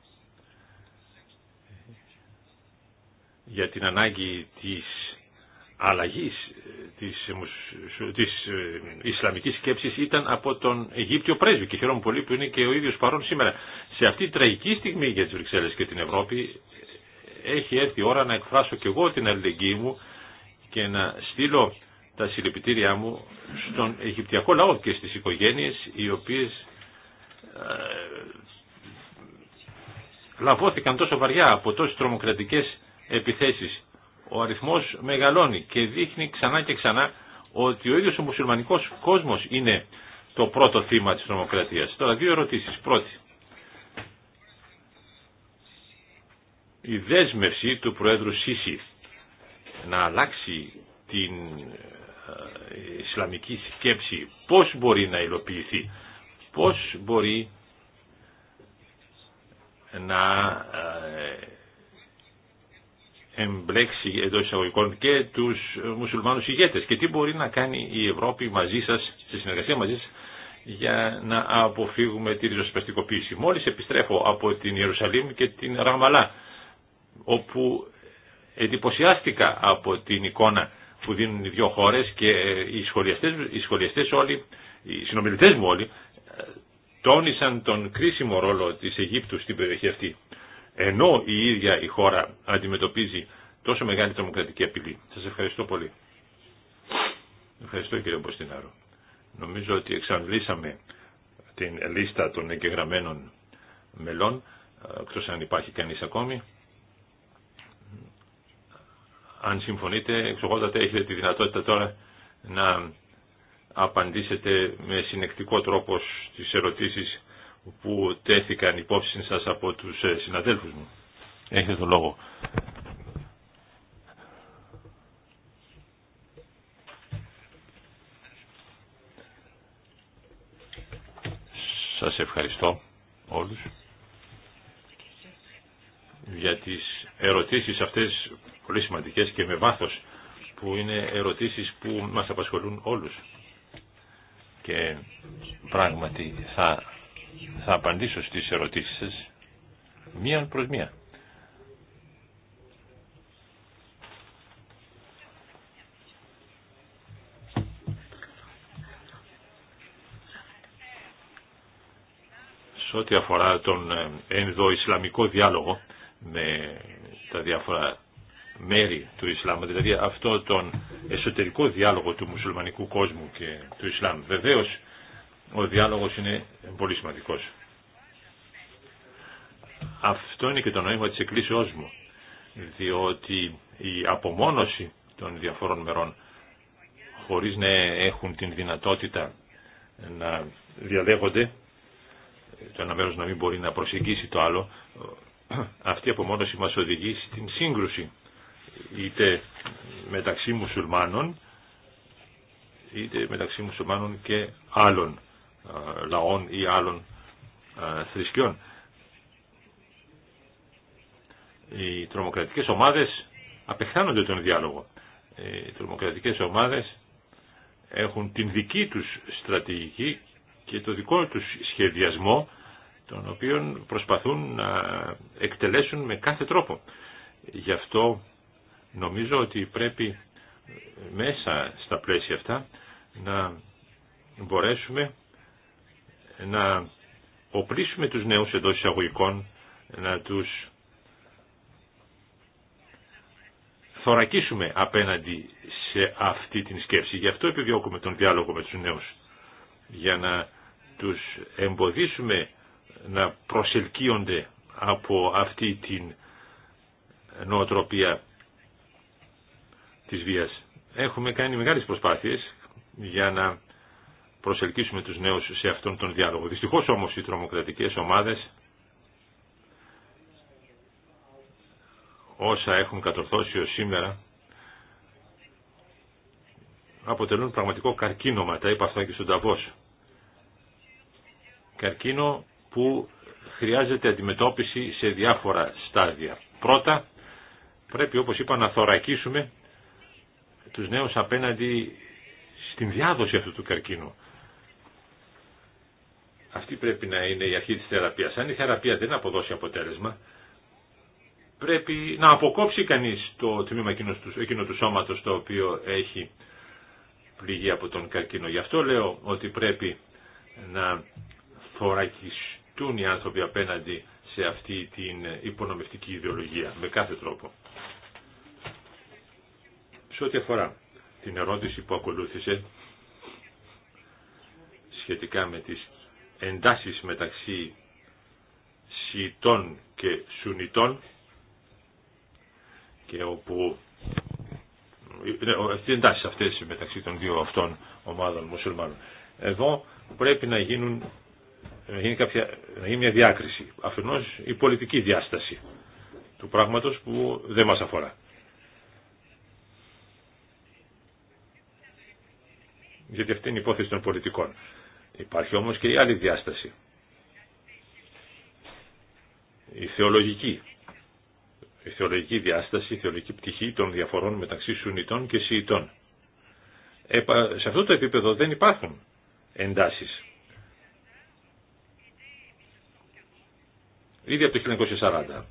για την ανάγκη της αλλαγής της, της ε, Ισλαμικής σκέψης ήταν από τον Αιγύπτιο πρέσβη και χαίρομαι πολύ που είναι και ο ίδιος παρόν σήμερα. Σε αυτή τη τραγική στιγμή για τις Βρυξέλλες και την Ευρώπη έχει έρθει η ώρα να εκφράσω και εγώ την αλληλεγγύη μου και να στείλω τα συλληπιτήριά μου στον Αιγυπτιακό λαό και στις οικογένειες οι οποίες ε, λαβώθηκαν τόσο βαριά από τόσες τρομοκρατικές επιθέσεις. Ο αριθμός μεγαλώνει και δείχνει ξανά και ξανά ότι ο ίδιος ο μουσουλμανικός κόσμος είναι το πρώτο θύμα της νομοκρατίας. Τώρα δύο ερωτήσεις. Πρώτη. Η δέσμευση του Προέδρου Σίση να αλλάξει την ε, Ισλαμική σκέψη πώς μπορεί να υλοποιηθεί, πώς μπορεί να ε, εμπλέξει εντό εισαγωγικών και τους μουσουλμάνους ηγέτε. και τι μπορεί να κάνει η Ευρώπη μαζί σα, σε συνεργασία μαζί σα, για να αποφύγουμε τη ριζοσπαστικοποίηση. Μόλις επιστρέφω από την Ιερουσαλήμ και την Ραμαλά, όπου εντυπωσιάστηκα από την εικόνα που δίνουν οι δύο χώρες και οι σχολιαστές, οι όλοι, οι συνομιλητές μου όλοι, τόνισαν τον κρίσιμο ρόλο της Αιγύπτου στην περιοχή αυτή ενώ η ίδια η χώρα αντιμετωπίζει τόσο μεγάλη τρομοκρατική απειλή. Σας ευχαριστώ πολύ. Ευχαριστώ κύριε Μποστινάρο. Νομίζω ότι εξαντλήσαμε την λίστα των εγγεγραμμένων μελών, εκτός αν υπάρχει κανείς ακόμη. Αν συμφωνείτε, εξοχότατε, έχετε τη δυνατότητα τώρα να απαντήσετε με συνεκτικό τρόπο στις ερωτήσεις που τέθηκαν υπόψη σας από τους ε, συναδέλφους μου. Έχετε το λόγο. Σας ευχαριστώ όλους για τις ερωτήσεις αυτές πολύ σημαντικές και με βάθος που είναι ερωτήσεις που μας απασχολούν όλους και πράγματι θα θα απαντήσω στις ερωτήσεις σας μία προς μία. Σε ό,τι αφορά τον ε, ενδοϊσλαμικό διάλογο με τα διάφορα μέρη του Ισλάμ, δηλαδή αυτό τον εσωτερικό διάλογο του μουσουλμανικού κόσμου και του Ισλάμ. Βεβαίως ο διάλογος είναι πολύ σημαντικός. Αυτό είναι και το νόημα της εκκλήσεώς μου, διότι η απομόνωση των διαφόρων μερών, χωρίς να έχουν την δυνατότητα να διαλέγονται, το ένα μέρος να μην μπορεί να προσεγγίσει το άλλο, αυτή η απομόνωση μας οδηγεί στην σύγκρουση, είτε μεταξύ μουσουλμάνων, είτε μεταξύ μουσουλμάνων και άλλων. Ε, λαών ή άλλων ε, θρησκειών. Οι τρομοκρατικές ομάδες απεχθάνονται τον διάλογο. Οι τρομοκρατικές ομάδες έχουν την δική τους στρατηγική και το δικό τους σχεδιασμό τον οποίον προσπαθούν να εκτελέσουν με κάθε τρόπο. Γι' αυτό νομίζω ότι πρέπει μέσα στα πλαίσια αυτά να μπορέσουμε να οπλίσουμε τους νέους εντό εισαγωγικών, να τους θωρακίσουμε απέναντι σε αυτή την σκέψη. Γι' αυτό επιδιώκουμε τον διάλογο με τους νέους, για να τους εμποδίσουμε να προσελκύονται από αυτή την νοοτροπία της βίας. Έχουμε κάνει μεγάλες προσπάθειες για να προσελκύσουμε τους νέους σε αυτόν τον διάλογο. Δυστυχώς όμως οι τρομοκρατικές ομάδες όσα έχουν κατορθώσει ως σήμερα αποτελούν πραγματικό καρκίνωμα, τα είπα αυτά και στον Ταβός. Καρκίνο που χρειάζεται αντιμετώπιση σε διάφορα στάδια. Πρώτα, πρέπει όπως είπα να θωρακίσουμε τους νέους απέναντι στην διάδοση αυτού του καρκίνου. Αυτή πρέπει να είναι η αρχή της θεραπείας. Αν η θεραπεία δεν αποδώσει αποτέλεσμα, πρέπει να αποκόψει κανείς το τμήμα εκείνο του σώματος το οποίο έχει πληγεί από τον καρκίνο. Γι' αυτό λέω ότι πρέπει να θωρακιστούν οι άνθρωποι απέναντι σε αυτή την υπονομευτική ιδεολογία, με κάθε τρόπο. Σε ό,τι αφορά την ερώτηση που ακολούθησε σχετικά με τις εντάσεις μεταξύ Σιητών και Σουνιτών και όπου ναι, εντάσεις αυτές μεταξύ των δύο αυτών ομάδων μουσουλμάνων. Εδώ πρέπει να, γίνουν, γίνει κάποια, να γίνει μια διάκριση. Αφενός η πολιτική διάσταση του πράγματος που δεν μας αφορά. Γιατί αυτή είναι η υπόθεση των πολιτικών. Υπάρχει όμως και η άλλη διάσταση. Η θεολογική. Η θεολογική διάσταση, η θεολογική πτυχή των διαφορών μεταξύ Σουνιτών και Σιητών. σε αυτό το επίπεδο δεν υπάρχουν εντάσεις. Ήδη από το 1940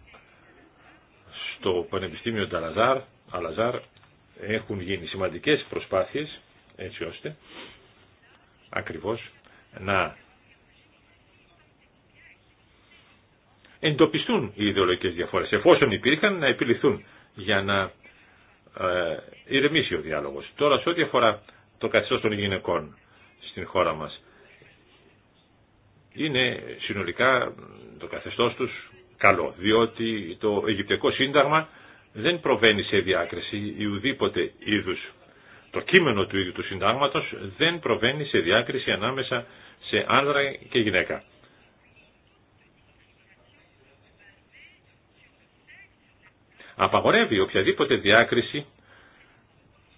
στο Πανεπιστήμιο Ταλαζάρ Αλαζάρ, έχουν γίνει σημαντικές προσπάθειες έτσι ώστε ακριβώς να εντοπιστούν οι ιδεολογικές διαφορές, εφόσον υπήρχαν να επιληθούν για να ε, ηρεμήσει ο διάλογος. Τώρα σε ό,τι αφορά το καθεστώς των γυναικών στην χώρα μας, είναι συνολικά το καθεστώς τους καλό, διότι το Αιγυπτιακό Σύνταγμα δεν προβαίνει σε διάκριση ή ουδήποτε είδους το κείμενο του ίδιου του συντάγματος δεν προβαίνει σε διάκριση ανάμεσα σε άνδρα και γυναίκα. Απαγορεύει οποιαδήποτε διάκριση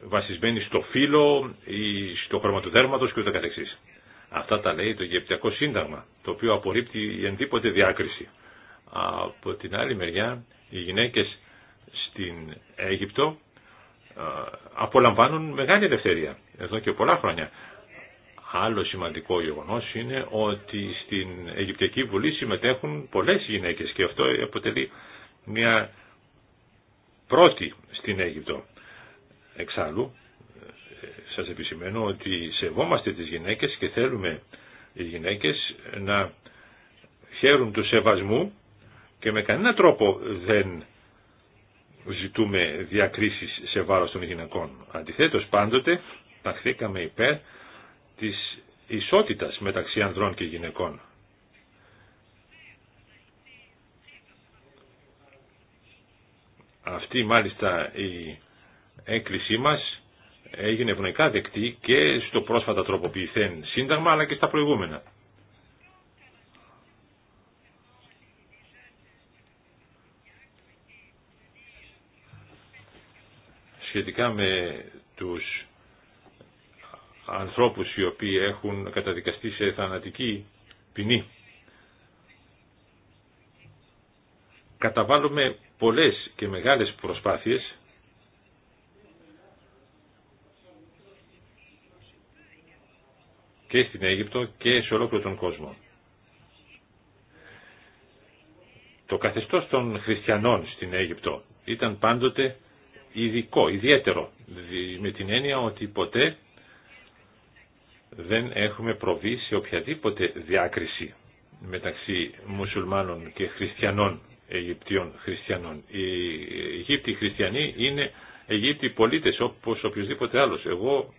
βασισμένη στο φύλλο ή στο χρώμα του δέρματος και ούτε καθεξής. Αυτά τα λέει το Αιγυπτιακό Σύνταγμα, το οποίο απορρίπτει εντύπωτε διάκριση. Από την άλλη μεριά, οι γυναίκες στην Αίγυπτο ε, απολαμβάνουν μεγάλη ελευθερία εδώ και πολλά χρόνια. Άλλο σημαντικό γεγονό είναι ότι στην Αιγυπτιακή Βουλή συμμετέχουν πολλές γυναίκες και αυτό αποτελεί μια πρώτη στην Αίγυπτο. Εξάλλου, ε, σας επισημαίνω ότι σεβόμαστε τις γυναίκες και θέλουμε οι γυναίκες να χαίρουν του σεβασμού και με κανένα τρόπο δεν ζητούμε διακρίσεις σε βάρος των γυναικών. Αντιθέτως πάντοτε ταχθήκαμε υπέρ της ισότητας μεταξύ ανδρών και γυναικών. Αυτή μάλιστα η έκκλησή μας έγινε ευνοϊκά δεκτή και στο πρόσφατα τροποποιηθέν σύνταγμα αλλά και στα προηγούμενα. σχετικά με τους ανθρώπους οι οποίοι έχουν καταδικαστεί σε θανατική ποινή. Καταβάλουμε πολλές και μεγάλες προσπάθειες και στην Αίγυπτο και σε ολόκληρο τον κόσμο. Το καθεστώς των χριστιανών στην Αίγυπτο ήταν πάντοτε ειδικό, ιδιαίτερο, με την έννοια ότι ποτέ δεν έχουμε προβεί σε οποιαδήποτε διάκριση μεταξύ μουσουλμάνων και χριστιανών, Αιγυπτιών χριστιανών. Οι Αιγύπτιοι χριστιανοί είναι Αιγύπτιοι πολίτες όπως οποιοδήποτε άλλος. Εγώ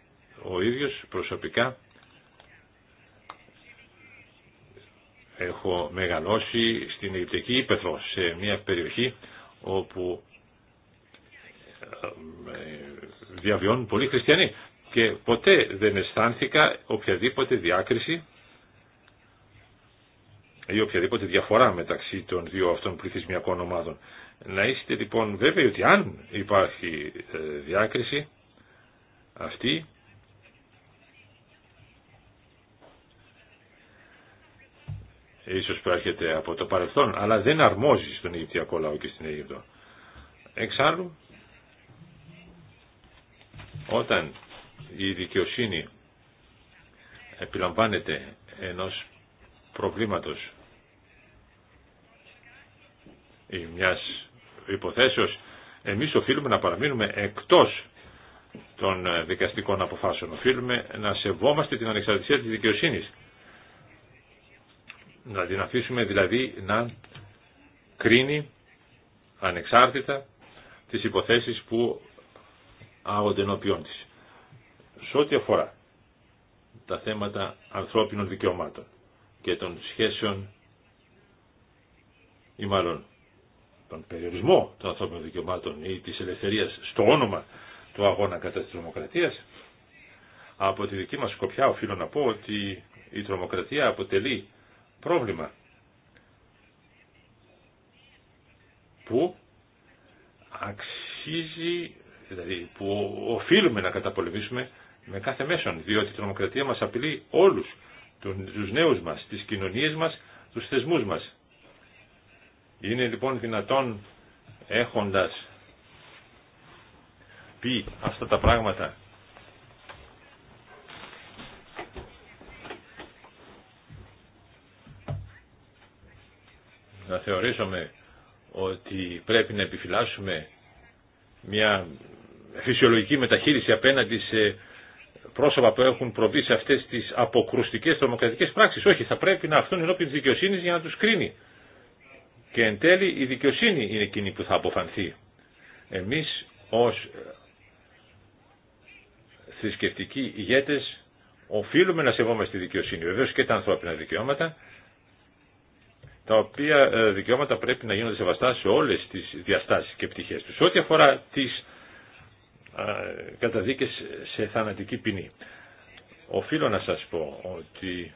ο ίδιος προσωπικά έχω μεγαλώσει στην Αιγυπτική Ήπεθρο σε μια περιοχή όπου ε, ε, διαβιώνουν πολλοί χριστιανοί και ποτέ δεν αισθάνθηκα οποιαδήποτε διάκριση ή οποιαδήποτε διαφορά μεταξύ των δύο αυτών πληθυσμιακών ομάδων. Να είστε λοιπόν βέβαιοι ότι αν υπάρχει ε, διάκριση αυτή ίσως προέρχεται από το παρελθόν αλλά δεν αρμόζει στον Αιγυπτιακό λαό και στην Αίγυπτο. Εξάλλου όταν η δικαιοσύνη επιλαμβάνεται ενός προβλήματος ή μιας υποθέσεως, εμείς οφείλουμε να παραμείνουμε εκτός των δικαστικών αποφάσεων. Οφείλουμε να σεβόμαστε την ανεξαρτησία της δικαιοσύνης. Να την αφήσουμε δηλαδή να κρίνει ανεξάρτητα τις υποθέσεις που άγονται ενώπιόν της. Σε ό,τι αφορά τα θέματα ανθρώπινων δικαιωμάτων και των σχέσεων ή μάλλον τον περιορισμό των ανθρώπινων δικαιωμάτων ή της ελευθερίας στο όνομα του αγώνα κατά της τρομοκρατίας, από τη δική μας σκοπιά οφείλω να πω ότι η τρομοκρατία αποτελεί πρόβλημα που αξίζει δηλαδή που οφείλουμε να καταπολεμήσουμε με κάθε μέσον, διότι η τρομοκρατία μας απειλεί όλους, τους νέους μας, τις κοινωνίες μας, τους θεσμούς μας. Είναι λοιπόν δυνατόν έχοντας πει αυτά τα πράγματα να θεωρήσουμε ότι πρέπει να επιφυλάσσουμε μια φυσιολογική μεταχείριση απέναντι σε πρόσωπα που έχουν προβεί σε αυτές τις αποκρουστικές τρομοκρατικές πράξεις. Όχι, θα πρέπει να αυτούν ενώπιν τη δικαιοσύνης για να τους κρίνει. Και εν τέλει η δικαιοσύνη είναι εκείνη που θα αποφανθεί. Εμείς ως θρησκευτικοί ηγέτες οφείλουμε να σεβόμαστε τη δικαιοσύνη. Βεβαίως και τα ανθρώπινα δικαιώματα τα οποία ε, δικαιώματα πρέπει να γίνονται σεβαστά σε όλες τις διαστάσεις και πτυχές τους. Ό,τι αφορά τις ε, καταδίκες σε θανατική ποινή. Οφείλω να σας πω ότι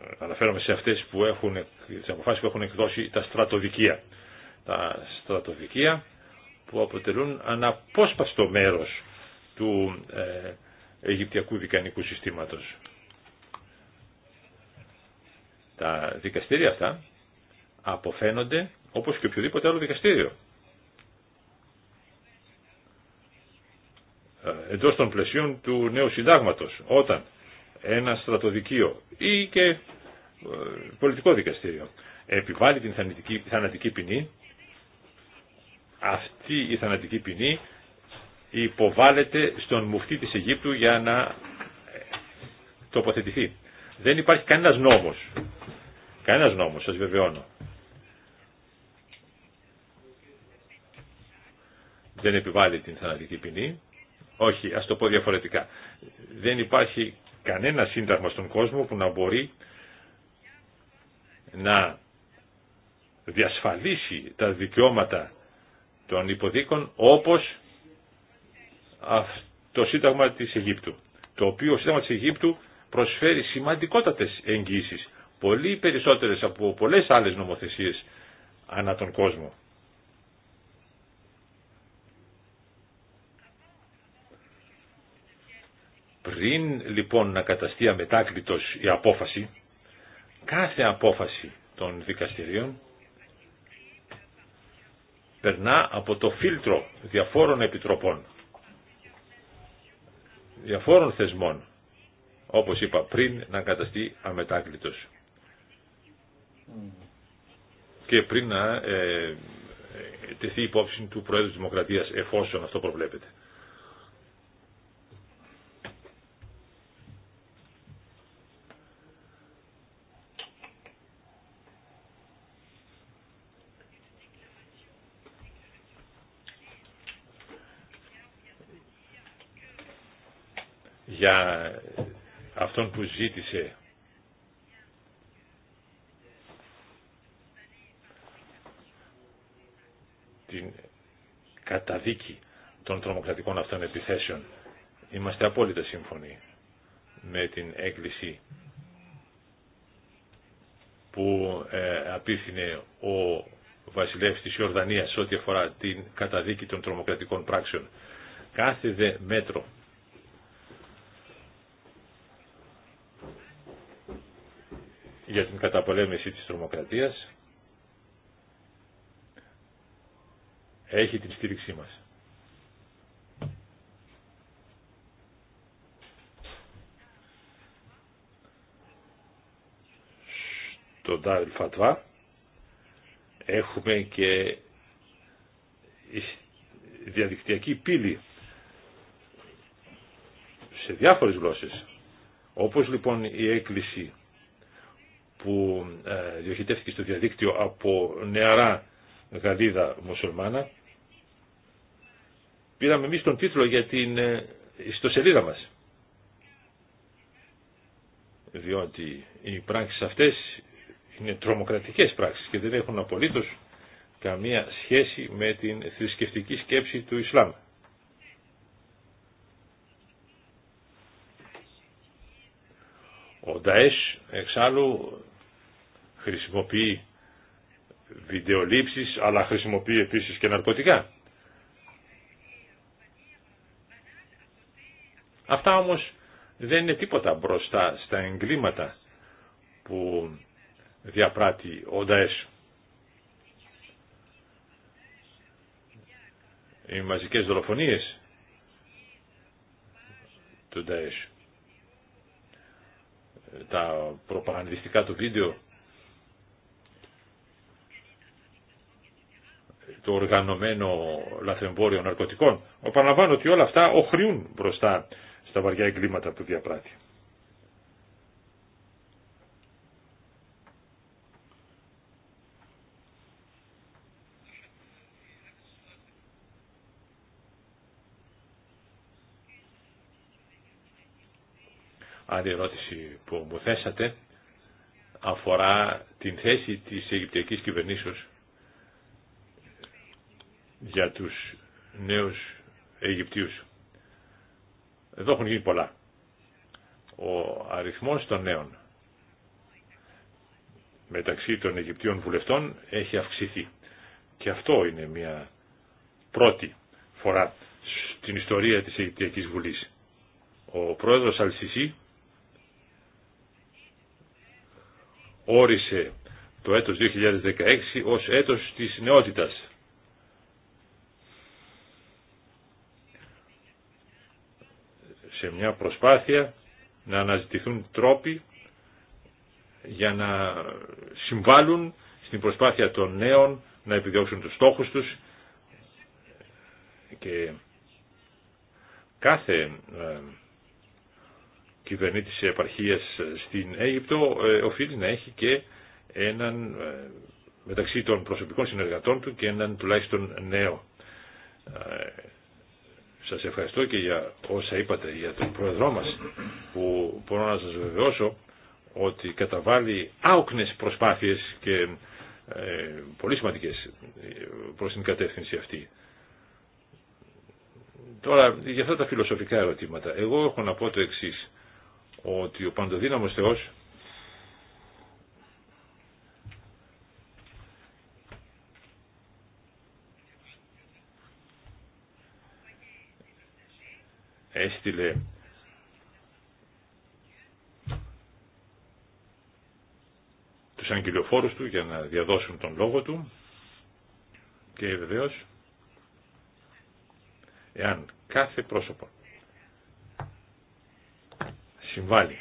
ε, αναφέρομαι σε αυτές που έχουν, τις αποφάσεις που έχουν εκδώσει τα στρατοδικεία. Τα στρατοδικεία που αποτελούν αναπόσπαστο μέρος του Αιγυπτιακού δικανικού συστήματος. Τα δικαστήρια αυτά αποφαίνονται όπως και οποιοδήποτε άλλο δικαστήριο. Ε, εντός των πλαισίων του νέου συντάγματος, όταν ένα στρατοδικείο ή και ε, πολιτικό δικαστήριο επιβάλλει την θανατική, θανατική ποινή, αυτή η θανατική θανατικη ποινη αυτη υποβάλλεται στον μουφτή της Αιγύπτου για να τοποθετηθεί. Δεν υπάρχει κανένας νόμος Κανένας νόμος, σας βεβαιώνω. Δεν επιβάλλει την θανατική ποινή. Όχι, ας το πω διαφορετικά. Δεν υπάρχει κανένα σύνταγμα στον κόσμο που να μπορεί να διασφαλίσει τα δικαιώματα των υποδίκων όπως το Σύνταγμα της Αιγύπτου, το οποίο ο Σύνταγμα της Αιγύπτου προσφέρει σημαντικότατες εγγύσεις πολύ περισσότερες από πολλές άλλες νομοθεσίες ανά τον κόσμο. Πριν λοιπόν να καταστεί αμετάκλητος η απόφαση, κάθε απόφαση των δικαστηρίων περνά από το φίλτρο διαφόρων επιτροπών, διαφόρων θεσμών, όπως είπα πριν να καταστεί αμετάκλητος και πριν να ε, ε, τεθεί υπόψη του Προέδρου της Δημοκρατίας εφόσον αυτό προβλέπεται. για αυτόν που ζήτησε καταδίκη των τρομοκρατικών αυτών επιθέσεων. Είμαστε απόλυτα σύμφωνοι με την έκκληση που ε, απίθυνε ο βασιλεύς της Ιορδανίας ό,τι αφορά την καταδίκη των τρομοκρατικών πράξεων. Κάθε δε μέτρο για την καταπολέμηση της τρομοκρατίας έχει την στήριξή μας. Στο Ντάριλ Φατβά έχουμε και διαδικτυακή πύλη σε διάφορες γλώσσες. Όπως λοιπόν η έκκληση που ε, διοχετεύτηκε στο διαδίκτυο από νεαρά Γαλλίδα μουσουλμάνα Πήραμε εμεί τον τίτλο για την ιστοσελίδα ε, μας. Διότι οι πράξεις αυτές είναι τρομοκρατικές πράξεις και δεν έχουν απολύτως καμία σχέση με την θρησκευτική σκέψη του Ισλάμ. Ο Νταέσ εξάλλου χρησιμοποιεί βιντεολήψεις αλλά χρησιμοποιεί επίσης και ναρκωτικά. Αυτά όμως δεν είναι τίποτα μπροστά στα εγκλήματα που διαπράττει ο Νταέσου. Οι μαζικές δολοφονίες του Νταέσ. τα προπαγανδιστικά του βίντεο, το οργανωμένο λαθρεμπόριο ναρκωτικών. Επαναλαμβάνω ότι όλα αυτά οχριούν μπροστά τα βαριά εγκλήματα που διαπράττει. Άλλη ερώτηση που μου θέσατε αφορά την θέση της Αιγυπτιακής κυβερνήσεως για τους νέους Αιγυπτίους. Εδώ έχουν γίνει πολλά. Ο αριθμός των νέων μεταξύ των Αιγυπτίων βουλευτών έχει αυξηθεί. Και αυτό είναι μια πρώτη φορά στην ιστορία της Αιγυπτιακής Βουλής. Ο πρόεδρος Αλσισί όρισε το έτος 2016 ως έτος της νεότητας. σε μια προσπάθεια να αναζητηθούν τρόποι για να συμβάλλουν στην προσπάθεια των νέων να επιδιώξουν τους στόχους τους και κάθε ε, κυβερνήτης επαρχίας στην Αίγυπτο ε, οφείλει να έχει και έναν ε, μεταξύ των προσωπικών συνεργατών του και έναν τουλάχιστον νέο σας ευχαριστώ και για όσα είπατε για τον πρόεδρό μας που μπορώ να σας βεβαιώσω ότι καταβάλει άοκνες προσπάθειες και ε, πολύ σημαντικές ε, προς την κατεύθυνση αυτή. Τώρα, για αυτά τα φιλοσοφικά ερωτήματα, εγώ έχω να πω το εξή ότι ο παντοδύναμος Θεός έστειλε τους αγγελιοφόρους του για να διαδώσουν τον λόγο του και βεβαίω εάν κάθε πρόσωπο συμβάλλει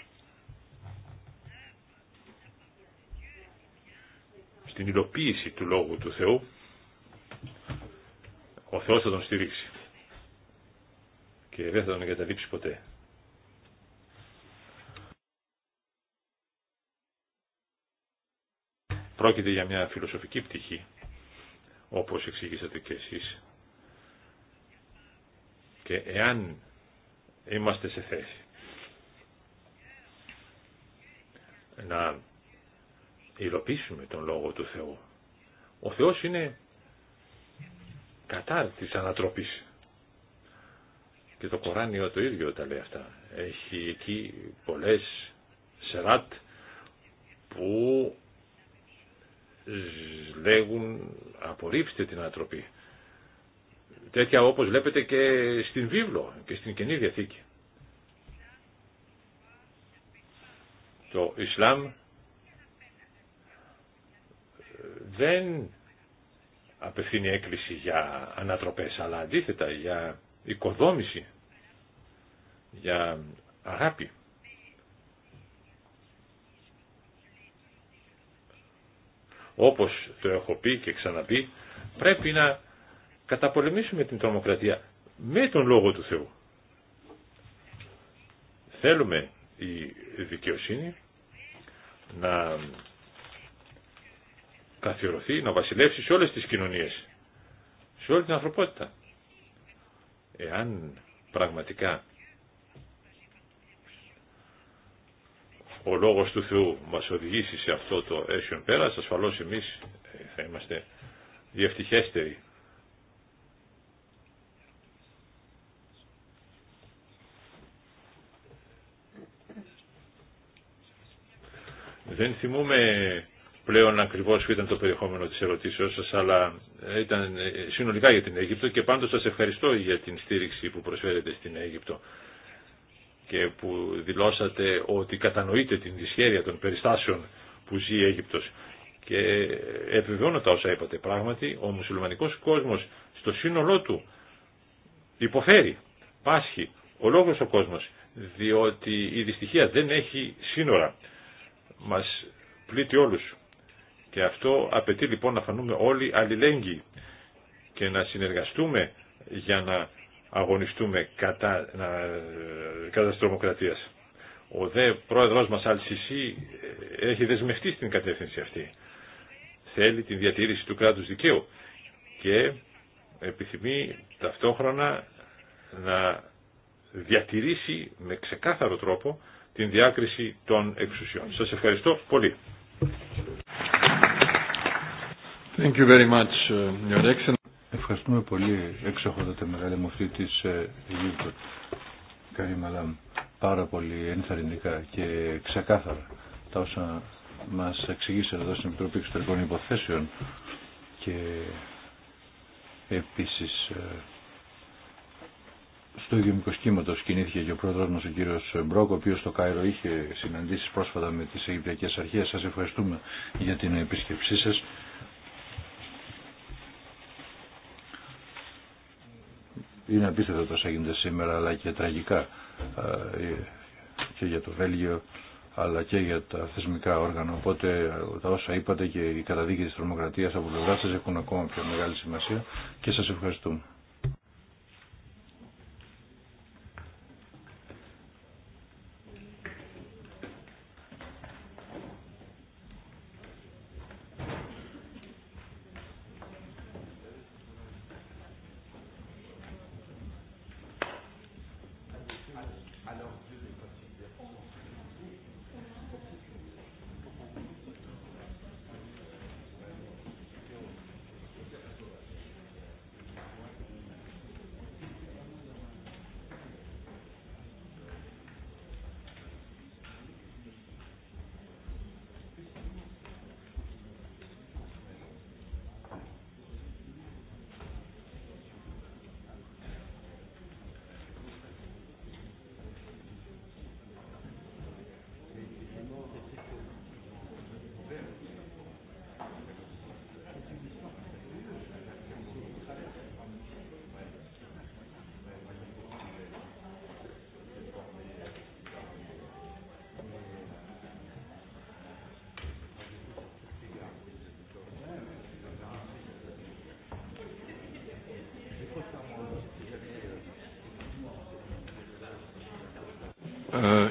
στην υλοποίηση του Λόγου του Θεού, ο Θεός θα τον στηρίξει και δεν θα τον εγκαταλείψει ποτέ. Πρόκειται για μια φιλοσοφική πτυχή, όπως εξήγησατε και εσείς. Και εάν είμαστε σε θέση να υλοποιήσουμε τον Λόγο του Θεού, ο Θεός είναι κατά της ανατροπής. Και το Κοράνιο το ίδιο τα λέει αυτά. Έχει εκεί πολλές σεράτ που λέγουν απορρίψτε την ανατροπή. Τέτοια όπως βλέπετε και στην βίβλο και στην Καινή Διαθήκη. Το Ισλάμ δεν απευθύνει έκκληση για ανατροπές αλλά αντίθετα για οικοδόμηση, για αγάπη. Όπως το έχω πει και ξαναπεί, πρέπει να καταπολεμήσουμε την τρομοκρατία με τον Λόγο του Θεού. Θέλουμε η δικαιοσύνη να καθιερωθεί, να βασιλεύσει σε όλες τις κοινωνίες, σε όλη την ανθρωπότητα. Εάν πραγματικά ο λόγος του Θεού μας οδηγήσει σε αυτό το έσιον πέρας, ασφαλώς εμείς ε, θα είμαστε διευτυχέστεροι. Δεν θυμούμε πλέον ακριβώς ήταν το περιεχόμενο της ερωτήσεως σας, αλλά ε, ήταν ε, συνολικά για την Αίγυπτο και πάντως σας ευχαριστώ για την στήριξη που προσφέρετε στην Αίγυπτο και που δηλώσατε ότι κατανοείτε την δυσχέρεια των περιστάσεων που ζει η Αίγυπτος. Και ε, επιβεβαιώνω τα όσα είπατε πράγματι, ο μουσουλμανικός κόσμος στο σύνολό του υποφέρει, πάσχει, ολόκληρος ο κόσμος, διότι η δυστυχία δεν έχει σύνορα. Μας πλήττει όλους. Και αυτό απαιτεί λοιπόν να φανούμε όλοι αλληλέγγυοι και να συνεργαστούμε για να αγωνιστούμε κατά, να, ε, Ο δε πρόεδρος μας Αλσισί ε, έχει δεσμευτεί στην κατεύθυνση αυτή. Θέλει την διατήρηση του κράτους δικαίου και επιθυμεί ταυτόχρονα να διατηρήσει με ξεκάθαρο τρόπο την διάκριση των εξουσιών. Σας ευχαριστώ πολύ. Thank you very much, uh, Your Ευχαριστούμε πολύ εξοχότατε μεγάλη μου της Αιγύπτου. Ε, Καρή Μαλάμ, πάρα πολύ ενθαρρυντικά και ξεκάθαρα τα όσα μας εξηγήσατε εδώ στην Επιτροπή Εξωτερικών Υποθέσεων και επίσης ε, στο ίδιο μικρό σχήματο κινήθηκε και ο πρόεδρο μα ο κύριο Μπρόκ, ο οποίο στο Κάιρο είχε συναντήσει πρόσφατα με τι Αιγυπτιακέ Αρχέ. Σα ευχαριστούμε για την επίσκεψή σα είναι απίστευτο το όσα σήμερα, αλλά και τραγικά ε, ε, και για το Βέλγιο, αλλά και για τα θεσμικά όργανα. Οπότε όσα είπατε και η καταδίκη της τρομοκρατίας από πλευρά σας έχουν ακόμα πιο μεγάλη σημασία και σας ευχαριστούμε.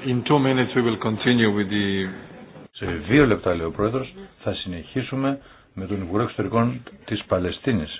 Σε δύο λεπτά, λέει ο Πρόεδρος, θα συνεχίσουμε με τον Υπουργό Εξωτερικών της Παλαιστίνης.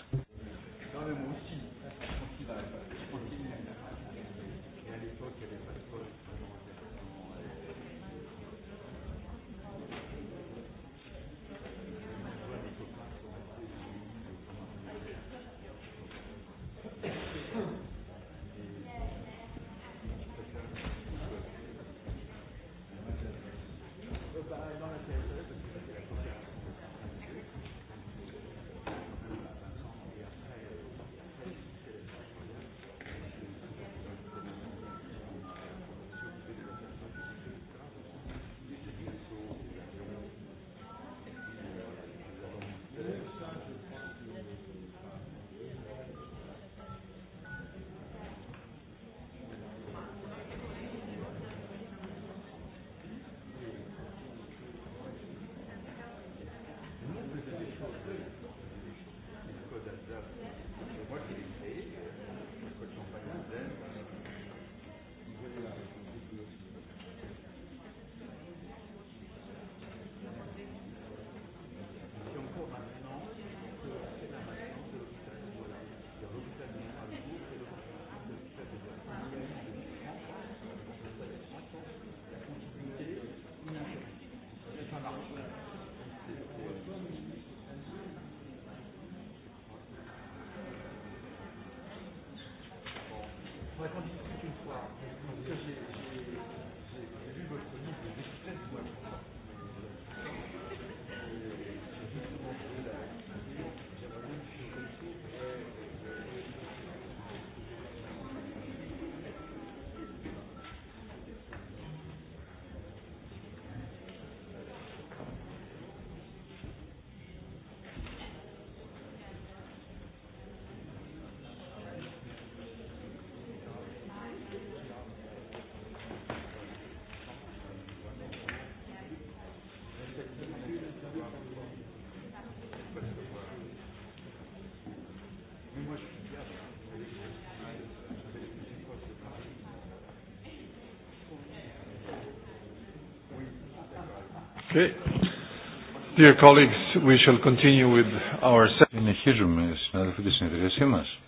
Dear colleagues, we shall continue with our... Συνεχίζουμε, συναδελφοί, τη συνεδρίασή μας.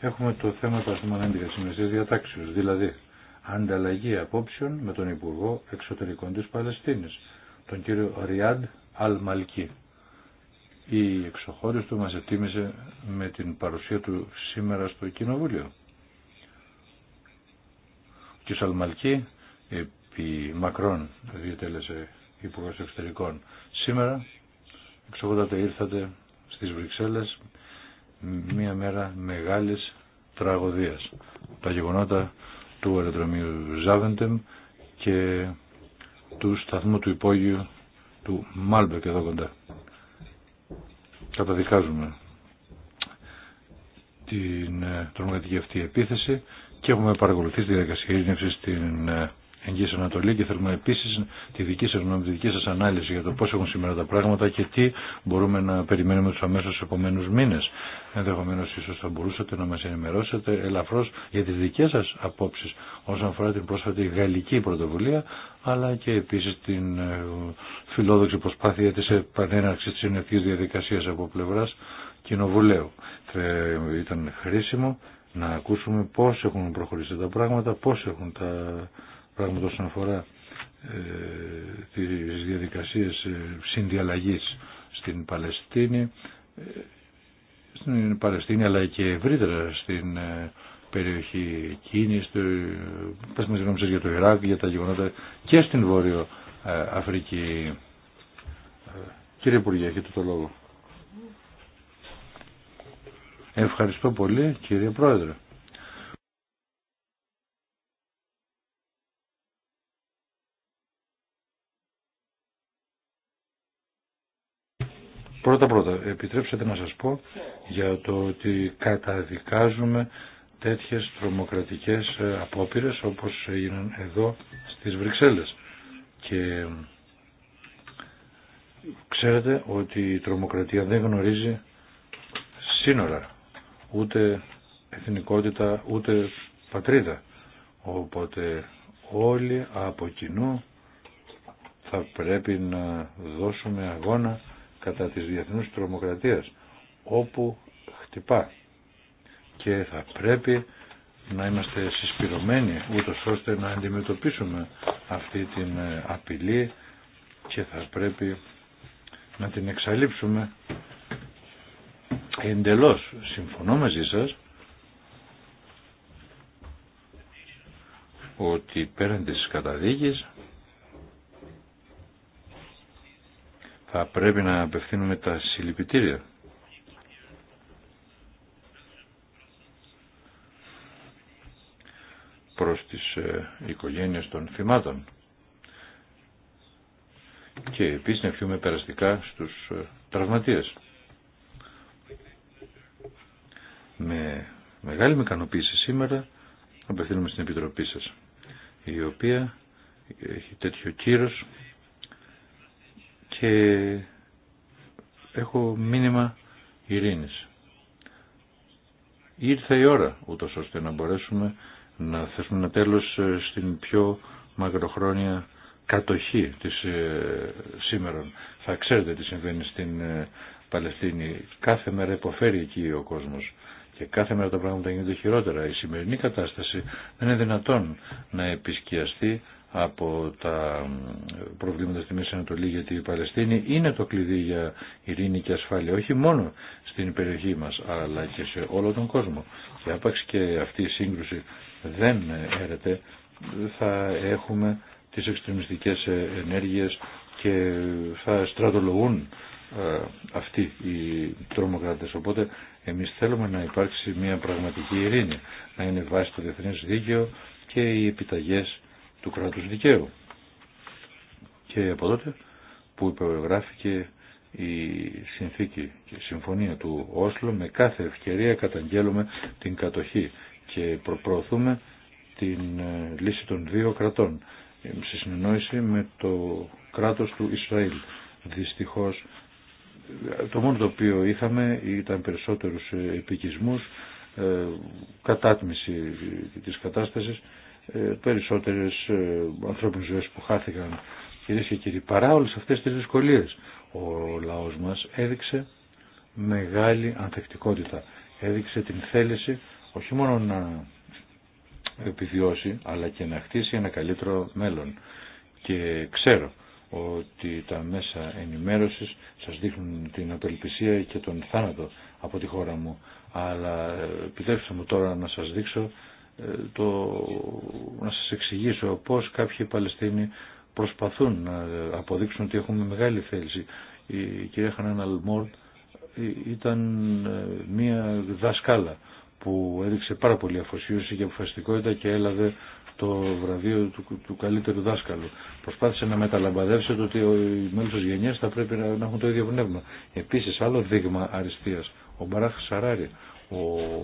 Έχουμε το θέμα του αστυμών 11 διατάξεως, δηλαδή ανταλλαγή απόψεων με τον Υπουργό Εξωτερικών της Παλαιστίνης, τον κύριο Ριάντ Αλμαλκή. Η εξοχώρηση του μας ετοίμησε με την παρουσία του σήμερα στο Κοινοβούλιο. Ο κ. Αλμαλκή επί Μακρόν διετέλεσε Υπουργός Εξωτερικών. Σήμερα, εξοχότατε ήρθατε στις Βρυξέλλες, μία μέρα μεγάλης τραγωδίας. Τα γεγονότα του αεροδρομίου Ζάβεντεμ και του σταθμού του υπόγειου του Μάλμπεκ εδώ κοντά. Καταδικάζουμε την ε, τρομοκρατική αυτή επίθεση και έχουμε παρακολουθήσει τη διαδικασία στην ε, Εγγύης Ανατολή και θέλουμε επίση τη δική σα γνώμη, τη δική σα ανάλυση για το πώ έχουν σήμερα τα πράγματα και τι μπορούμε να περιμένουμε τους αμέσως επόμενου μήνε. Ενδεχομένω, ίσω θα μπορούσατε να μα ενημερώσετε ελαφρώς για τι δικέ σα απόψει όσον αφορά την πρόσφατη γαλλική πρωτοβουλία αλλά και επίση την ε, φιλόδοξη προσπάθεια τη επανέναρξη τη συνεχής διαδικασία από πλευρά Κοινοβουλέου. Ήταν χρήσιμο να ακούσουμε πώ έχουν προχωρήσει τα πράγματα, πώ έχουν τα πράγματα όσον αφορά ε, τις διαδικασίες ε, συνδιαλλαγής στην Παλαιστίνη, ε, στην Παλαιστίνη αλλά και ευρύτερα στην ε, περιοχή Κίνης, πες μας γνώμησες για το Ιράκ, για τα γεγονότα και στην Βόρειο Αφρική. Κύριε Υπουργέ, έχετε το λόγο. Ευχαριστώ πολύ κύριε Πρόεδρε. Πρώτα πρώτα, επιτρέψτε να σας πω για το ότι καταδικάζουμε τέτοιες τρομοκρατικές ε, απόπειρες όπως έγιναν εδώ στις Βρυξέλλες. Και ξέρετε ότι η τρομοκρατία δεν γνωρίζει σύνορα, ούτε εθνικότητα, ούτε πατρίδα. Οπότε όλοι από κοινού θα πρέπει να δώσουμε αγώνα κατά της διεθνούς τρομοκρατίας όπου χτυπά και θα πρέπει να είμαστε συσπηρωμένοι ούτως ώστε να αντιμετωπίσουμε αυτή την ε, απειλή και θα πρέπει να την εξαλείψουμε εντελώς συμφωνώ μαζί σας ότι πέραν της καταδίκης θα πρέπει να απευθύνουμε τα συλληπιτήρια. προς τις ε, οικογένειες των θυμάτων και επίσης να ευχαριστούμε περαστικά στους ε, τραυματίες. Με μεγάλη με σήμερα απευθύνουμε στην Επιτροπή σας η οποία έχει τέτοιο κύρος και έχω μήνυμα ειρήνης. Ήρθε η ώρα ούτως ώστε να μπορέσουμε να θέσουμε ένα τέλος ε, στην πιο μακροχρόνια κατοχή της ε, σήμερα. Θα ξέρετε τι συμβαίνει στην ε, Παλαιστίνη. Κάθε μέρα υποφέρει εκεί ο κόσμος και κάθε μέρα τα πράγματα γίνονται χειρότερα. Η σημερινή κατάσταση δεν είναι δυνατόν να επισκιαστεί από τα προβλήματα στη Μέση Ανατολή γιατί η Παλαιστίνη είναι το κλειδί για ειρήνη και ασφάλεια όχι μόνο στην περιοχή μας αλλά και σε όλο τον κόσμο και άπαξ και αυτή η σύγκρουση δεν έρεται θα έχουμε τις εξτρεμιστικές ενέργειες και θα στρατολογούν ε, αυτοί οι τρομοκράτες. Οπότε εμείς θέλουμε να υπάρξει μια πραγματική ειρήνη, να είναι βάση το διεθνές δίκαιο και οι επιταγές του κράτους δικαίου. Και από τότε που υπερογράφηκε η συνθήκη και η συμφωνία του Όσλο με κάθε ευκαιρία καταγγέλουμε την κατοχή και προωθούμε την ε, λύση των δύο κρατών ε, σε συνεννόηση με το κράτος του Ισραήλ. Δυστυχώς ε, το μόνο το οποίο είχαμε ήταν περισσότερους επικισμούς, κατάτμιση της κατάστασης ε, περισσότερες ε, ανθρώπινες ζωές που χάθηκαν κυρίες και κύριοι παρά όλες αυτές τις δυσκολίες ο λαός μας έδειξε μεγάλη ανθεκτικότητα έδειξε την θέληση όχι μόνο να επιβιώσει αλλά και να χτίσει ένα καλύτερο μέλλον και ξέρω ότι τα μέσα ενημέρωσης σας δείχνουν την απελπισία και τον θάνατο από τη χώρα μου αλλά ε, επιτρέψτε μου τώρα να σας δείξω ε, το, να σας εξηγήσω πώς κάποιοι Παλαιστίνοι προσπαθούν να αποδείξουν ότι έχουμε μεγάλη θέληση. Η κυρία Χανάν Αλμόρ ε, ήταν ε, μία δασκάλα που έδειξε πάρα πολύ αφοσίωση και αποφασιστικότητα και έλαβε το βραβείο του, του καλύτερου δάσκαλου. Προσπάθησε να μεταλαμπαδεύσει ότι οι μέλους τη γενιά θα πρέπει να, να, έχουν το ίδιο πνεύμα. Επίσης, άλλο δείγμα αριστείας, ο Μπαράχ Σαράρι, ο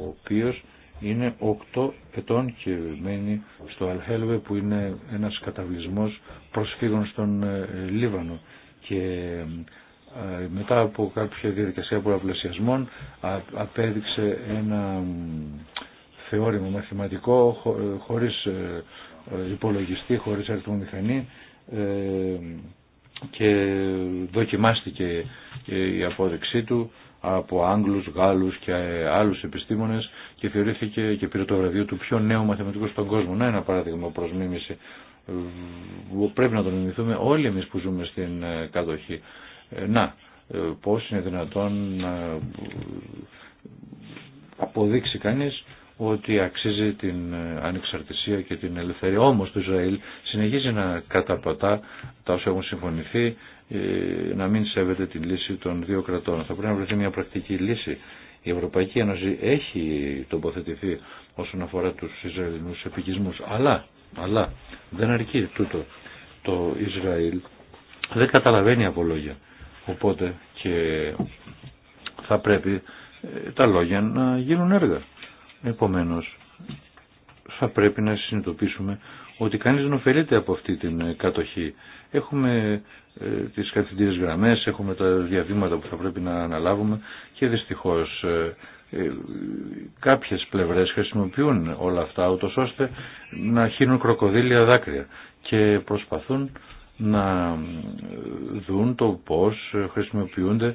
οποίος είναι 8 ετών και μένει στο Αλχέλβε που είναι ένας καταβλισμός προσφύγων στον ε, Λίβανο και ε, μετά από κάποια διαδικασία προαπλασιασμών απέδειξε ένα θεώρημα μαθηματικό ε, χωρίς υπολογιστή, χωρίς αριθμομηχανή και δοκιμάστηκε η απόδειξή του από Άγγλους, Γάλλους και άλλους επιστήμονες και θεωρήθηκε και πήρε το βραβείο του πιο νέου μαθηματικού στον κόσμο. Να ένα παράδειγμα προς μίμηση πρέπει να το μιμηθούμε όλοι εμείς που ζούμε στην ε, κατοχή. Ε, να, ε, πώς είναι δυνατόν να αποδείξει κανείς ότι αξίζει την ανεξαρτησία και την ελευθερία. Όμως το Ισραήλ συνεχίζει να καταπατά τα όσα έχουν συμφωνηθεί ε, να μην σέβεται την λύση των δύο κρατών. Θα πρέπει να βρεθεί μια πρακτική λύση. Η Ευρωπαϊκή Ένωση έχει τοποθετηθεί όσον αφορά τους Ισραηλινούς επικισμούς, αλλά, αλλά δεν αρκεί τούτο το Ισραήλ. Δεν καταλαβαίνει από λόγια. Οπότε και θα πρέπει ε, τα λόγια να γίνουν έργα. Επομένως, θα πρέπει να συνειδητοποιήσουμε ότι κανείς δεν ωφελείται από αυτή την κατοχή. Έχουμε ε, τις κατευθυντήρες γραμμές, έχουμε τα διαβήματα που θα πρέπει να αναλάβουμε και δυστυχώς ε, ε, κάποιες πλευρές χρησιμοποιούν όλα αυτά ούτως ώστε να χύνουν κροκοδίλια δάκρυα και προσπαθούν να δουν το πώς χρησιμοποιούνται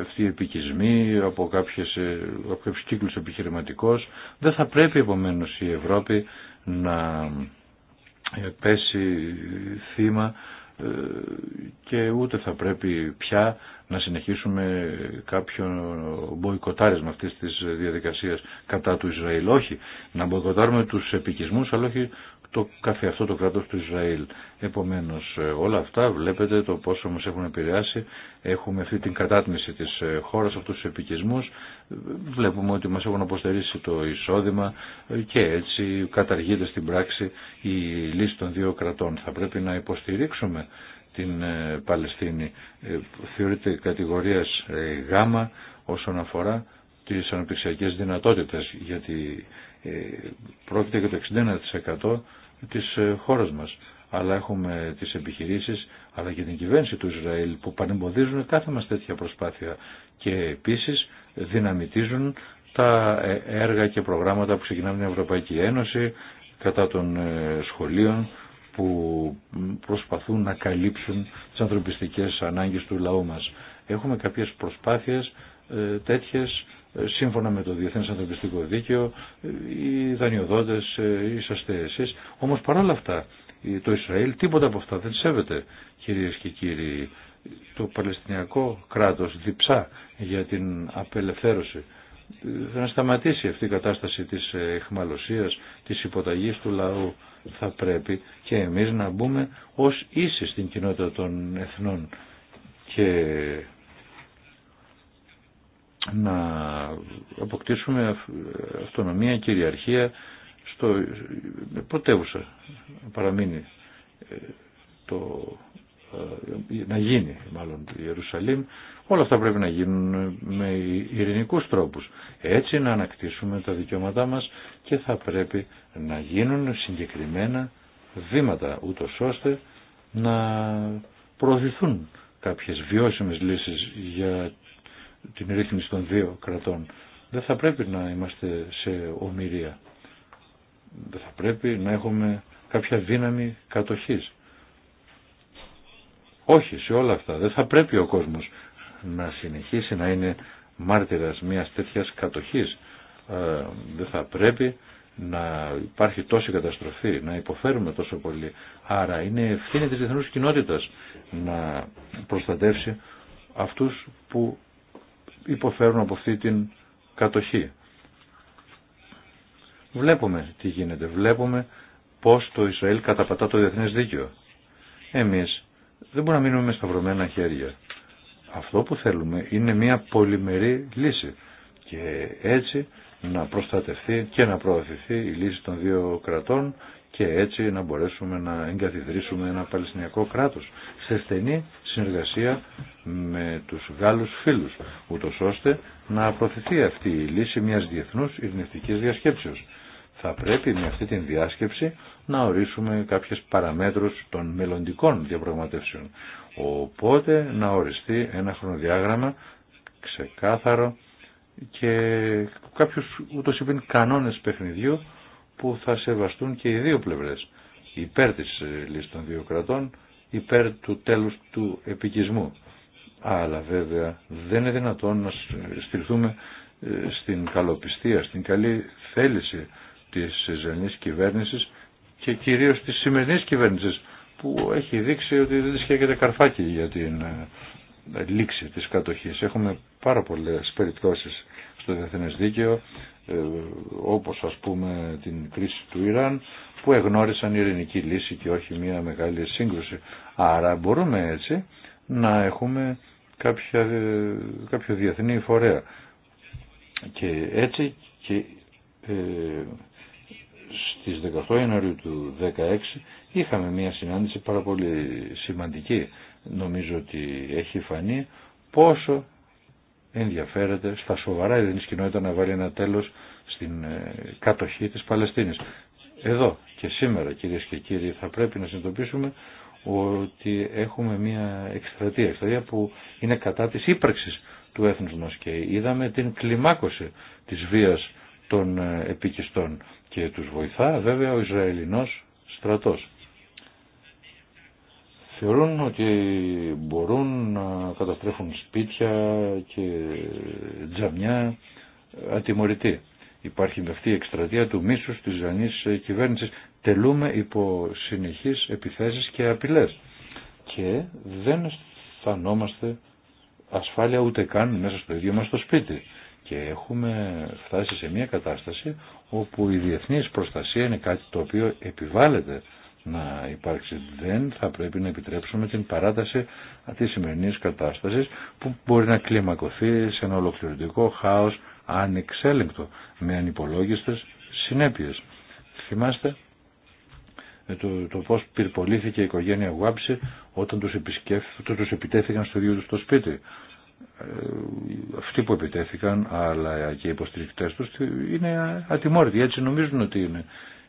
αυτοί οι επικισμοί από, κάποιες, από κάποιους κύκλους επιχειρηματικός. Δεν θα πρέπει επομένως η Ευρώπη να πέσει θύμα ε, και ούτε θα πρέπει πια να συνεχίσουμε κάποιο μποϊκοτάρισμα αυτής της διαδικασίας κατά του Ισραήλ. Όχι, να μποϊκοτάρουμε τους επικισμούς αλλά όχι το καθεαυτό το κράτος του Ισραήλ. Επομένως ε, όλα αυτά βλέπετε το πόσο μας έχουν επηρεάσει. Έχουμε αυτή την κατάτμιση της ε, χώρας, αυτούς τους επικισμούς βλέπουμε ότι μας έχουν αποστερήσει το εισόδημα και έτσι καταργείται στην πράξη η λύση των δύο κρατών. Θα πρέπει να υποστηρίξουμε την ε, Παλαιστίνη. Ε, θεωρείται κατηγορίας ε, γάμα όσον αφορά τις αναπτυξιακές δυνατότητες γιατί πρόκειται για το 61% της χώρας μας αλλά έχουμε τις επιχειρήσεις αλλά και την κυβέρνηση του Ισραήλ που πανεμποδίζουν κάθε μας τέτοια προσπάθεια και επίσης δυναμητίζουν τα έργα και προγράμματα που ξεκινάμε την Ευρωπαϊκή Ένωση κατά των ε, σχολείων που προσπαθούν να καλύψουν τις ανθρωπιστικές ανάγκες του λαού μας. Έχουμε κάποιες προσπάθειες ε, τέτοιες ε, σύμφωνα με το Διεθνές Ανθρωπιστικό Δίκαιο οι δανειοδότες οι εσείς. Όμως παρόλα αυτά το Ισραήλ τίποτα από αυτά δεν σέβεται κυρίες και κύριοι το Παλαιστινιακό κράτος διψά για την απελευθέρωση θα σταματήσει αυτή η κατάσταση της ε, εχμαλωσίας, της υποταγής του λαού. Θα πρέπει και εμείς να μπούμε ως ίσοι στην κοινότητα των εθνών και να αποκτήσουμε αυτονομία, κυριαρχία στο ε, πρωτεύουσα παραμείνει ε, το ε, να γίνει μάλλον η Ιερουσαλήμ όλα αυτά πρέπει να γίνουν με ειρηνικούς τρόπους έτσι να ανακτήσουμε τα δικαιώματά μας και θα πρέπει να γίνουν συγκεκριμένα βήματα ούτω ώστε να προωθηθούν κάποιες βιώσιμες λύσεις για την ρύθμιση των δύο κρατών δεν θα πρέπει να είμαστε σε ομοιρία δεν θα πρέπει να έχουμε κάποια δύναμη κατοχής όχι σε όλα αυτά. Δεν θα πρέπει ο κόσμος να συνεχίσει να είναι μάρτυρας μιας τέτοιας κατοχής. Ε, δεν θα πρέπει να υπάρχει τόση καταστροφή, να υποφέρουμε τόσο πολύ. Άρα είναι ευθύνη της διεθνούς κοινότητας να προστατεύσει αυτούς που υποφέρουν από αυτή την κατοχή. Βλέπουμε τι γίνεται, βλέπουμε πώς το Ισραήλ καταπατά το διεθνές δίκαιο. Εμείς δεν μπορούμε να μείνουμε με σταυρωμένα χέρια. Αυτό που θέλουμε είναι μια πολυμερή λύση και έτσι να προστατευτεί και να προωθηθεί η λύση των δύο κρατών και έτσι να μπορέσουμε να εγκαθιδρύσουμε ένα παλαισθηνιακό κράτος σε στενή συνεργασία με τους Γάλλους φίλους, ούτως ώστε να προωθηθεί αυτή η λύση μιας διεθνούς ειρηνευτικής διασκέψεως θα πρέπει με αυτή την διάσκεψη να ορίσουμε κάποιες παραμέτρους των μελλοντικών διαπραγματεύσεων. Οπότε να οριστεί ένα χρονοδιάγραμμα ξεκάθαρο και κάποιους ούτως είπεν κανόνες παιχνιδιού που θα σεβαστούν και οι δύο πλευρές υπέρ της λύσης των δύο κρατών, υπέρ του τέλους του επικισμού. Αλλά βέβαια δεν είναι δυνατόν να στηριχθούμε ε, στην καλοπιστία, στην καλή θέληση της Ισραηλινής κυβέρνηση και κυρίως της σημερινής κυβέρνηση, που έχει δείξει ότι δεν σκέφτεται καρφάκι για την ε, λήξη της κατοχής. Έχουμε πάρα πολλές περιπτώσεις στο διεθνές δίκαιο ε, όπως ας πούμε την κρίση του Ιράν που εγνώρισαν ειρηνική λύση και όχι μια μεγάλη σύγκρουση. Άρα μπορούμε έτσι να έχουμε κάποια, ε, κάποιο διεθνή φορέα. Και έτσι και ε, στις 18 Ιανουαρίου του 2016 είχαμε μια συνάντηση πάρα πολύ σημαντική. Νομίζω ότι έχει φανεί πόσο ενδιαφέρεται στα σοβαρά η κοινότητα να βάλει ένα τέλος στην ε, κατοχή της Παλαιστίνης. Εδώ και σήμερα κυρίε και κύριοι θα πρέπει να συνειδητοποιήσουμε ότι έχουμε μια εκστρατεία, εκστρατεία που είναι κατά της ύπαρξης του έθνους μας και είδαμε την κλιμάκωση της βίας των ε, επικιστών και τους βοηθά βέβαια ο Ισραηλινός στρατός. Θεωρούν ότι μπορούν να καταστρέφουν σπίτια και τζαμιά ατιμωρητή. Υπάρχει με αυτή η εκστρατεία του μίσους της Ισραηλινής κυβέρνησης. Τελούμε υπό συνεχείς επιθέσεις και απειλές. Και δεν αισθανόμαστε ασφάλεια ούτε καν μέσα στο ίδιο μας το σπίτι και έχουμε φτάσει σε μια κατάσταση όπου η διεθνής προστασία είναι κάτι το οποίο επιβάλλεται να υπάρξει. Δεν θα πρέπει να επιτρέψουμε την παράταση της σημερινής κατάστασης που μπορεί να κλιμακωθεί σε ένα ολοκληρωτικό χάος ανεξέλεγκτο με ανυπολόγιστες συνέπειες. Θυμάστε ε, το, το πώς πυρπολήθηκε η οικογένεια Γουάμψη όταν τους, τους επιτέθηκαν στο ίδιο του το σπίτι. Ε, αυτοί που επιτέθηκαν αλλά και οι υποστηρικτές τους είναι ατιμόρυτοι, έτσι νομίζουν ότι είναι.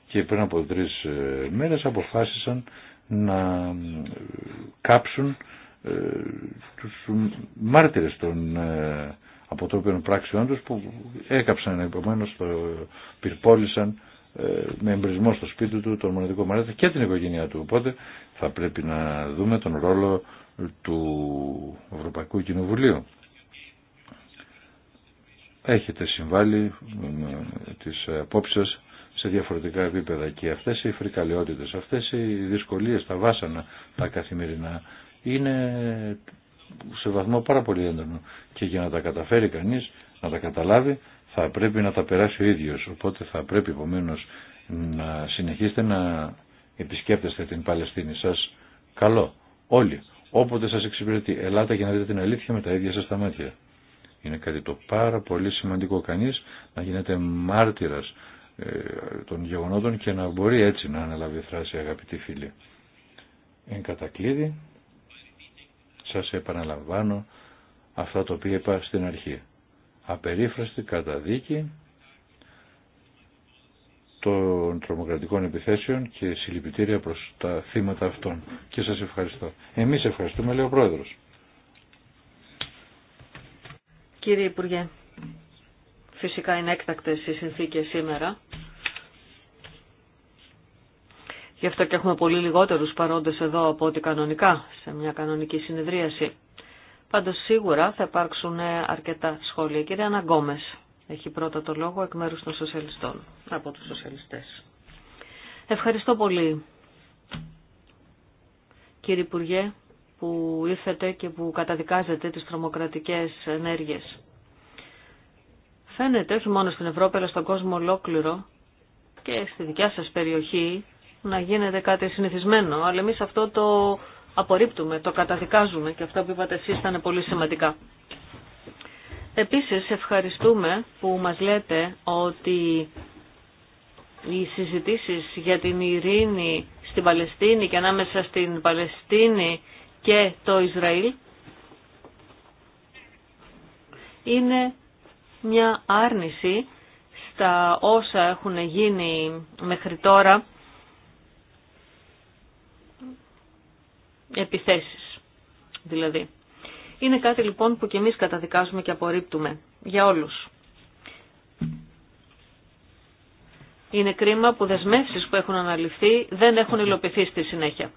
Και πριν από τρεις ε, μέρες αποφάσισαν να ε, κάψουν τους μάρτυρες των αποτρόπιων πράξεων τους που έκαψαν επομένως το πυρπόλησαν με εμπρισμό στο σπίτι του τον μοναδικό μάρτυρα και την οικογένειά του. Οπότε θα πρέπει να δούμε τον ρόλο του Ευρωπαϊκού Κοινοβουλίου. Έχετε συμβάλει τις απόψεις σε διαφορετικά επίπεδα και αυτές οι φρικαλαιότητες, αυτές οι δυσκολίες, τα βάσανα, τα καθημερινά είναι σε βαθμό πάρα πολύ έντονο και για να τα καταφέρει κανείς, να τα καταλάβει θα πρέπει να τα περάσει ο ίδιος οπότε θα πρέπει επομένω να συνεχίσετε να επισκέπτεστε την Παλαιστίνη σας καλό όλοι όποτε σας εξυπηρετεί. Ελάτε και να δείτε την αλήθεια με τα ίδια σας τα μάτια. Είναι κάτι το πάρα πολύ σημαντικό κανείς να γίνεται μάρτυρας ε, των γεγονότων και να μπορεί έτσι να αναλάβει φράση αγαπητοί φίλοι. Εν κατακλείδη, σας επαναλαμβάνω αυτά τα οποία είπα στην αρχή. Απερίφραστη καταδίκη των τρομοκρατικών επιθέσεων και συλληπιτήρια προς τα θύματα αυτών. Και σας ευχαριστώ. Εμείς ευχαριστούμε, λέει ο Πρόεδρος. Κύριε Υπουργέ, φυσικά είναι έκτακτες οι συνθήκες σήμερα. Γι' αυτό και έχουμε πολύ λιγότερους παρόντες εδώ από ό,τι κανονικά, σε μια κανονική συνεδρίαση. Πάντως σίγουρα θα υπάρξουν αρκετά σχόλια. Κύριε Αναγκόμες έχει πρώτα το λόγο εκ μέρους των σοσιαλιστών, από τους σοσιαλιστές. Ευχαριστώ πολύ, κύριε Υπουργέ, που ήρθετε και που καταδικάζετε τις τρομοκρατικές ενέργειες. Φαίνεται όχι μόνο στην Ευρώπη αλλά στον κόσμο ολόκληρο και στη δικιά σας περιοχή να γίνεται κάτι συνηθισμένο, αλλά εμείς αυτό το απορρίπτουμε, το καταδικάζουμε και αυτό που είπατε εσείς ήταν πολύ σημαντικά. Επίσης ευχαριστούμε που μας λέτε ότι οι συζητήσεις για την ειρήνη στην Παλαιστίνη και ανάμεσα στην Παλαιστίνη και το Ισραήλ είναι μια άρνηση στα όσα έχουν γίνει μέχρι τώρα επιθέσεις δηλαδή. Είναι κάτι λοιπόν που και εμείς καταδικάζουμε και απορρίπτουμε για όλους. Είναι κρίμα που δεσμεύσεις που έχουν αναλυφθεί δεν έχουν υλοποιηθεί στη συνέχεια.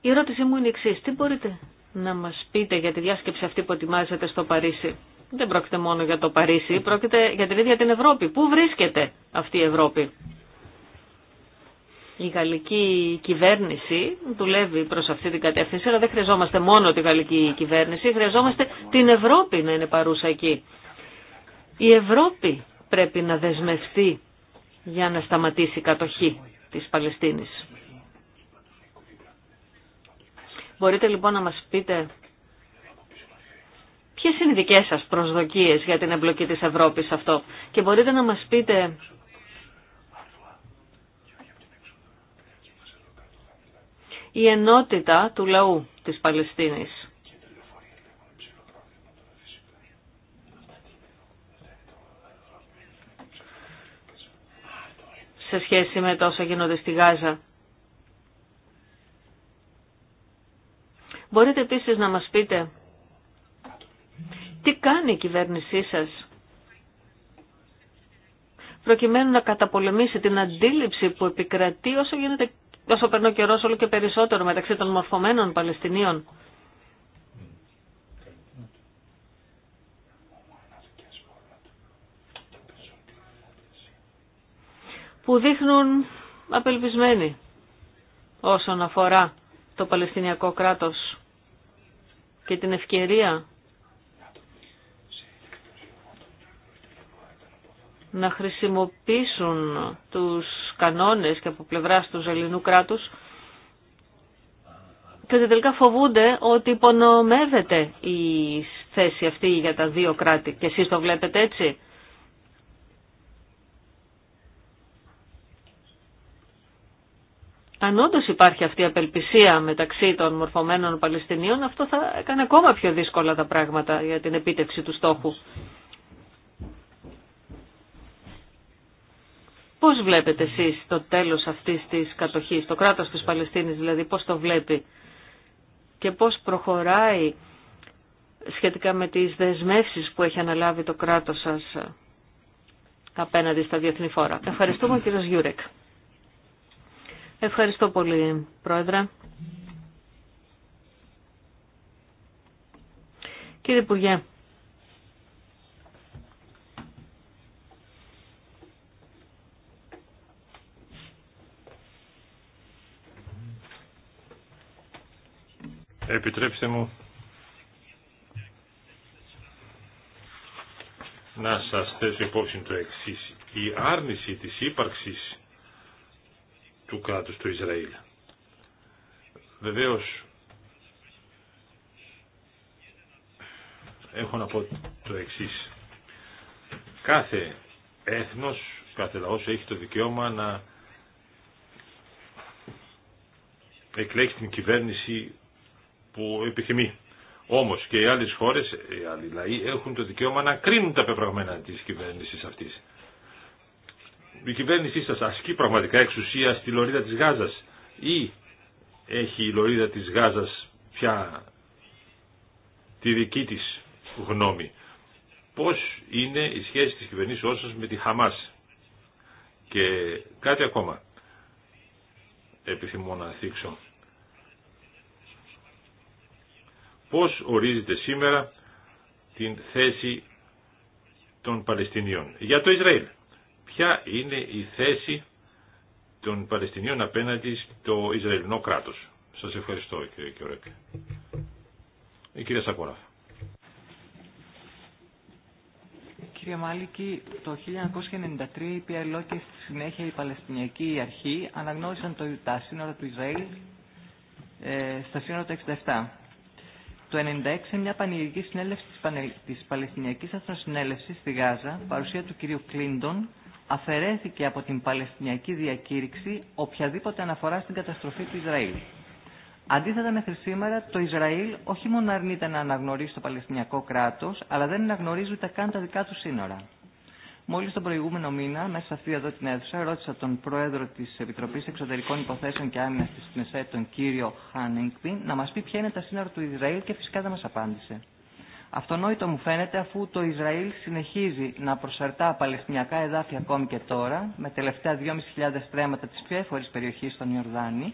Η ερώτησή μου είναι εξή. Τι μπορείτε να μας πείτε για τη διάσκεψη αυτή που ετοιμάζεται στο Παρίσι. Δεν πρόκειται μόνο για το Παρίσι, πρόκειται για την ίδια την Ευρώπη. Πού βρίσκεται αυτή η Ευρώπη η γαλλική κυβέρνηση δουλεύει προς αυτή την κατεύθυνση, αλλά δεν χρειαζόμαστε μόνο τη γαλλική κυβέρνηση, χρειαζόμαστε την Ευρώπη να είναι παρούσα εκεί. Η Ευρώπη πρέπει να δεσμευτεί για να σταματήσει η κατοχή της Παλαιστίνης. Μπορείτε λοιπόν να μας πείτε ποιες είναι οι δικές σας προσδοκίες για την εμπλοκή της Ευρώπης αυτό και μπορείτε να μας πείτε η ενότητα του λαού της Παλαιστίνης. σε σχέση με τα όσα γίνονται στη Γάζα. Μπορείτε επίσης να μας πείτε τι κάνει η κυβέρνησή σας προκειμένου να καταπολεμήσει την αντίληψη που επικρατεί όσο γίνεται όσο περνώ ο όλο και περισσότερο μεταξύ των μορφωμένων Παλαιστινίων. που δείχνουν απελπισμένοι όσον αφορά το Παλαιστινιακό κράτος και την ευκαιρία να χρησιμοποιήσουν τους κανόνες και από πλευρά του ελληνού κράτους και τελικά φοβούνται ότι υπονομεύεται η θέση αυτή για τα δύο κράτη. Και εσείς το βλέπετε έτσι. Αν όντω υπάρχει αυτή η απελπισία μεταξύ των μορφωμένων Παλαιστινίων, αυτό θα έκανε ακόμα πιο δύσκολα τα πράγματα για την επίτευξη του στόχου. Πώς βλέπετε εσείς το τέλος αυτής της κατοχής, το κράτος της Παλαιστίνης δηλαδή, πώς το βλέπει και πώς προχωράει σχετικά με τις δεσμεύσεις που έχει αναλάβει το κράτος σας απέναντι στα διεθνή φόρα. Ευχαριστούμε κύριο Γιούρεκ. Ευχαριστώ πολύ Πρόεδρε. Κύριε Υπουργέ, Επιτρέψτε μου να σας θέσω υπόψη το εξής. Η άρνηση της ύπαρξης του κράτους του Ισραήλ. Βεβαίως έχω να πω το εξής. Κάθε έθνος, κάθε λαός έχει το δικαίωμα να εκλέξει την κυβέρνηση που επιθυμεί. Όμως και οι άλλε χώρε, οι άλλοι λαοί έχουν το δικαίωμα να κρίνουν τα πεπραγμένα της κυβέρνηση αυτή. Η κυβέρνησή σα ασκεί πραγματικά εξουσία στη λωρίδα της Γάζας ή έχει η λωρίδα της Γάζας πια τη δική της γνώμη. Πώς είναι η σχέση της κυβέρνηση όσο με τη χαμά. Και κάτι ακόμα επιθυμώ να θίξω. πώς ορίζεται σήμερα την θέση των Παλαιστινίων. Για το Ισραήλ, ποια είναι η θέση των Παλαιστινίων απέναντι στο Ισραηλινό κράτος. Σας ευχαριστώ κύριε Κιωρέκ. Η κυρία Σακοράφ. Κύριε Μάλικη, το 1993 η λόγια και στη συνέχεια η Παλαιστινιακή Αρχή αναγνώρισαν το τα σύνορα του Ισραήλ ε, στα σύνορα του το 1996 μια πανηγυρική συνέλευση της, Πανε... της Παλαιστινιακής στη Γάζα, παρουσία του κυρίου Κλίντον, αφαιρέθηκε από την Παλαιστινιακή διακήρυξη οποιαδήποτε αναφορά στην καταστροφή του Ισραήλ. Αντίθετα μέχρι σήμερα, το Ισραήλ όχι μόνο αρνείται να αναγνωρίσει το Παλαιστινιακό κράτος, αλλά δεν αναγνωρίζει ούτε καν τα δικά του σύνορα. Μόλι τον προηγούμενο μήνα, μέσα σε αυτή εδώ την αίθουσα, ρώτησα τον πρόεδρο τη Επιτροπή Εξωτερικών Υποθέσεων και Άμυνα τη ΝΕΣΕ, τον κύριο Χάνινγκπιν, να μα πει ποια είναι τα σύνορα του Ισραήλ και φυσικά δεν μα απάντησε. Αυτονόητο μου φαίνεται αφού το Ισραήλ συνεχίζει να προσαρτά παλαιστινιακά εδάφια ακόμη και τώρα, με τελευταία 2.500 τρέματα τη πιο εφορή περιοχή στον Ιορδάνη,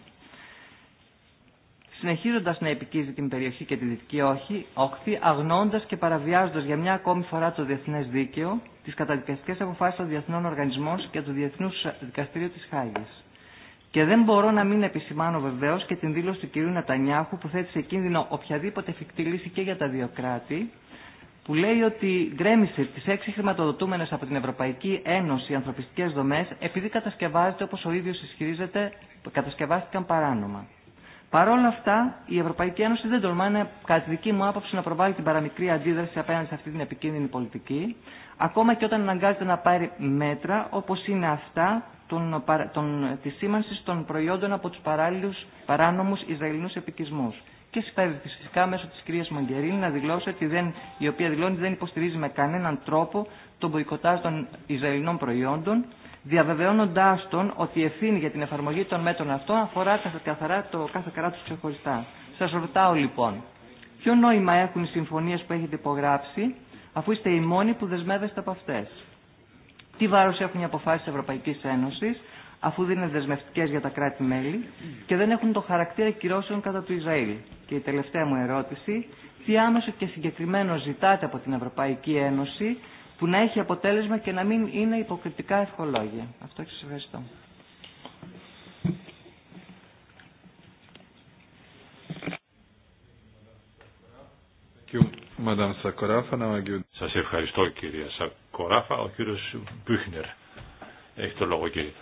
συνεχίζοντα να επικίζει την περιοχή και τη δυτική όχη, όχθη, αγνώντα και παραβιάζοντα για μια ακόμη φορά το διεθνέ δίκαιο, τι καταδικαστικέ αποφάσει των διεθνών οργανισμών και του Διεθνού Δικαστηρίου τη Χάγη. Και δεν μπορώ να μην επισημάνω βεβαίω και την δήλωση του κυρίου Νατανιάχου που θέτει σε κίνδυνο οποιαδήποτε εφικτή λύση και για τα δύο κράτη, που λέει ότι γκρέμισε τι έξι χρηματοδοτούμενε από την Ευρωπαϊκή Ένωση ανθρωπιστικέ δομέ επειδή κατασκευάζεται, όπω ο ίδιο ισχυρίζεται, κατασκευάστηκαν παράνομα. Παρ' όλα αυτά, η Ευρωπαϊκή Ένωση δεν τολμάει, να, κατά τη δική μου άποψη, να προβάλλει την παραμικρή αντίδραση απέναντι σε αυτή την επικίνδυνη πολιτική, ακόμα και όταν αναγκάζεται να πάρει μέτρα όπω είναι αυτά των, τη σήμανση των προϊόντων από του παράνομου Ισραηλινού επικισμού. Και συμφέρει φυσικά μέσω τη κυρία Μαγκερίνη να δηλώσει ότι δεν, η οποία δηλώνει δεν υποστηρίζει με κανέναν τρόπο τον μποϊκοτάζ των Ισραηλινών προϊόντων διαβεβαιώνοντά τον ότι η ευθύνη για την εφαρμογή των μέτρων αυτών αφορά καθαρά το κάθε κράτο ξεχωριστά. Σα ρωτάω λοιπόν, ποιο νόημα έχουν οι συμφωνίε που έχετε υπογράψει, αφού είστε οι μόνοι που δεσμεύεστε από αυτέ. Τι βάρο έχουν οι αποφάσει τη Ευρωπαϊκή Ένωση, αφού δεν είναι δεσμευτικέ για τα κράτη-μέλη και δεν έχουν το χαρακτήρα κυρώσεων κατά του Ισραήλ. Και η τελευταία μου ερώτηση, τι άμεσο και συγκεκριμένο ζητάτε από την Ευρωπαϊκή Ένωση που να έχει αποτέλεσμα και να μην είναι υποκριτικά ευχολόγια. Αυτό και σας ευχαριστώ. Σας ευχαριστώ κυρία Σακοράφα. Ο κύριος Μπούχνερ έχει το λόγο κύριε.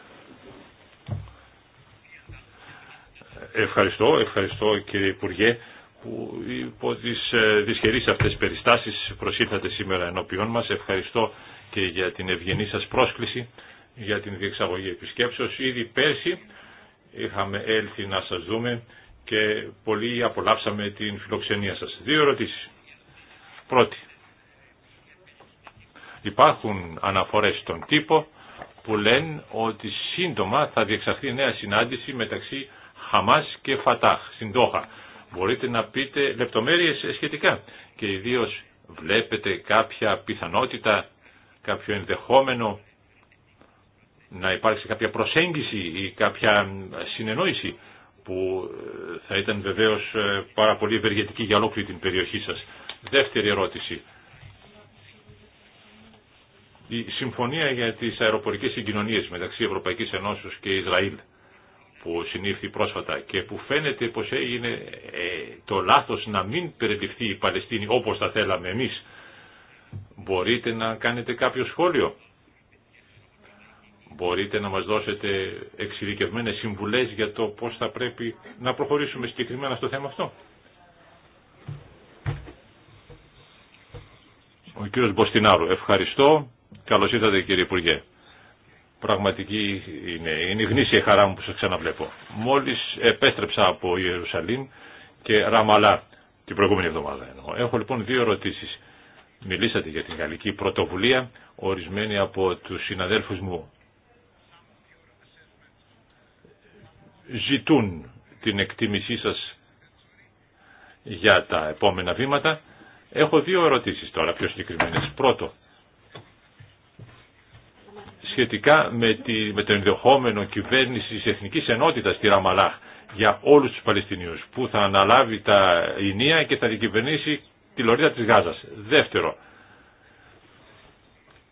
Ευχαριστώ, ευχαριστώ κύριε Υπουργέ που υπό τι ε, δυσχερεί αυτές τις περιστάσεις προσήλθατε σήμερα ενώπιον μας. Ευχαριστώ και για την ευγενή σας πρόσκληση για την διεξαγωγή επισκέψεως. Ήδη πέρσι είχαμε έλθει να σας δούμε και πολύ απολαύσαμε την φιλοξενία σας. Δύο ερωτήσεις. Πρώτη. Υπάρχουν αναφορές στον τύπο που λένε ότι σύντομα θα διεξαχθεί νέα συνάντηση μεταξύ Χαμάς και Φατάχ στην Τόχα μπορείτε να πείτε λεπτομέρειες σχετικά και ιδίω βλέπετε κάποια πιθανότητα, κάποιο ενδεχόμενο να υπάρξει κάποια προσέγγιση ή κάποια συνεννόηση που ε, θα ήταν βεβαίως ε, πάρα πολύ ευεργετική για ολόκληρη την περιοχή σας. Δεύτερη ερώτηση. Η συμφωνία για τις αεροπορικές συγκοινωνίες μεταξύ Ευρωπαϊκής Ενώσεως και Ισραήλ που συνήθει πρόσφατα και που φαίνεται πως έγινε ε, το λάθος να μην περιληφθεί η Παλαιστίνη όπως θα θέλαμε εμείς. Μπορείτε να κάνετε κάποιο σχόλιο. Μπορείτε να μας δώσετε εξειδικευμένες συμβουλές για το πώς θα πρέπει να προχωρήσουμε συγκεκριμένα στο θέμα αυτό. Ο κύριος Μποστινάρου, ευχαριστώ. Καλώς ήρθατε κύριε Υπουργέ. Πραγματική είναι, είναι γνήσια χαρά μου που σας ξαναβλέπω. Μόλις επέστρεψα από Ιερουσαλήμ και Ραμαλά την προηγούμενη εβδομάδα. Έχω λοιπόν δύο ερωτήσεις. Μιλήσατε για την γαλλική πρωτοβουλία, ορισμένη από τους συναδέλφους μου ζητούν την εκτίμησή σας για τα επόμενα βήματα. Έχω δύο ερωτήσεις τώρα πιο συγκεκριμένες. Πρώτο, σχετικά με, τη, με το ενδεχόμενο κυβέρνηση τη Εθνικής Ενότητας στη Ραμαλάχ για όλους τους Παλαιστινίους που θα αναλάβει τα Ινία και θα διακυβερνήσει τη Λωρίδα της Γάζας. Δεύτερο,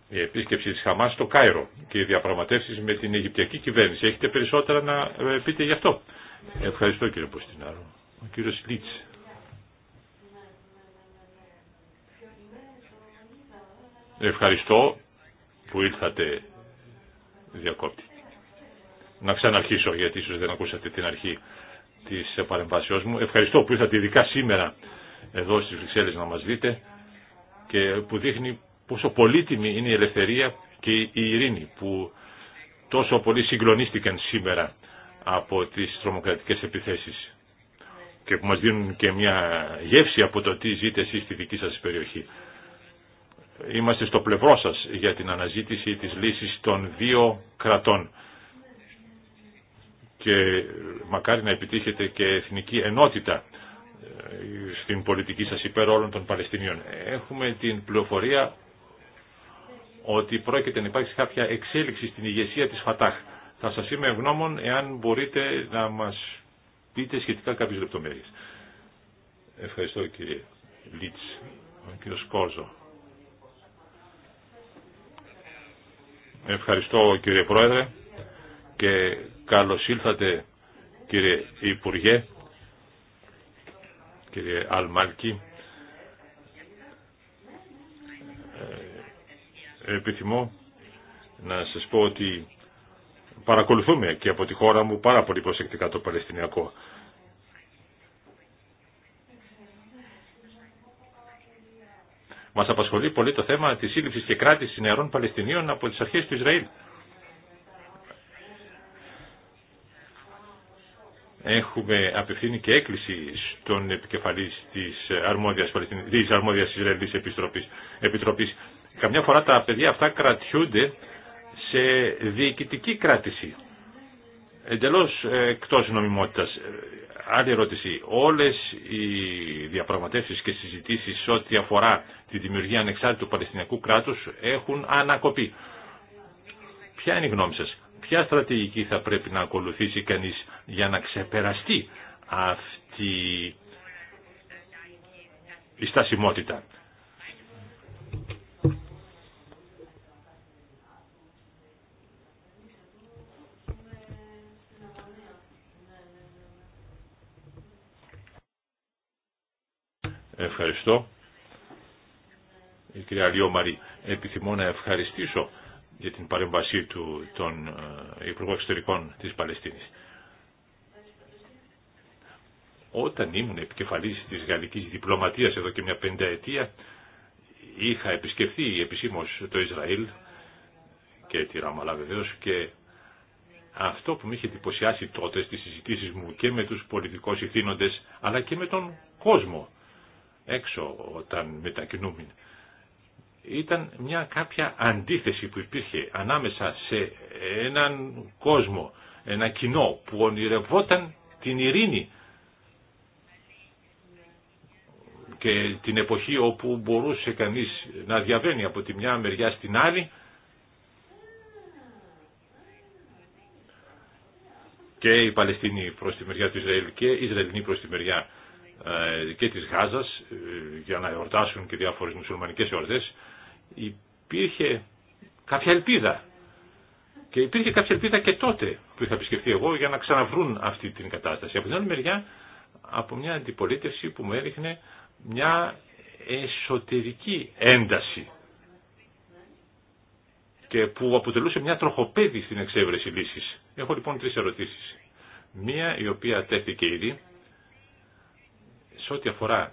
η επίσκεψη τη Χαμά στο Κάιρο και οι διαπραγματεύσει με την Αιγυπτιακή κυβέρνηση. Έχετε περισσότερα να ε, πείτε γι' αυτό. Ευχαριστώ κύριε Πουστινάρο. Ο κύριο Λίτς. Ευχαριστώ που ήλθατε διακόπτη. Να ξαναρχίσω γιατί ίσως δεν ακούσατε την αρχή της παρεμβάσεώς μου. Ευχαριστώ που ήρθατε ειδικά σήμερα εδώ στις Βρυξέλλες να μας δείτε και που δείχνει πόσο πολύτιμη είναι η ελευθερία και η ειρήνη που τόσο πολύ συγκλονίστηκαν σήμερα από τις τρομοκρατικές επιθέσεις και που μας δίνουν και μια γεύση από το τι ζείτε εσείς στη δική σας περιοχή είμαστε στο πλευρό σας για την αναζήτηση της λύσης των δύο κρατών και μακάρι να επιτύχετε και εθνική ενότητα ε, στην πολιτική σας υπέρ όλων των Παλαιστινίων. Έχουμε την πληροφορία ότι πρόκειται να υπάρξει κάποια εξέλιξη στην ηγεσία της Φατάχ. Θα σας είμαι ευγνώμων εάν μπορείτε να μας πείτε σχετικά κάποιες λεπτομέρειες. Ευχαριστώ κύριε Λίτς, κύριο Ευχαριστώ κύριε Πρόεδρε και καλώς ήλθατε κύριε Υπουργέ, κύριε Αλμάλκη. Ε, επιθυμώ να σας πω ότι παρακολουθούμε και από τη χώρα μου πάρα πολύ προσεκτικά το Παλαιστινιακό. Μα απασχολεί πολύ το θέμα τη σύλληψη και κράτηση νεαρών Παλαιστινίων από τις αρχές του Ισραήλ. Έχουμε απευθύνει και έκκληση στον επικεφαλής της αρμόδιας, της αρμόδιας Ισραηλής Καμιά φορά τα παιδιά αυτά κρατιούνται σε διοικητική κράτηση εντελώς ε, εκτός νομιμότητας. Ε, άλλη ερώτηση. Όλες οι διαπραγματεύσεις και συζητήσεις σε ό,τι αφορά τη δημιουργία ανεξάρτητου Παλαιστινιακού κράτους έχουν ανακοπεί. Ποια είναι η γνώμη σας. Ποια στρατηγική θα πρέπει να ακολουθήσει κανείς για να ξεπεραστεί αυτή η στασιμότητα. ευχαριστώ. Η κυρία Λιωμαρή, επιθυμώ να ευχαριστήσω για την παρέμβασή του τον ε, Υπουργό Εξωτερικών της Παλαιστίνης. Όταν ήμουν επικεφαλής της γαλλικής διπλωματίας εδώ και μια πενταετία, είχα επισκεφθεί επισήμως το Ισραήλ και τη Ραμαλά βεβαίως και αυτό που με είχε εντυπωσιάσει τότε στις συζητήσεις μου και με τους πολιτικούς ηθήνοντες αλλά και με τον κόσμο έξω όταν μετακινούμε. Ήταν μια κάποια αντίθεση που υπήρχε ανάμεσα σε έναν κόσμο, ένα κοινό που ονειρευόταν την ειρήνη και την εποχή όπου μπορούσε κανείς να διαβαίνει από τη μια μεριά στην άλλη και η Παλαιστίνη προς τη μεριά του Ισραήλ και η Ισραηλοί προς τη μεριά ε, και της Γάζας ε, για να εορτάσουν και διάφορες μουσουλμανικές εορτές υπήρχε κάποια ελπίδα και υπήρχε κάποια ελπίδα και τότε που είχα επισκεφθεί εγώ για να ξαναβρούν αυτή την κατάσταση από την άλλη μεριά από μια αντιπολίτευση που μου έδειχνε μια εσωτερική ένταση και που αποτελούσε μια τροχοπέδη στην εξέβρεση λύσης. Έχω λοιπόν τρεις ερωτήσεις. Μία η οποία τέθηκε ήδη σε ό,τι αφορά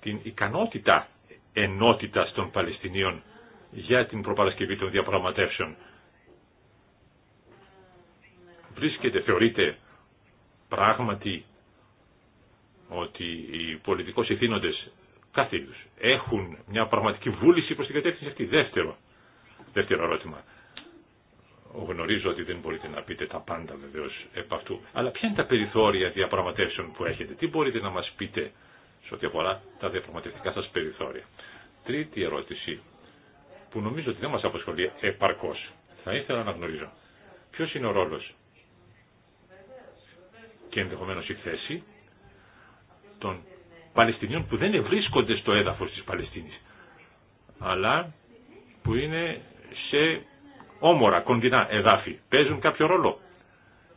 την ικανότητα ενότητας των Παλαιστινίων για την προπαρασκευή των διαπραγματεύσεων. Βρίσκεται, θεωρείται πράγματι ότι οι πολιτικοί ευθύνοντες κάθε είδους έχουν μια πραγματική βούληση προς την κατεύθυνση αυτή. Δεύτερο, δεύτερο ερώτημα. Γνωρίζω ότι δεν μπορείτε να πείτε τα πάντα βεβαίως επ' αυτού. Αλλά ποια είναι τα περιθώρια διαπραγματεύσεων που έχετε. Τι μπορείτε να μας πείτε ό,τι αφορά τα διαπραγματευτικά σα περιθώρια. Τρίτη ερώτηση που νομίζω ότι δεν μας απασχολεί επαρκώς. Θα ήθελα να γνωρίζω Ποιο είναι ο ρόλος και ενδεχομένω η θέση των Παλαιστινίων που δεν βρίσκονται στο έδαφος της Παλαιστίνη. αλλά που είναι σε όμορα, κοντινά εδάφη. Παίζουν κάποιο ρόλο.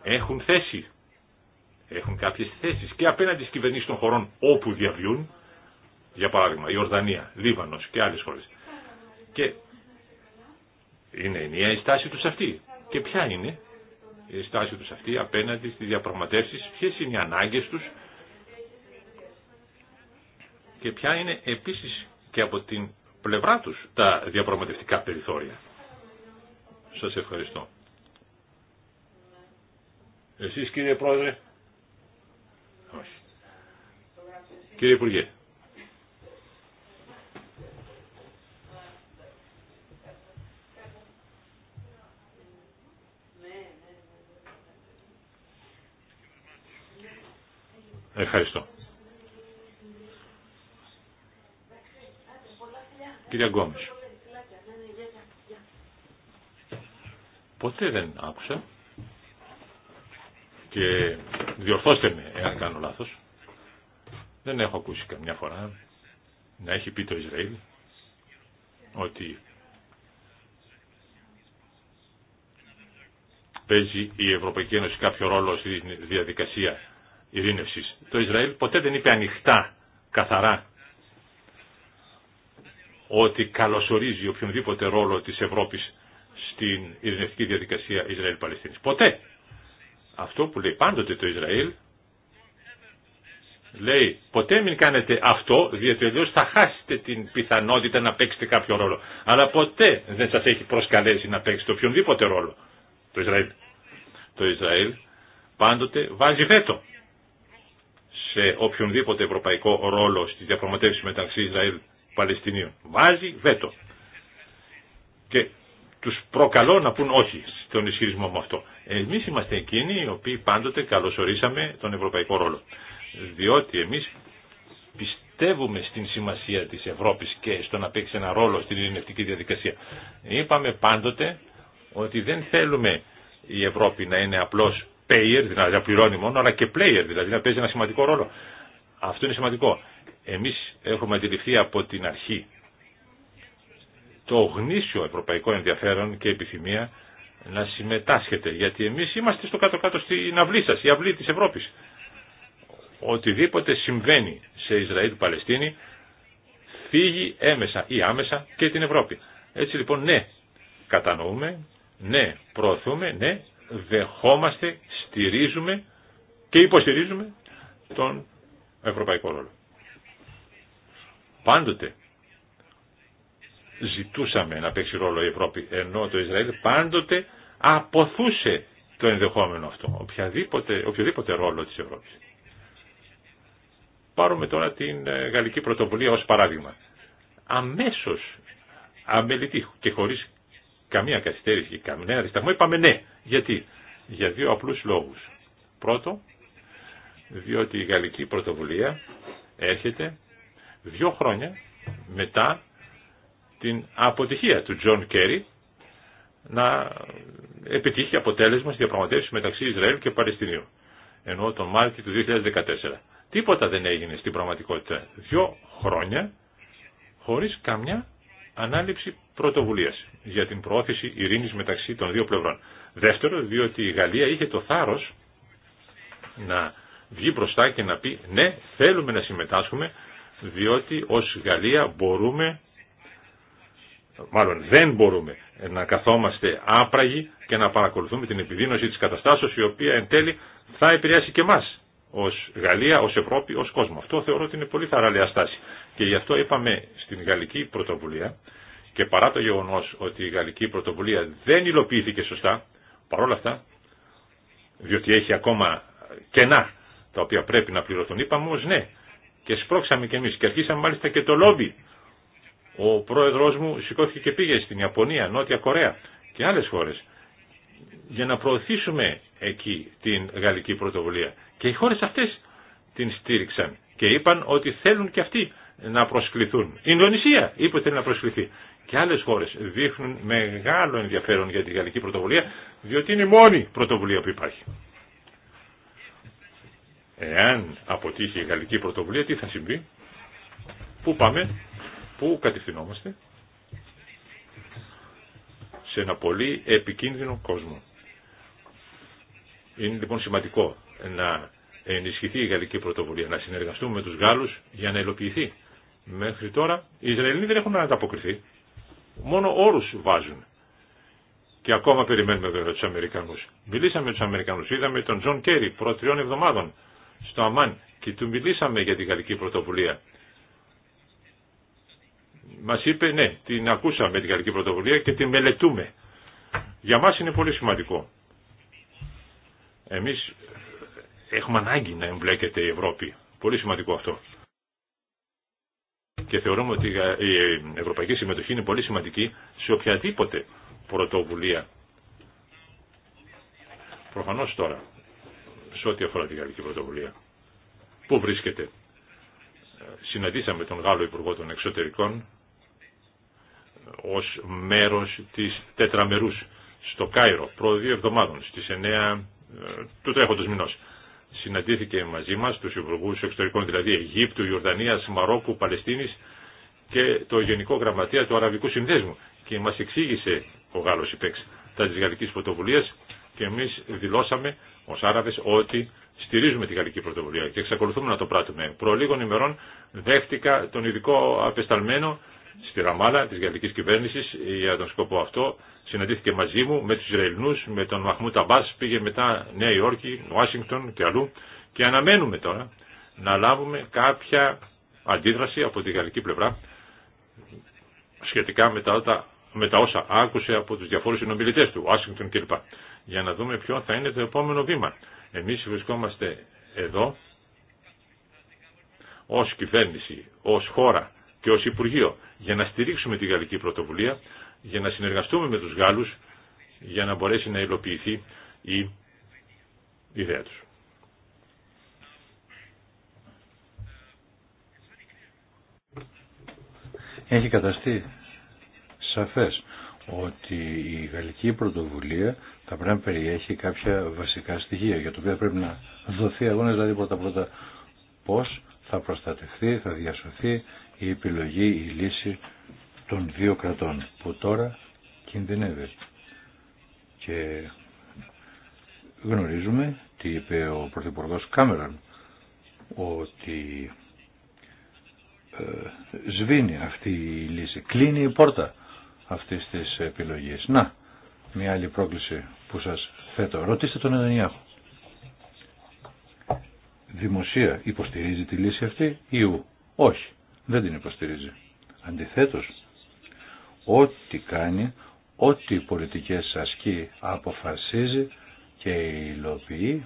Έχουν θέση έχουν κάποιες θέσεις και απέναντι στις κυβερνήσεις των χωρών όπου διαβιούν, για παράδειγμα η Ορδανία, Λίβανος και άλλες χώρες. Και είναι ενιαία η στάση τους αυτή. Και ποια είναι η στάση τους αυτή απέναντι στις διαπραγματεύσεις, ποιες είναι οι ανάγκες τους και ποια είναι επίσης και από την πλευρά τους τα διαπραγματευτικά περιθώρια. Σας ευχαριστώ. Εσείς κύριε Πρόεδρε. Κύριε Υπουργέ. Ευχαριστώ. Κύριε Γκόμης. Ποτέ δεν άκουσα και διορθώστε με εάν κάνω λάθος δεν έχω ακούσει καμιά φορά να έχει πει το Ισραήλ ότι παίζει η Ευρωπαϊκή Ένωση κάποιο ρόλο στη διαδικασία ειρήνευσης. Το Ισραήλ ποτέ δεν είπε ανοιχτά, καθαρά, ότι καλωσορίζει οποιονδήποτε ρόλο της Ευρώπης στην ειρηνευτική διαδικασία Ισραήλ-Παλαιστίνης. Ποτέ. Αυτό που λέει πάντοτε το Ισραήλ Λέει, ποτέ μην κάνετε αυτό, διότι αλλιώ θα χάσετε την πιθανότητα να παίξετε κάποιο ρόλο. Αλλά ποτέ δεν σας έχει προσκαλέσει να παίξετε οποιονδήποτε ρόλο. Το Ισραήλ. Το Ισραήλ πάντοτε βάζει βέτο σε οποιονδήποτε ευρωπαϊκό ρόλο Στη διαπραγματεύσεις μεταξύ Ισραήλ Παλαιστινίων. Βάζει βέτο. Και τους προκαλώ να πούν όχι στον ισχυρισμό μου αυτό. Εμείς είμαστε εκείνοι οι οποίοι πάντοτε καλωσορίσαμε τον ευρωπαϊκό ρόλο διότι εμείς πιστεύουμε στην σημασία της Ευρώπης και στο να παίξει ένα ρόλο στην ειρηνευτική διαδικασία. Είπαμε πάντοτε ότι δεν θέλουμε η Ευρώπη να είναι απλώς payer, δηλαδή να πληρώνει μόνο, αλλά και player, δηλαδή να παίζει ένα σημαντικό ρόλο. Αυτό είναι σημαντικό. Εμείς έχουμε αντιληφθεί από την αρχή το γνήσιο ευρωπαϊκό ενδιαφέρον και επιθυμία να συμμετάσχετε, γιατί εμείς είμαστε στο κάτω-κάτω στην αυλή σας, η αυλή της Ευρώπης οτιδήποτε συμβαίνει σε Ισραήλ-Παλαιστίνη φύγει έμεσα ή άμεσα και την Ευρώπη. Έτσι λοιπόν ναι, κατανοούμε, ναι, προωθούμε, ναι, δεχόμαστε, στηρίζουμε και υποστηρίζουμε τον ευρωπαϊκό ρόλο. Πάντοτε ζητούσαμε να παίξει ρόλο η Ευρώπη, ενώ το Ισραήλ πάντοτε αποθούσε το ενδεχόμενο αυτό, οποιοδήποτε, ρόλο της Ευρώπης. Πάρουμε τώρα την ε, γαλλική πρωτοβουλία ως παράδειγμα. Αμέσως, αμελητή και χωρίς καμία καθυστέρηση και καμία δισταγμό, είπαμε ναι. Γιατί, για δύο απλούς λόγους. Πρώτο, διότι η γαλλική πρωτοβουλία έρχεται δύο χρόνια μετά την αποτυχία του Τζον Κέρι να επιτύχει αποτέλεσμα στη διαπραγματεύση μεταξύ Ισραήλ και Παλαιστινίου. Ενώ τον Μάρτιο του 2014. Τίποτα δεν έγινε στην πραγματικότητα. Δύο χρόνια χωρίς καμιά ανάληψη πρωτοβουλίας για την προώθηση ειρήνης μεταξύ των δύο πλευρών. Δεύτερο, διότι η Γαλλία είχε το θάρρος να βγει μπροστά και να πει ναι θέλουμε να συμμετάσχουμε διότι ως Γαλλία μπορούμε, μάλλον δεν μπορούμε να καθόμαστε άπραγοι και να παρακολουθούμε την επιδείνωση της καταστάσεως η οποία εν τέλει θα επηρεάσει και εμάς. Ω Γαλλία, ω Ευρώπη, ω κόσμο. Αυτό θεωρώ ότι είναι πολύ θαραλέα στάση. Και γι' αυτό είπαμε στην Γαλλική Πρωτοβουλία και παρά το γεγονό ότι η Γαλλική Πρωτοβουλία δεν υλοποιήθηκε σωστά, παρόλα αυτά, διότι έχει ακόμα κενά τα οποία πρέπει να πληρωθούν, είπαμε όμω, ναι. Και σπρώξαμε κι εμεί και αρχίσαμε μάλιστα και το λόμπι. Ο πρόεδρο μου σηκώθηκε και πήγε στην Ιαπωνία, Νότια Κορέα και άλλε χώρε. για να προωθήσουμε εκεί την γαλλική πρωτοβουλία και οι χώρες αυτές την στήριξαν και είπαν ότι θέλουν και αυτοί να προσκληθούν. Η Ινδονησία είπε ότι θέλει να προσκληθεί. Και άλλες χώρες δείχνουν μεγάλο ενδιαφέρον για τη γαλλική πρωτοβουλία, διότι είναι η μόνη πρωτοβουλία που υπάρχει. Εάν αποτύχει η γαλλική πρωτοβουλία, τι θα συμβεί, πού πάμε, πού κατευθυνόμαστε, σε ένα πολύ επικίνδυνο κόσμο. Είναι λοιπόν σημαντικό να ενισχυθεί η γαλλική πρωτοβουλία, να συνεργαστούμε με τους Γάλλους για να υλοποιηθεί. Μέχρι τώρα οι Ισραηλοί δεν έχουν ανταποκριθεί, μόνο όρους βάζουν. Και ακόμα περιμένουμε βέβαια τους Αμερικανούς. Μιλήσαμε με τους Αμερικανούς, είδαμε τον Τζον Κέρι προ τριών εβδομάδων στο Αμάν και του μιλήσαμε για τη γαλλική πρωτοβουλία. Μας είπε ναι, την ακούσαμε τη γαλλική πρωτοβουλία και την μελετούμε. Για μας είναι πολύ σημαντικό. Εμείς έχουμε ανάγκη να εμπλέκεται η Ευρώπη. Πολύ σημαντικό αυτό. Και θεωρούμε ότι η ευρωπαϊκή συμμετοχή είναι πολύ σημαντική σε οποιαδήποτε πρωτοβουλία. Προφανώς τώρα, σε ό,τι αφορά τη γαλλική πρωτοβουλία, πού βρίσκεται. Συναντήσαμε τον Γάλλο Υπουργό των Εξωτερικών ως μέρος της τετραμερούς στο Κάιρο προ δύο εβδομάδων στις 9 ε, του τρέχοντος μηνός συναντήθηκε μαζί μας, τους υπουργούς εξωτερικών δηλαδή Αιγύπτου, Ιορδανίας, Μαρόκου, Παλαιστίνης και το Γενικό Γραμματεία του Αραβικού Συνδέσμου και μας εξήγησε ο Γάλλος υπέξ τα της Γαλλικής Πρωτοβουλίας και εμείς δηλώσαμε ως Άραβες ότι στηρίζουμε τη Γαλλική Πρωτοβουλία και εξακολουθούμε να το πράττουμε. Προ λίγων ημερών δέχτηκα τον ειδικό απεσταλμένο στη Ραμάλα της γαλλικής κυβέρνησης για τον σκοπό αυτό. Συναντήθηκε μαζί μου με τους Ισραηλινούς, με τον Μαχμού Ταμπάς, πήγε μετά Νέα Υόρκη, Ουάσιγκτον και αλλού και αναμένουμε τώρα να λάβουμε κάποια αντίδραση από τη γαλλική πλευρά σχετικά με τα, όσα άκουσε από τους διαφόρους συνομιλητές του, Ουάσιγκτον κλπ. Για να δούμε ποιο θα είναι το επόμενο βήμα. Εμείς βρισκόμαστε εδώ ως κυβέρνηση, ως χώρα και ως Υπουργείο για να στηρίξουμε τη γαλλική πρωτοβουλία, για να συνεργαστούμε με τους Γάλλους για να μπορέσει να υλοποιηθεί η ιδέα τους. Έχει καταστεί σαφές ότι η γαλλική πρωτοβουλία θα πρέπει να περιέχει κάποια βασικά στοιχεία για τα οποία πρέπει να δοθεί αγωνες δηλαδή πρώτα πρώτα πώς θα προστατευτεί, θα διασωθεί η επιλογή, η λύση των δύο κρατών που τώρα κινδυνεύει. Και γνωρίζουμε τι είπε ο Πρωθυπουργό Κάμεραν ότι ε, σβήνει αυτή η λύση, κλείνει η πόρτα αυτής της επιλογής. Να, μια άλλη πρόκληση που σας θέτω. Ρωτήστε τον Εντανιάχου. Δημοσία υποστηρίζει τη λύση αυτή ή ου. Όχι δεν την υποστηρίζει. Αντιθέτως, ό,τι κάνει, ό,τι οι πολιτικές ασκεί αποφασίζει και υλοποιεί,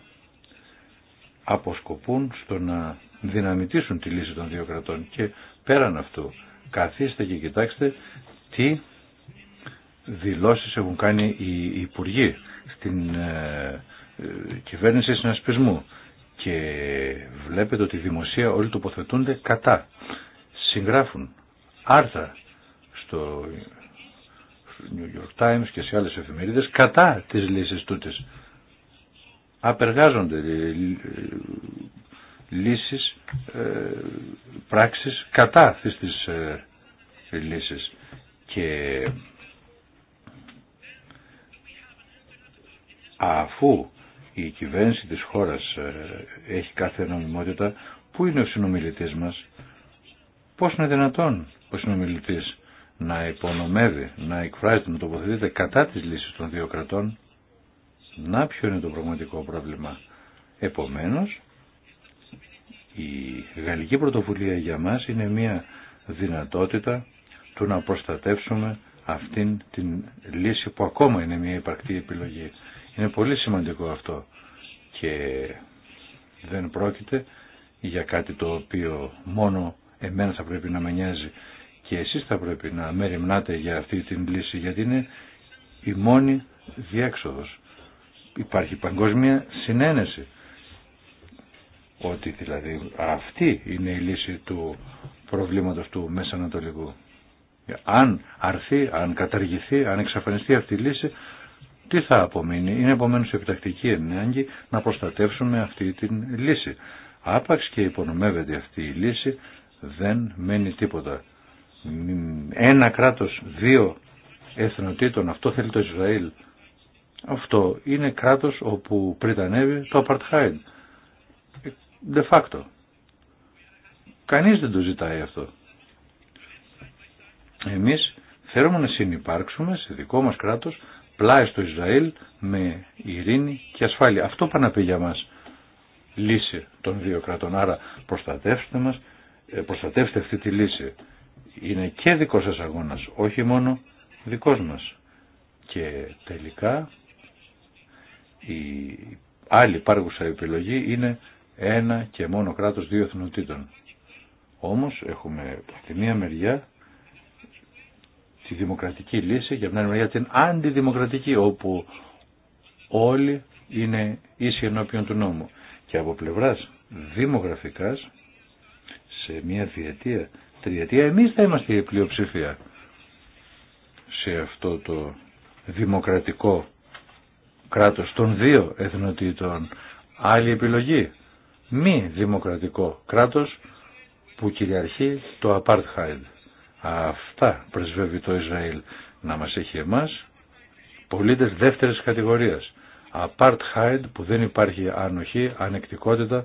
αποσκοπούν στο να δυναμητήσουν τη λύση των δύο κρατών. Και πέραν αυτού, καθίστε και κοιτάξτε τι δηλώσεις έχουν κάνει οι υπουργοί στην ε, ε, κυβέρνηση συνασπισμού και βλέπετε ότι η δημοσία όλοι τοποθετούνται κατά συγγράφουν άρθρα στο New York Times και σε άλλες εφημερίδες κατά τις λύσεις τούτες. Απεργάζονται λύσεις, ε, πράξεις κατά αυτής της ε, λύσης. Και αφού η κυβέρνηση της χώρας ε, έχει κάθε νομιμότητα, πού είναι ο συνομιλητής μας, Πώς είναι δυνατόν ο συνομιλητής να υπονομεύει, να εκφράζεται, να τοποθετείται κατά της λύσης των δύο κρατών. Να ποιο είναι το πραγματικό πρόβλημα. Επομένως, η γαλλική πρωτοβουλία για μας είναι μια δυνατότητα του να προστατεύσουμε αυτήν την λύση που ακόμα είναι μια υπαρκτή επιλογή. Είναι πολύ σημαντικό αυτό και δεν πρόκειται για κάτι το οποίο μόνο Εμένα θα πρέπει να με νοιάζει και εσείς θα πρέπει να μεριμνάτε για αυτή την λύση γιατί είναι η μόνη διέξοδος. Υπάρχει παγκόσμια συνένεση ότι δηλαδή αυτή είναι η λύση του προβλήματος του Μέσα Ανατολικού. Αν αρθεί, αν καταργηθεί, αν εξαφανιστεί αυτή η λύση, τι θα απομείνει. Είναι επομένως η επιτακτική ενέργεια να προστατεύσουμε αυτή την λύση. Άπαξ και υπονομεύεται αυτή η λύση δεν μένει τίποτα. Ένα κράτος, δύο εθνοτήτων, αυτό θέλει το Ισραήλ. Αυτό είναι κράτος όπου πριν ανέβει το Απαρτχάιν. De facto. Κανείς δεν το ζητάει αυτό. Εμείς θέλουμε να συνεπάρξουμε σε δικό μας κράτος πλάι στο Ισραήλ με ειρήνη και ασφάλεια. Αυτό πάνε να πει για μας λύση των δύο κρατών. Άρα προστατεύστε μας ε, προστατεύστε αυτή τη λύση. Είναι και δικός σας αγώνας, όχι μόνο δικός μας. Και τελικά η άλλη πάργουσα επιλογή είναι ένα και μόνο κράτος δύο εθνοτήτων. Όμως έχουμε από τη μία μεριά τη δημοκρατική λύση και από την άλλη μεριά την αντιδημοκρατική όπου όλοι είναι ίσοι ενώπιον του νόμου. Και από πλευράς δημογραφικάς σε μια διετία, τριετία, εμείς θα είμαστε η πλειοψηφία σε αυτό το δημοκρατικό κράτος των δύο εθνοτήτων. Άλλη επιλογή, μη δημοκρατικό κράτος που κυριαρχεί το apartheid. Αυτά πρεσβεύει το Ισραήλ να μας έχει εμάς πολίτες δεύτερης κατηγορίας. Apartheid που δεν υπάρχει ανοχή, ανεκτικότητα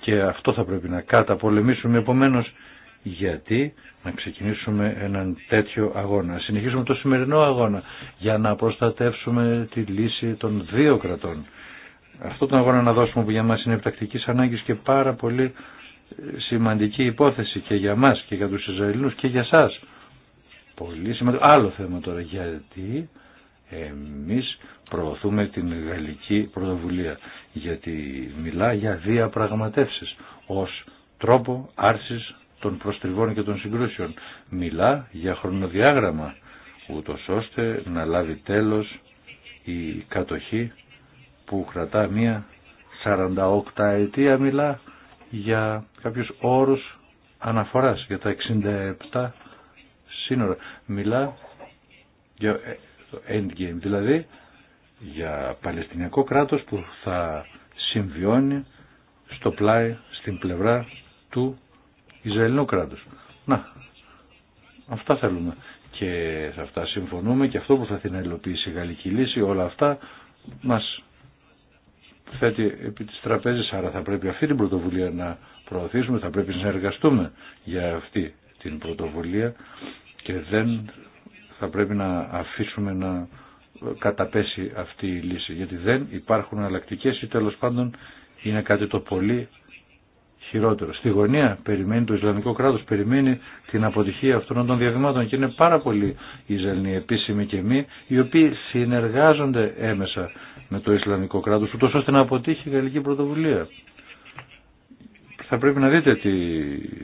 και αυτό θα πρέπει να καταπολεμήσουμε επομένως γιατί να ξεκινήσουμε έναν τέτοιο αγώνα. Να συνεχίσουμε το σημερινό αγώνα για να προστατεύσουμε τη λύση των δύο κρατών. Αυτό τον αγώνα να δώσουμε που για μας είναι επιτακτικής ανάγκης και πάρα πολύ ε, σημαντική υπόθεση και για μας και για τους Ισραηλινούς και για σας. Πολύ σημαντικό. Άλλο θέμα τώρα γιατί εμείς προωθούμε την γαλλική πρωτοβουλία γιατί μιλά για διαπραγματεύσεις ως τρόπο άρσης των προστριβών και των συγκρούσεων. Μιλά για χρονοδιάγραμμα ούτως ώστε να λάβει τέλος η κατοχή που κρατά μία 48 ετία μιλά για κάποιους όρους αναφοράς για τα 67 σύνορα. Μιλά για το endgame, δηλαδή για Παλαιστινιακό κράτος που θα συμβιώνει στο πλάι, στην πλευρά του Ισραηλινού κράτους. Να, αυτά θέλουμε και σε αυτά συμφωνούμε και αυτό που θα την ελοποιήσει η γαλλική λύση, όλα αυτά μας θέτει επί της τραπέζης, άρα θα πρέπει αυτή την πρωτοβουλία να προωθήσουμε, θα πρέπει να εργαστούμε για αυτή την πρωτοβουλία και δεν θα πρέπει να αφήσουμε να καταπέσει αυτή η λύση γιατί δεν υπάρχουν αλλακτικέ ή τέλος πάντων είναι κάτι το πολύ χειρότερο. Στη γωνία περιμένει το Ισλαμικό κράτος, περιμένει την αποτυχία αυτών των διαδημάτων και είναι πάρα πολλοί Ισραηλοί επίσημοι και εμει οι οποίοι συνεργάζονται έμεσα με το Ισλαμικό κράτος ούτως ώστε να αποτύχει η Γαλλική Πρωτοβουλία. Θα πρέπει να δείτε τη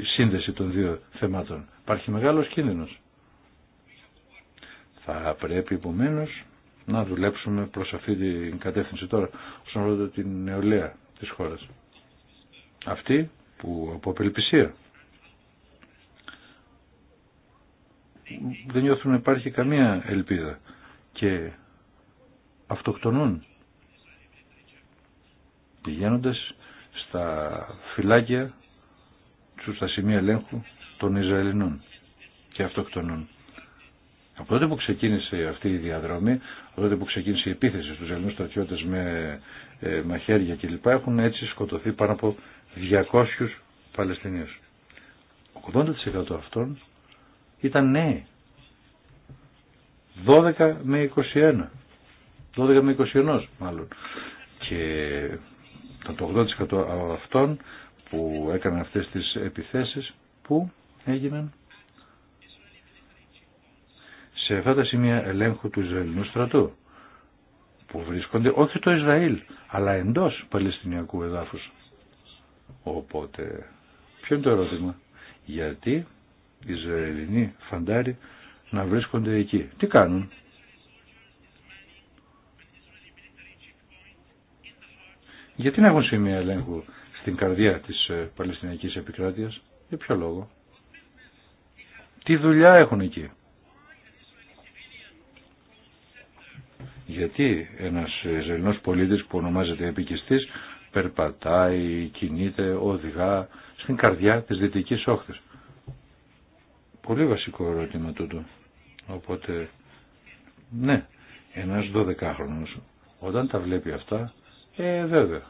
σύνδεση των δύο θεμάτων. Υπάρχει μεγάλος κίνδυνος. Θα πρέπει επομένω να δουλέψουμε προς αυτή την κατεύθυνση τώρα όσον αφορά την νεολαία της χώρας. Αυτή που από απελπισία δεν νιώθουν να υπάρχει καμία ελπίδα και αυτοκτονούν πηγαίνοντας στα φυλάκια στα σημεία ελέγχου των Ισραηλινών και αυτοκτονούν. Από τότε που ξεκίνησε αυτή η διαδρομή, από τότε που ξεκίνησε η επίθεση στους Ελληνούς στρατιώτες με ε, μαχαίρια κλπ. έχουν έτσι σκοτωθεί πάνω από 200 Παλαιστινίους. 80% αυτών ήταν νέοι. 12 με 21. 12 με 21 μάλλον. Και το 80% αυτών που έκαναν αυτές τις επιθέσεις που έγιναν σε αυτά τα σημεία ελέγχου του Ισραηλινού στρατού που βρίσκονται όχι το Ισραήλ αλλά εντός Παλαιστινιακού εδάφους. Οπότε ποιο είναι το ερώτημα γιατί οι Ισραηλινοί φαντάροι να βρίσκονται εκεί. Τι κάνουν. Γιατί να έχουν σημεία ελέγχου στην καρδιά της ε, Παλαιστινιακής επικράτειας. Για ποιο λόγο. Τι δουλειά έχουν εκεί. Γιατί ένας Ελληνός πολίτης που ονομάζεται επικιστής περπατάει, κινείται, οδηγά στην καρδιά της Δυτικής Όχθης. Πολύ βασικό ερώτημα τούτο. Οπότε, ναι, ένας χρόνο όταν τα βλέπει αυτά, ε βέβαια,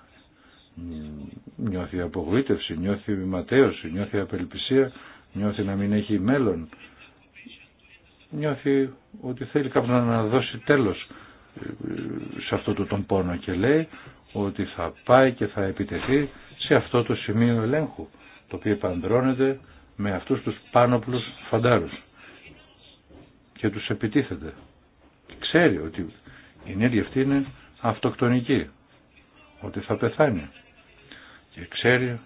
νιώθει απογοήτευση, νιώθει ματέωση, νιώθει απελπισία, νιώθει να μην έχει μέλλον, νιώθει ότι θέλει κάποιον να δώσει τέλος σε αυτό το τον πόνο και λέει ότι θα πάει και θα επιτεθεί σε αυτό το σημείο ελέγχου το οποίο επανδρώνεται με αυτούς τους πάνωπλους φαντάρους και τους επιτίθεται. Ξέρει ότι η ενέργεια αυτή είναι αυτοκτονική, ότι θα πεθάνει και ξέρει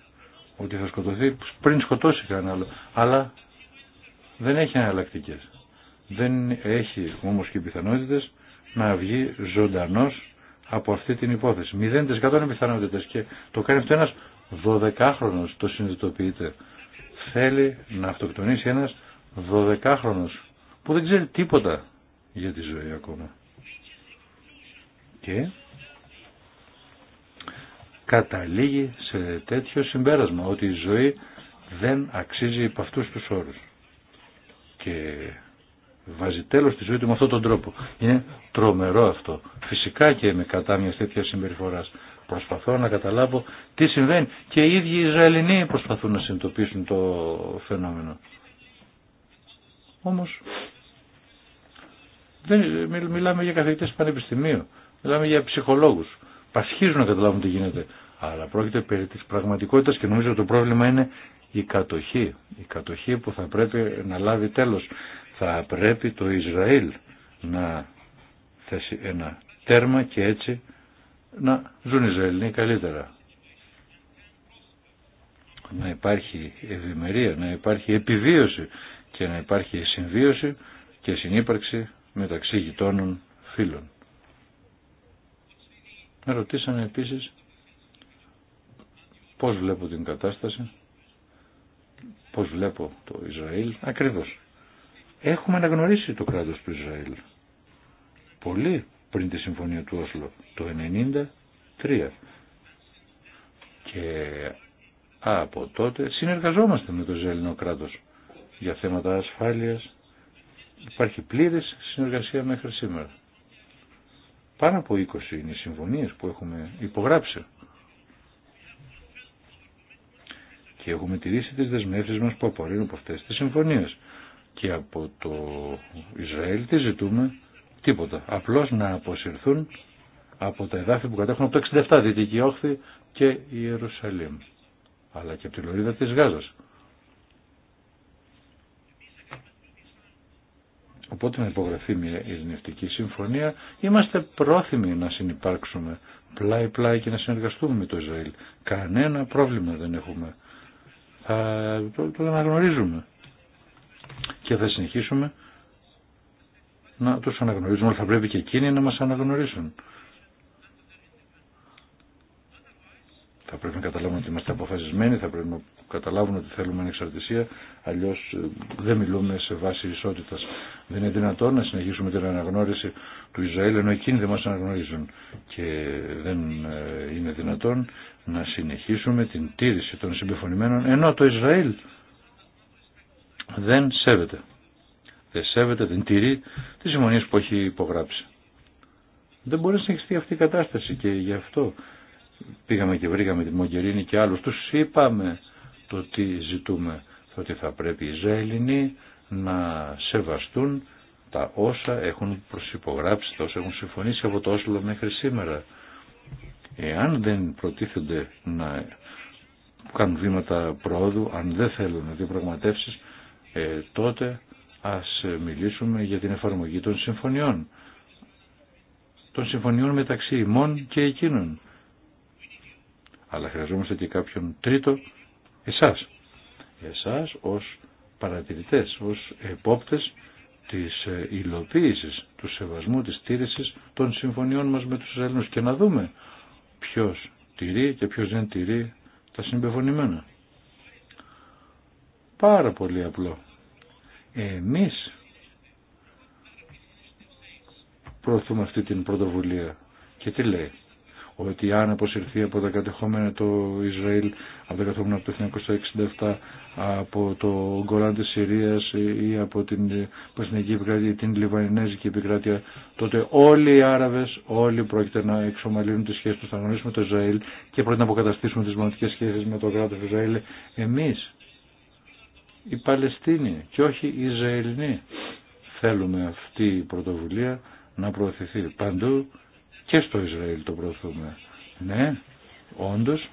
ότι θα σκοτωθεί πριν σκοτώσει κανένα άλλο, αλλά δεν έχει εναλλακτικέ. Δεν έχει όμως και πιθανότητες να βγει ζωντανό από αυτή την υπόθεση. 0% είναι πιθανότητε και το κάνει αυτό ένας 12χρονο το συνειδητοποιείται. Θέλει να αυτοκτονησει ενα ένας 12χρονο που δεν ξέρει τίποτα για τη ζωή ακόμα. Και καταλήγει σε τέτοιο συμπέρασμα ότι η ζωή δεν αξίζει υπ' αυτούς τους όρους. Και βάζει τέλος στη ζωή του με αυτόν τον τρόπο. Είναι τρομερό αυτό. Φυσικά και είμαι κατά μια τέτοια συμπεριφορά. Προσπαθώ να καταλάβω τι συμβαίνει και οι ίδιοι οι Ισραηλινοί προσπαθούν να συνειδητοποιήσουν το φαινόμενο. Όμως δεν μιλάμε για καθηγητές πανεπιστημίου, μιλάμε για ψυχολόγους. Πασχίζουν να καταλάβουν τι γίνεται. Αλλά πρόκειται περί της πραγματικότητας και νομίζω ότι το πρόβλημα είναι η κατοχή. Η κατοχή που θα πρέπει να λάβει τέλος. Θα πρέπει το Ισραήλ να θέσει ένα τέρμα και έτσι να ζουν οι Ισραηλοί καλύτερα. Να υπάρχει ευημερία, να υπάρχει επιβίωση και να υπάρχει συμβίωση και συνύπαρξη μεταξύ γειτόνων φίλων. Με ρωτήσανε επίσης πώς βλέπω την κατάσταση, πώς βλέπω το Ισραήλ, ακριβώς. Έχουμε αναγνωρίσει το κράτος του Ισραήλ. Πολύ πριν τη συμφωνία του Όσλο, το 1993. Και από τότε συνεργαζόμαστε με το Ισραηλινό κράτος για θέματα ασφάλειας. Υπάρχει πλήρης συνεργασία μέχρι σήμερα. Πάνω από 20 είναι οι συμφωνίες που έχουμε υπογράψει. Και έχουμε τηρήσει τις δεσμεύσεις μας που απορρίνουν από αυτές τις συμφωνίες και από το Ισραήλ τι ζητούμε τίποτα. Απλώς να αποσυρθούν από τα εδάφη που κατέχουν από το 67 Δυτική Όχθη και η Ιερουσαλήμ αλλά και από τη Λωρίδα της Γάζας. Οπότε να υπογραφή μια ειρηνευτική συμφωνία είμαστε πρόθυμοι να συνεπάρξουμε πλάι-πλάι και να συνεργαστούμε με το Ισραήλ. Κανένα πρόβλημα δεν έχουμε. Θα το, το αναγνωρίζουμε και θα συνεχίσουμε να τους αναγνωρίζουμε, αλλά θα πρέπει και εκείνοι να μας αναγνωρίσουν. Θα πρέπει να καταλάβουν ότι είμαστε αποφασισμένοι, θα πρέπει να καταλάβουν ότι θέλουμε ανεξαρτησία, Αλλιώς ε, δεν μιλούμε σε βάση ισότητα. Δεν είναι δυνατόν να συνεχίσουμε την αναγνώριση του Ισραήλ, ενώ εκείνοι δεν μας αναγνωρίζουν. Και δεν ε, είναι δυνατόν να συνεχίσουμε την τήρηση των συμπεφωνημένων, ενώ το Ισραήλ δεν σέβεται. Δεν σέβεται, δεν τηρεί τις συμφωνίες που έχει υπογράψει. Δεν μπορεί να συνεχιστεί αυτή η κατάσταση και γι' αυτό πήγαμε και βρήκαμε τη Μογκερίνη και άλλους. Τους είπαμε το τι ζητούμε, ότι θα πρέπει οι Ισραηλινοί να σεβαστούν τα όσα έχουν προσυπογράψει, τα όσα έχουν συμφωνήσει από το Όσλο μέχρι σήμερα. Εάν δεν προτίθενται να κάνουν βήματα πρόοδου, αν δεν θέλουν διαπραγματεύσει. Ε, τότε ας μιλήσουμε για την εφαρμογή των συμφωνιών. Των συμφωνιών μεταξύ ημών και εκείνων. Αλλά χρειαζόμαστε και κάποιον τρίτο, εσάς. Εσάς ως παρατηρητές, ως επόπτες της ε, υλοποίησης, του σεβασμού, της τήρησης των συμφωνιών μας με τους Έλληνους και να δούμε ποιος τηρεί και ποιος δεν τηρεί τα συμπεφωνημένα. Πάρα πολύ απλό. Εμείς προωθούμε αυτή την πρωτοβουλία και τι λέει ότι αν αποσυρθεί από τα κατεχόμενα το Ισραήλ από τα κατεχόμενα από το 1967 από το Γκολάν της Συρίας ή από την Πασνική επικράτεια ή την Λιβανινέζικη επικράτεια τότε όλοι οι Άραβες όλοι πρόκειται να εξομαλύνουν τις σχέσεις τους θα γνωρίσουμε το Ισραήλ και πρέπει να αποκαταστήσουμε τις μοναδικές σχέσεις με το κράτος Ισραήλ εμείς οι Παλαιστίνοι και όχι οι Ισραηλινοί. Θέλουμε αυτή η πρωτοβουλία να προωθηθεί παντού και στο Ισραήλ το προωθούμε. Ναι, όντως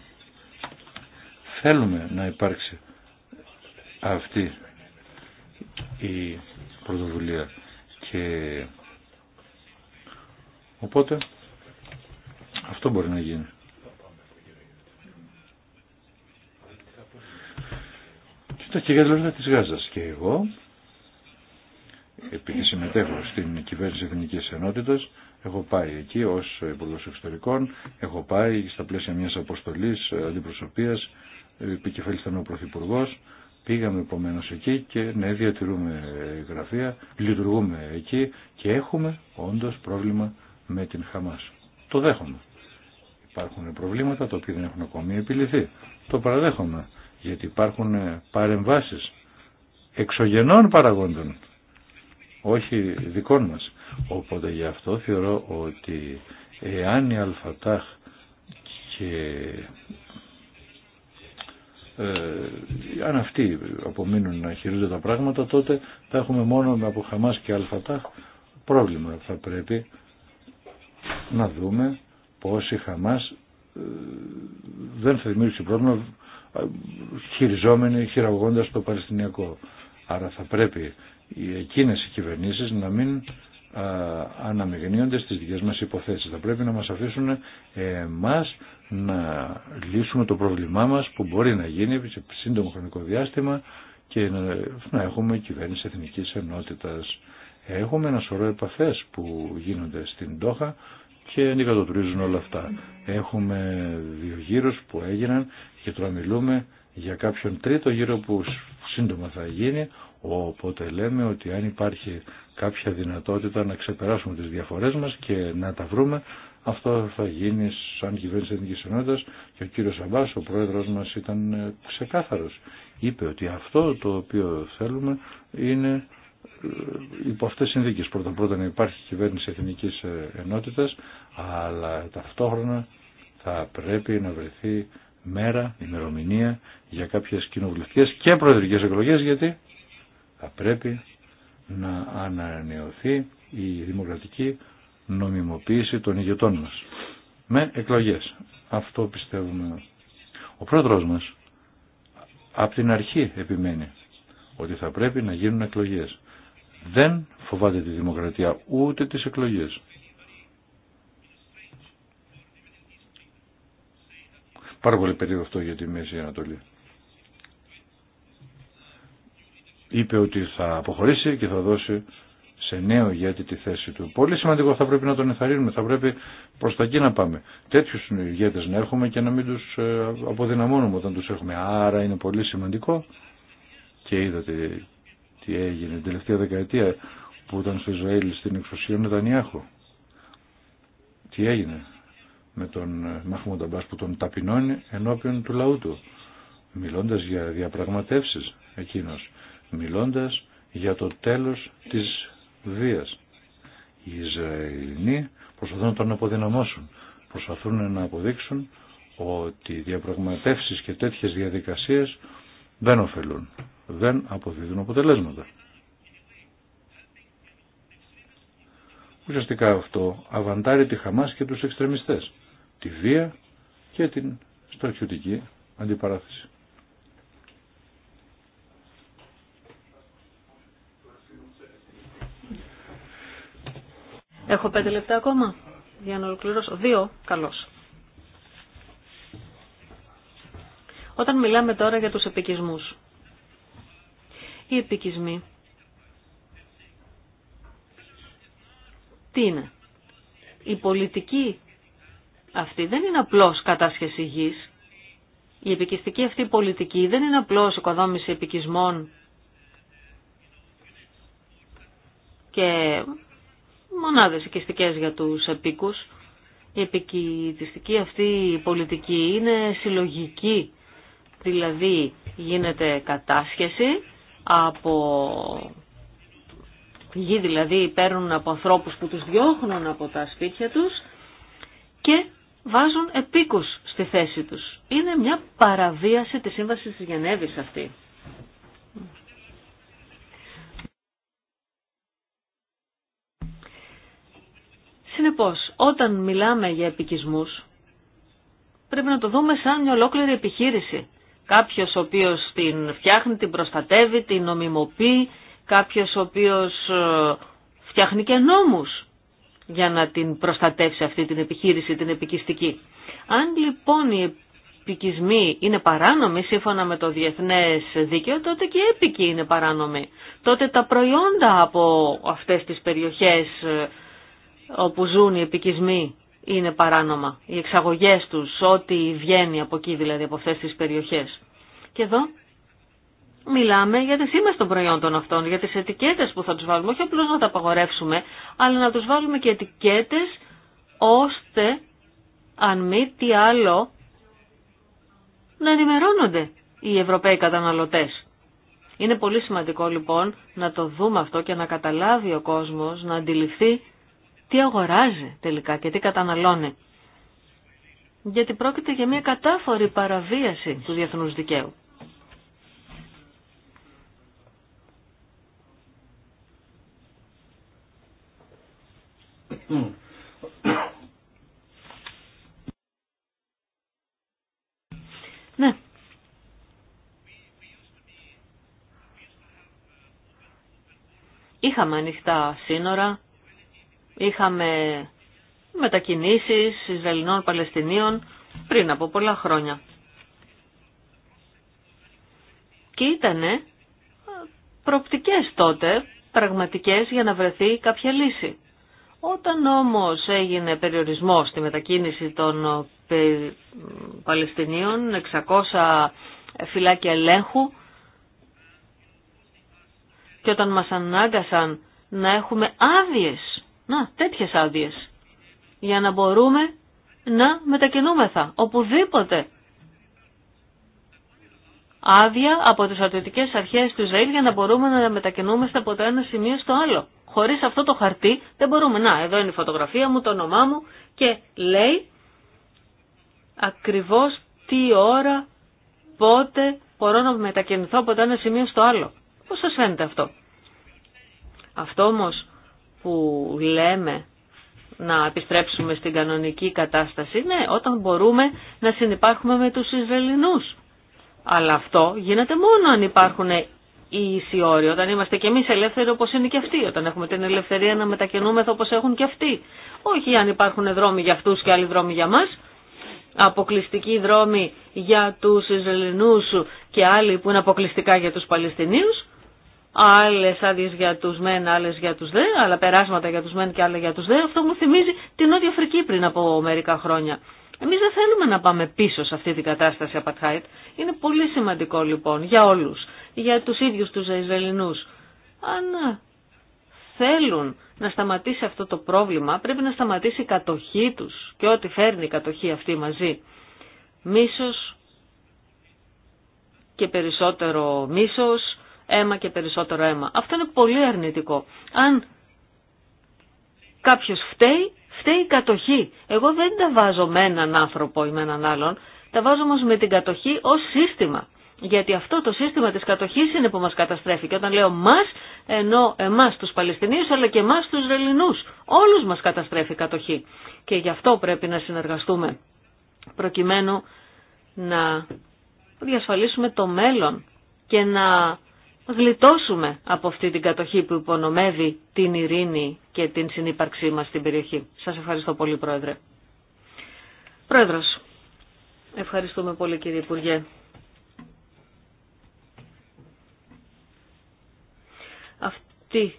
θέλουμε να υπάρξει αυτή η πρωτοβουλία και οπότε αυτό μπορεί να γίνει. τα κυριλόγια δηλαδή της Γάζας. Και εγώ, επειδή συμμετέχω στην κυβέρνηση Εθνικής Ενότητας, έχω πάει εκεί ως Υπουργός Εξωτερικών, έχω πάει στα πλαίσια μιας αποστολής αντιπροσωπείας, επικεφαλής ήταν ο Πρωθυπουργός, πήγαμε επομένω εκεί και ναι, διατηρούμε γραφεία, λειτουργούμε εκεί και έχουμε όντως πρόβλημα με την Χαμάς. Το δέχομαι. Υπάρχουν προβλήματα τα οποία δεν έχουν ακόμη επιληθεί. Το παραδέχομαι γιατί υπάρχουν ε, παρεμβάσεις εξωγενών παραγόντων, όχι δικών μας. Οπότε γι' αυτό θεωρώ ότι εάν η Αλφατάχ και ε, αν αυτοί απομείνουν να χειρίζονται τα πράγματα τότε θα έχουμε μόνο από Χαμάς και Αλφατάχ πρόβλημα θα πρέπει να δούμε πως η Χαμάς ε, δεν θα δημιουργήσει πρόβλημα χειριζόμενοι, χειραγωγώντας το Παλαιστινιακό. Άρα θα πρέπει οι εκείνες οι κυβερνήσεις να μην αναμειγνύονται στις δικές μας υποθέσεις. Θα πρέπει να μας αφήσουν εμάς να λύσουμε το πρόβλημά μας που μπορεί να γίνει σε σύντομο χρονικό διάστημα και να έχουμε κυβέρνηση εθνικής ενότητας. Έχουμε ένα σωρό επαφές που γίνονται στην Τόχα και αντικατοπτρίζουν όλα αυτά. Έχουμε δύο γύρους που έγιναν και τώρα μιλούμε για κάποιον τρίτο γύρο που σύντομα θα γίνει, οπότε λέμε ότι αν υπάρχει κάποια δυνατότητα να ξεπεράσουμε τις διαφορές μας και να τα βρούμε, αυτό θα γίνει σαν κυβέρνηση Εθνικής Ενότητας και ο κύριος Αμπάς, ο πρόεδρος μας ήταν ε, ξεκάθαρος. Είπε ότι αυτό το οποίο θέλουμε είναι ε, υπό αυτές τις συνθήκες. Πρώτα πρώτα να υπάρχει κυβέρνηση εθνικής ε, ενότητας, αλλά ταυτόχρονα θα πρέπει να βρεθεί μέρα, ημερομηνία για κάποιες κοινοβουλευτικές και προεδρικές εκλογές, γιατί θα πρέπει να ανανεωθεί η δημοκρατική νομιμοποίηση των ηγετών μας. Με εκλογές. Αυτό πιστεύουμε. Ο πρόεδρος μας από την αρχή επιμένει ότι θα πρέπει να γίνουν εκλογές δεν φοβάται τη δημοκρατία ούτε τις εκλογές. Πάρα πολύ περίεργο αυτό για τη Μέση Ανατολή. Είπε ότι θα αποχωρήσει και θα δώσει σε νέο ηγέτη τη θέση του. Πολύ σημαντικό θα πρέπει να τον εθαρρύνουμε, θα πρέπει προ τα εκεί να πάμε. Τέτοιου ηγέτε να έχουμε και να μην του ε, αποδυναμώνουμε όταν του έχουμε. Άρα είναι πολύ σημαντικό και είδατε τι έγινε την τελευταία δεκαετία που ήταν στο Ισραήλ στην εξουσία Νετανιάχου. Τι έγινε με τον Μαχμούν Ταμπάς που τον ταπεινώνει ενώπιον του λαού του. Μιλώντας για διαπραγματεύσεις εκείνος. Μιλώντας για το τέλος της βίας. Οι Ισραηλινοί προσπαθούν να τον αποδυναμώσουν. Προσπαθούν να αποδείξουν ότι διαπραγματεύσεις και τέτοιες διαδικασίες δεν ωφελούν δεν αποδίδουν αποτελέσματα. Ουσιαστικά αυτό αβαντάρει τη Χαμάς και τους εξτρεμιστές, τη βία και την στρατιωτική αντιπαράθεση. Έχω πέντε λεπτά ακόμα για να ολοκληρώσω. Δύο, καλώς. Όταν μιλάμε τώρα για τους επικισμούς, οι επικισμοί. Τι είναι. Η πολιτική αυτή δεν είναι απλώς κατάσχεση γης. Η επικιστική αυτή πολιτική δεν είναι απλώς οικοδόμηση επικισμών και μονάδες οικιστικές για τους επίκους. Η επικιστική αυτή πολιτική είναι συλλογική, δηλαδή γίνεται κατάσχεση από γη δηλαδή παίρνουν από ανθρώπους που τους διώχνουν από τα σπίτια τους και βάζουν επίκους στη θέση τους. Είναι μια παραβίαση της σύμβασης της Γενέβης αυτή. Συνεπώς, όταν μιλάμε για επικισμούς, πρέπει να το δούμε σαν μια ολόκληρη επιχείρηση. Κάποιος ο οποίος την φτιάχνει, την προστατεύει, την νομιμοποιεί, κάποιος ο οποίος ε, φτιάχνει και νόμους για να την προστατεύσει αυτή την επιχείρηση, την επικιστική. Αν λοιπόν οι επικισμοί είναι παράνομοι σύμφωνα με το διεθνές δίκαιο, τότε και οι έπικοι είναι παράνομοι. Τότε τα προϊόντα από αυτές τις περιοχές ε, όπου ζουν οι επικισμοί είναι παράνομα. Οι εξαγωγές τους, ό,τι βγαίνει από εκεί δηλαδή, από αυτές τις περιοχές. Και εδώ μιλάμε για τις σήμε των προϊόντων αυτών, για τις ετικέτες που θα τους βάλουμε, όχι απλώς να τα απαγορεύσουμε, αλλά να τους βάλουμε και ετικέτες ώστε, αν μη τι άλλο, να ενημερώνονται οι Ευρωπαίοι καταναλωτές. Είναι πολύ σημαντικό λοιπόν να το δούμε αυτό και να καταλάβει ο κόσμος, να αντιληφθεί τι αγοράζει τελικά και τι καταναλώνει. Γιατί πρόκειται για μια κατάφορη παραβίαση του διεθνούς δικαίου. Ναι. Είχαμε ανοιχτά σύνορα, Είχαμε μετακινήσεις Ισραηλινών Παλαιστινίων πριν από πολλά χρόνια. Και ήταν προπτικές τότε, πραγματικές για να βρεθεί κάποια λύση. Όταν όμως έγινε περιορισμός στη μετακίνηση των ε, Παλαιστινίων, 600 φυλάκια ελέγχου, και όταν μας ανάγκασαν να έχουμε άδειες να, τέτοιες άδειε. Για να μπορούμε να μετακινούμεθα οπουδήποτε. Άδεια από τις αρτητικές αρχές του Ισραήλ για να μπορούμε να μετακινούμεστε από το ένα σημείο στο άλλο. Χωρίς αυτό το χαρτί δεν μπορούμε. Να, εδώ είναι η φωτογραφία μου, το όνομά μου και λέει ακριβώς τι ώρα, πότε μπορώ να μετακινηθώ από το ένα σημείο στο άλλο. Πώς σας φαίνεται αυτό. Αυτό όμως που λέμε να επιστρέψουμε στην κανονική κατάσταση, ναι, όταν μπορούμε να συνεπάρχουμε με τους Ισραηλινούς. Αλλά αυτό γίνεται μόνο αν υπάρχουν οι ίσοι όροι, όταν είμαστε κι εμείς ελεύθεροι όπως είναι και αυτοί, όταν έχουμε την ελευθερία να μετακινούμεθα όπως έχουν και αυτοί. Όχι αν υπάρχουν δρόμοι για αυτούς και άλλοι δρόμοι για μας, αποκλειστικοί δρόμοι για τους Ισραηλινούς και άλλοι που είναι αποκλειστικά για τους Παλαιστινίους, Άλλε άδειε για του μεν, άλλε για του δε, άλλα περάσματα για του μεν και άλλα για του δε. Αυτό μου θυμίζει την Νότια Αφρική πριν από μερικά χρόνια. Εμεί δεν θέλουμε να πάμε πίσω σε αυτή την κατάσταση apartheid. Είναι πολύ σημαντικό λοιπόν για όλου, για του ίδιου του Ισραηλινού. Αν θέλουν να σταματήσει αυτό το πρόβλημα, πρέπει να σταματήσει η κατοχή τους και ό,τι φέρνει η κατοχή αυτή μαζί. Μίσος και περισσότερο μίσος, αίμα και περισσότερο αίμα. Αυτό είναι πολύ αρνητικό. Αν κάποιος φταίει, φταίει η κατοχή. Εγώ δεν τα βάζω με έναν άνθρωπο ή με έναν άλλον, τα βάζω όμως με την κατοχή ως σύστημα. Γιατί αυτό το σύστημα της κατοχής είναι που μας καταστρέφει. Και όταν λέω μας, ενώ εμάς τους Παλαιστινίους, αλλά και εμάς τους Ρελινούς. Όλους μας καταστρέφει η κατοχή. Και γι' αυτό πρέπει να συνεργαστούμε, προκειμένου να διασφαλίσουμε το μέλλον και να γλιτώσουμε από αυτή την κατοχή που υπονομεύει την ειρήνη και την συνύπαρξή μας στην περιοχή. Σας ευχαριστώ πολύ Πρόεδρε. Πρόεδρος, ευχαριστούμε πολύ κύριε Υπουργέ. Αυτή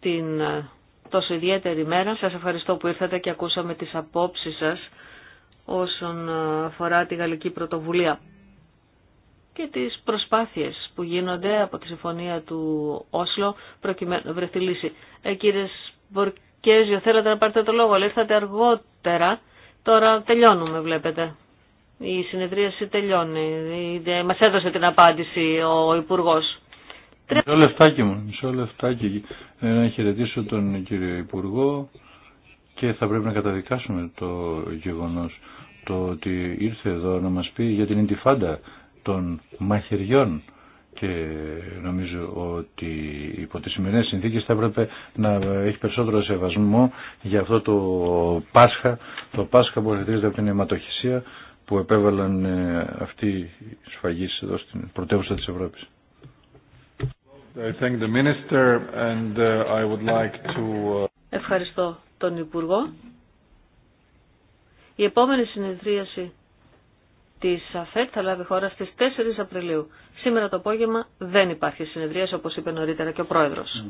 την ε, τόσο ιδιαίτερη μέρα σας ευχαριστώ που ήρθατε και ακούσαμε τις απόψεις σας όσον ε, αφορά τη Γαλλική Πρωτοβουλία και τις προσπάθειες που γίνονται από τη συμφωνία του Όσλο προκειμένου να βρεθεί λύση. Ε, κύριε Μπορκέζιο, θέλατε να πάρετε το λόγο, αλλά ήρθατε αργότερα. Τώρα τελειώνουμε, βλέπετε. Η συνεδρίαση τελειώνει. Μα έδωσε την απάντηση ο Υπουργό. Μισό λεφτάκι μου, μισό λεφτάκι. Ε, να χαιρετήσω τον κύριο Υπουργό και θα πρέπει να καταδικάσουμε το γεγονός το ότι ήρθε εδώ να μας πει για την Ιντιφάντα των μαχαιριών και νομίζω ότι υπό τις σημερινές συνθήκες θα έπρεπε να έχει περισσότερο σεβασμό για αυτό το Πάσχα το Πάσχα που χρησιμοποιείται από την αιματοχυσία που επέβαλαν ε, αυτή οι σφαγείς εδώ στην πρωτεύουσα της Ευρώπης. Ευχαριστώ τον Υπουργό. Η επόμενη συνεδρίαση της ΑΦΕΤ θα λάβει χώρα στις 4 Απριλίου. Σήμερα το απόγευμα δεν υπάρχει συνεδρίαση όπως είπε νωρίτερα και ο Πρόεδρος.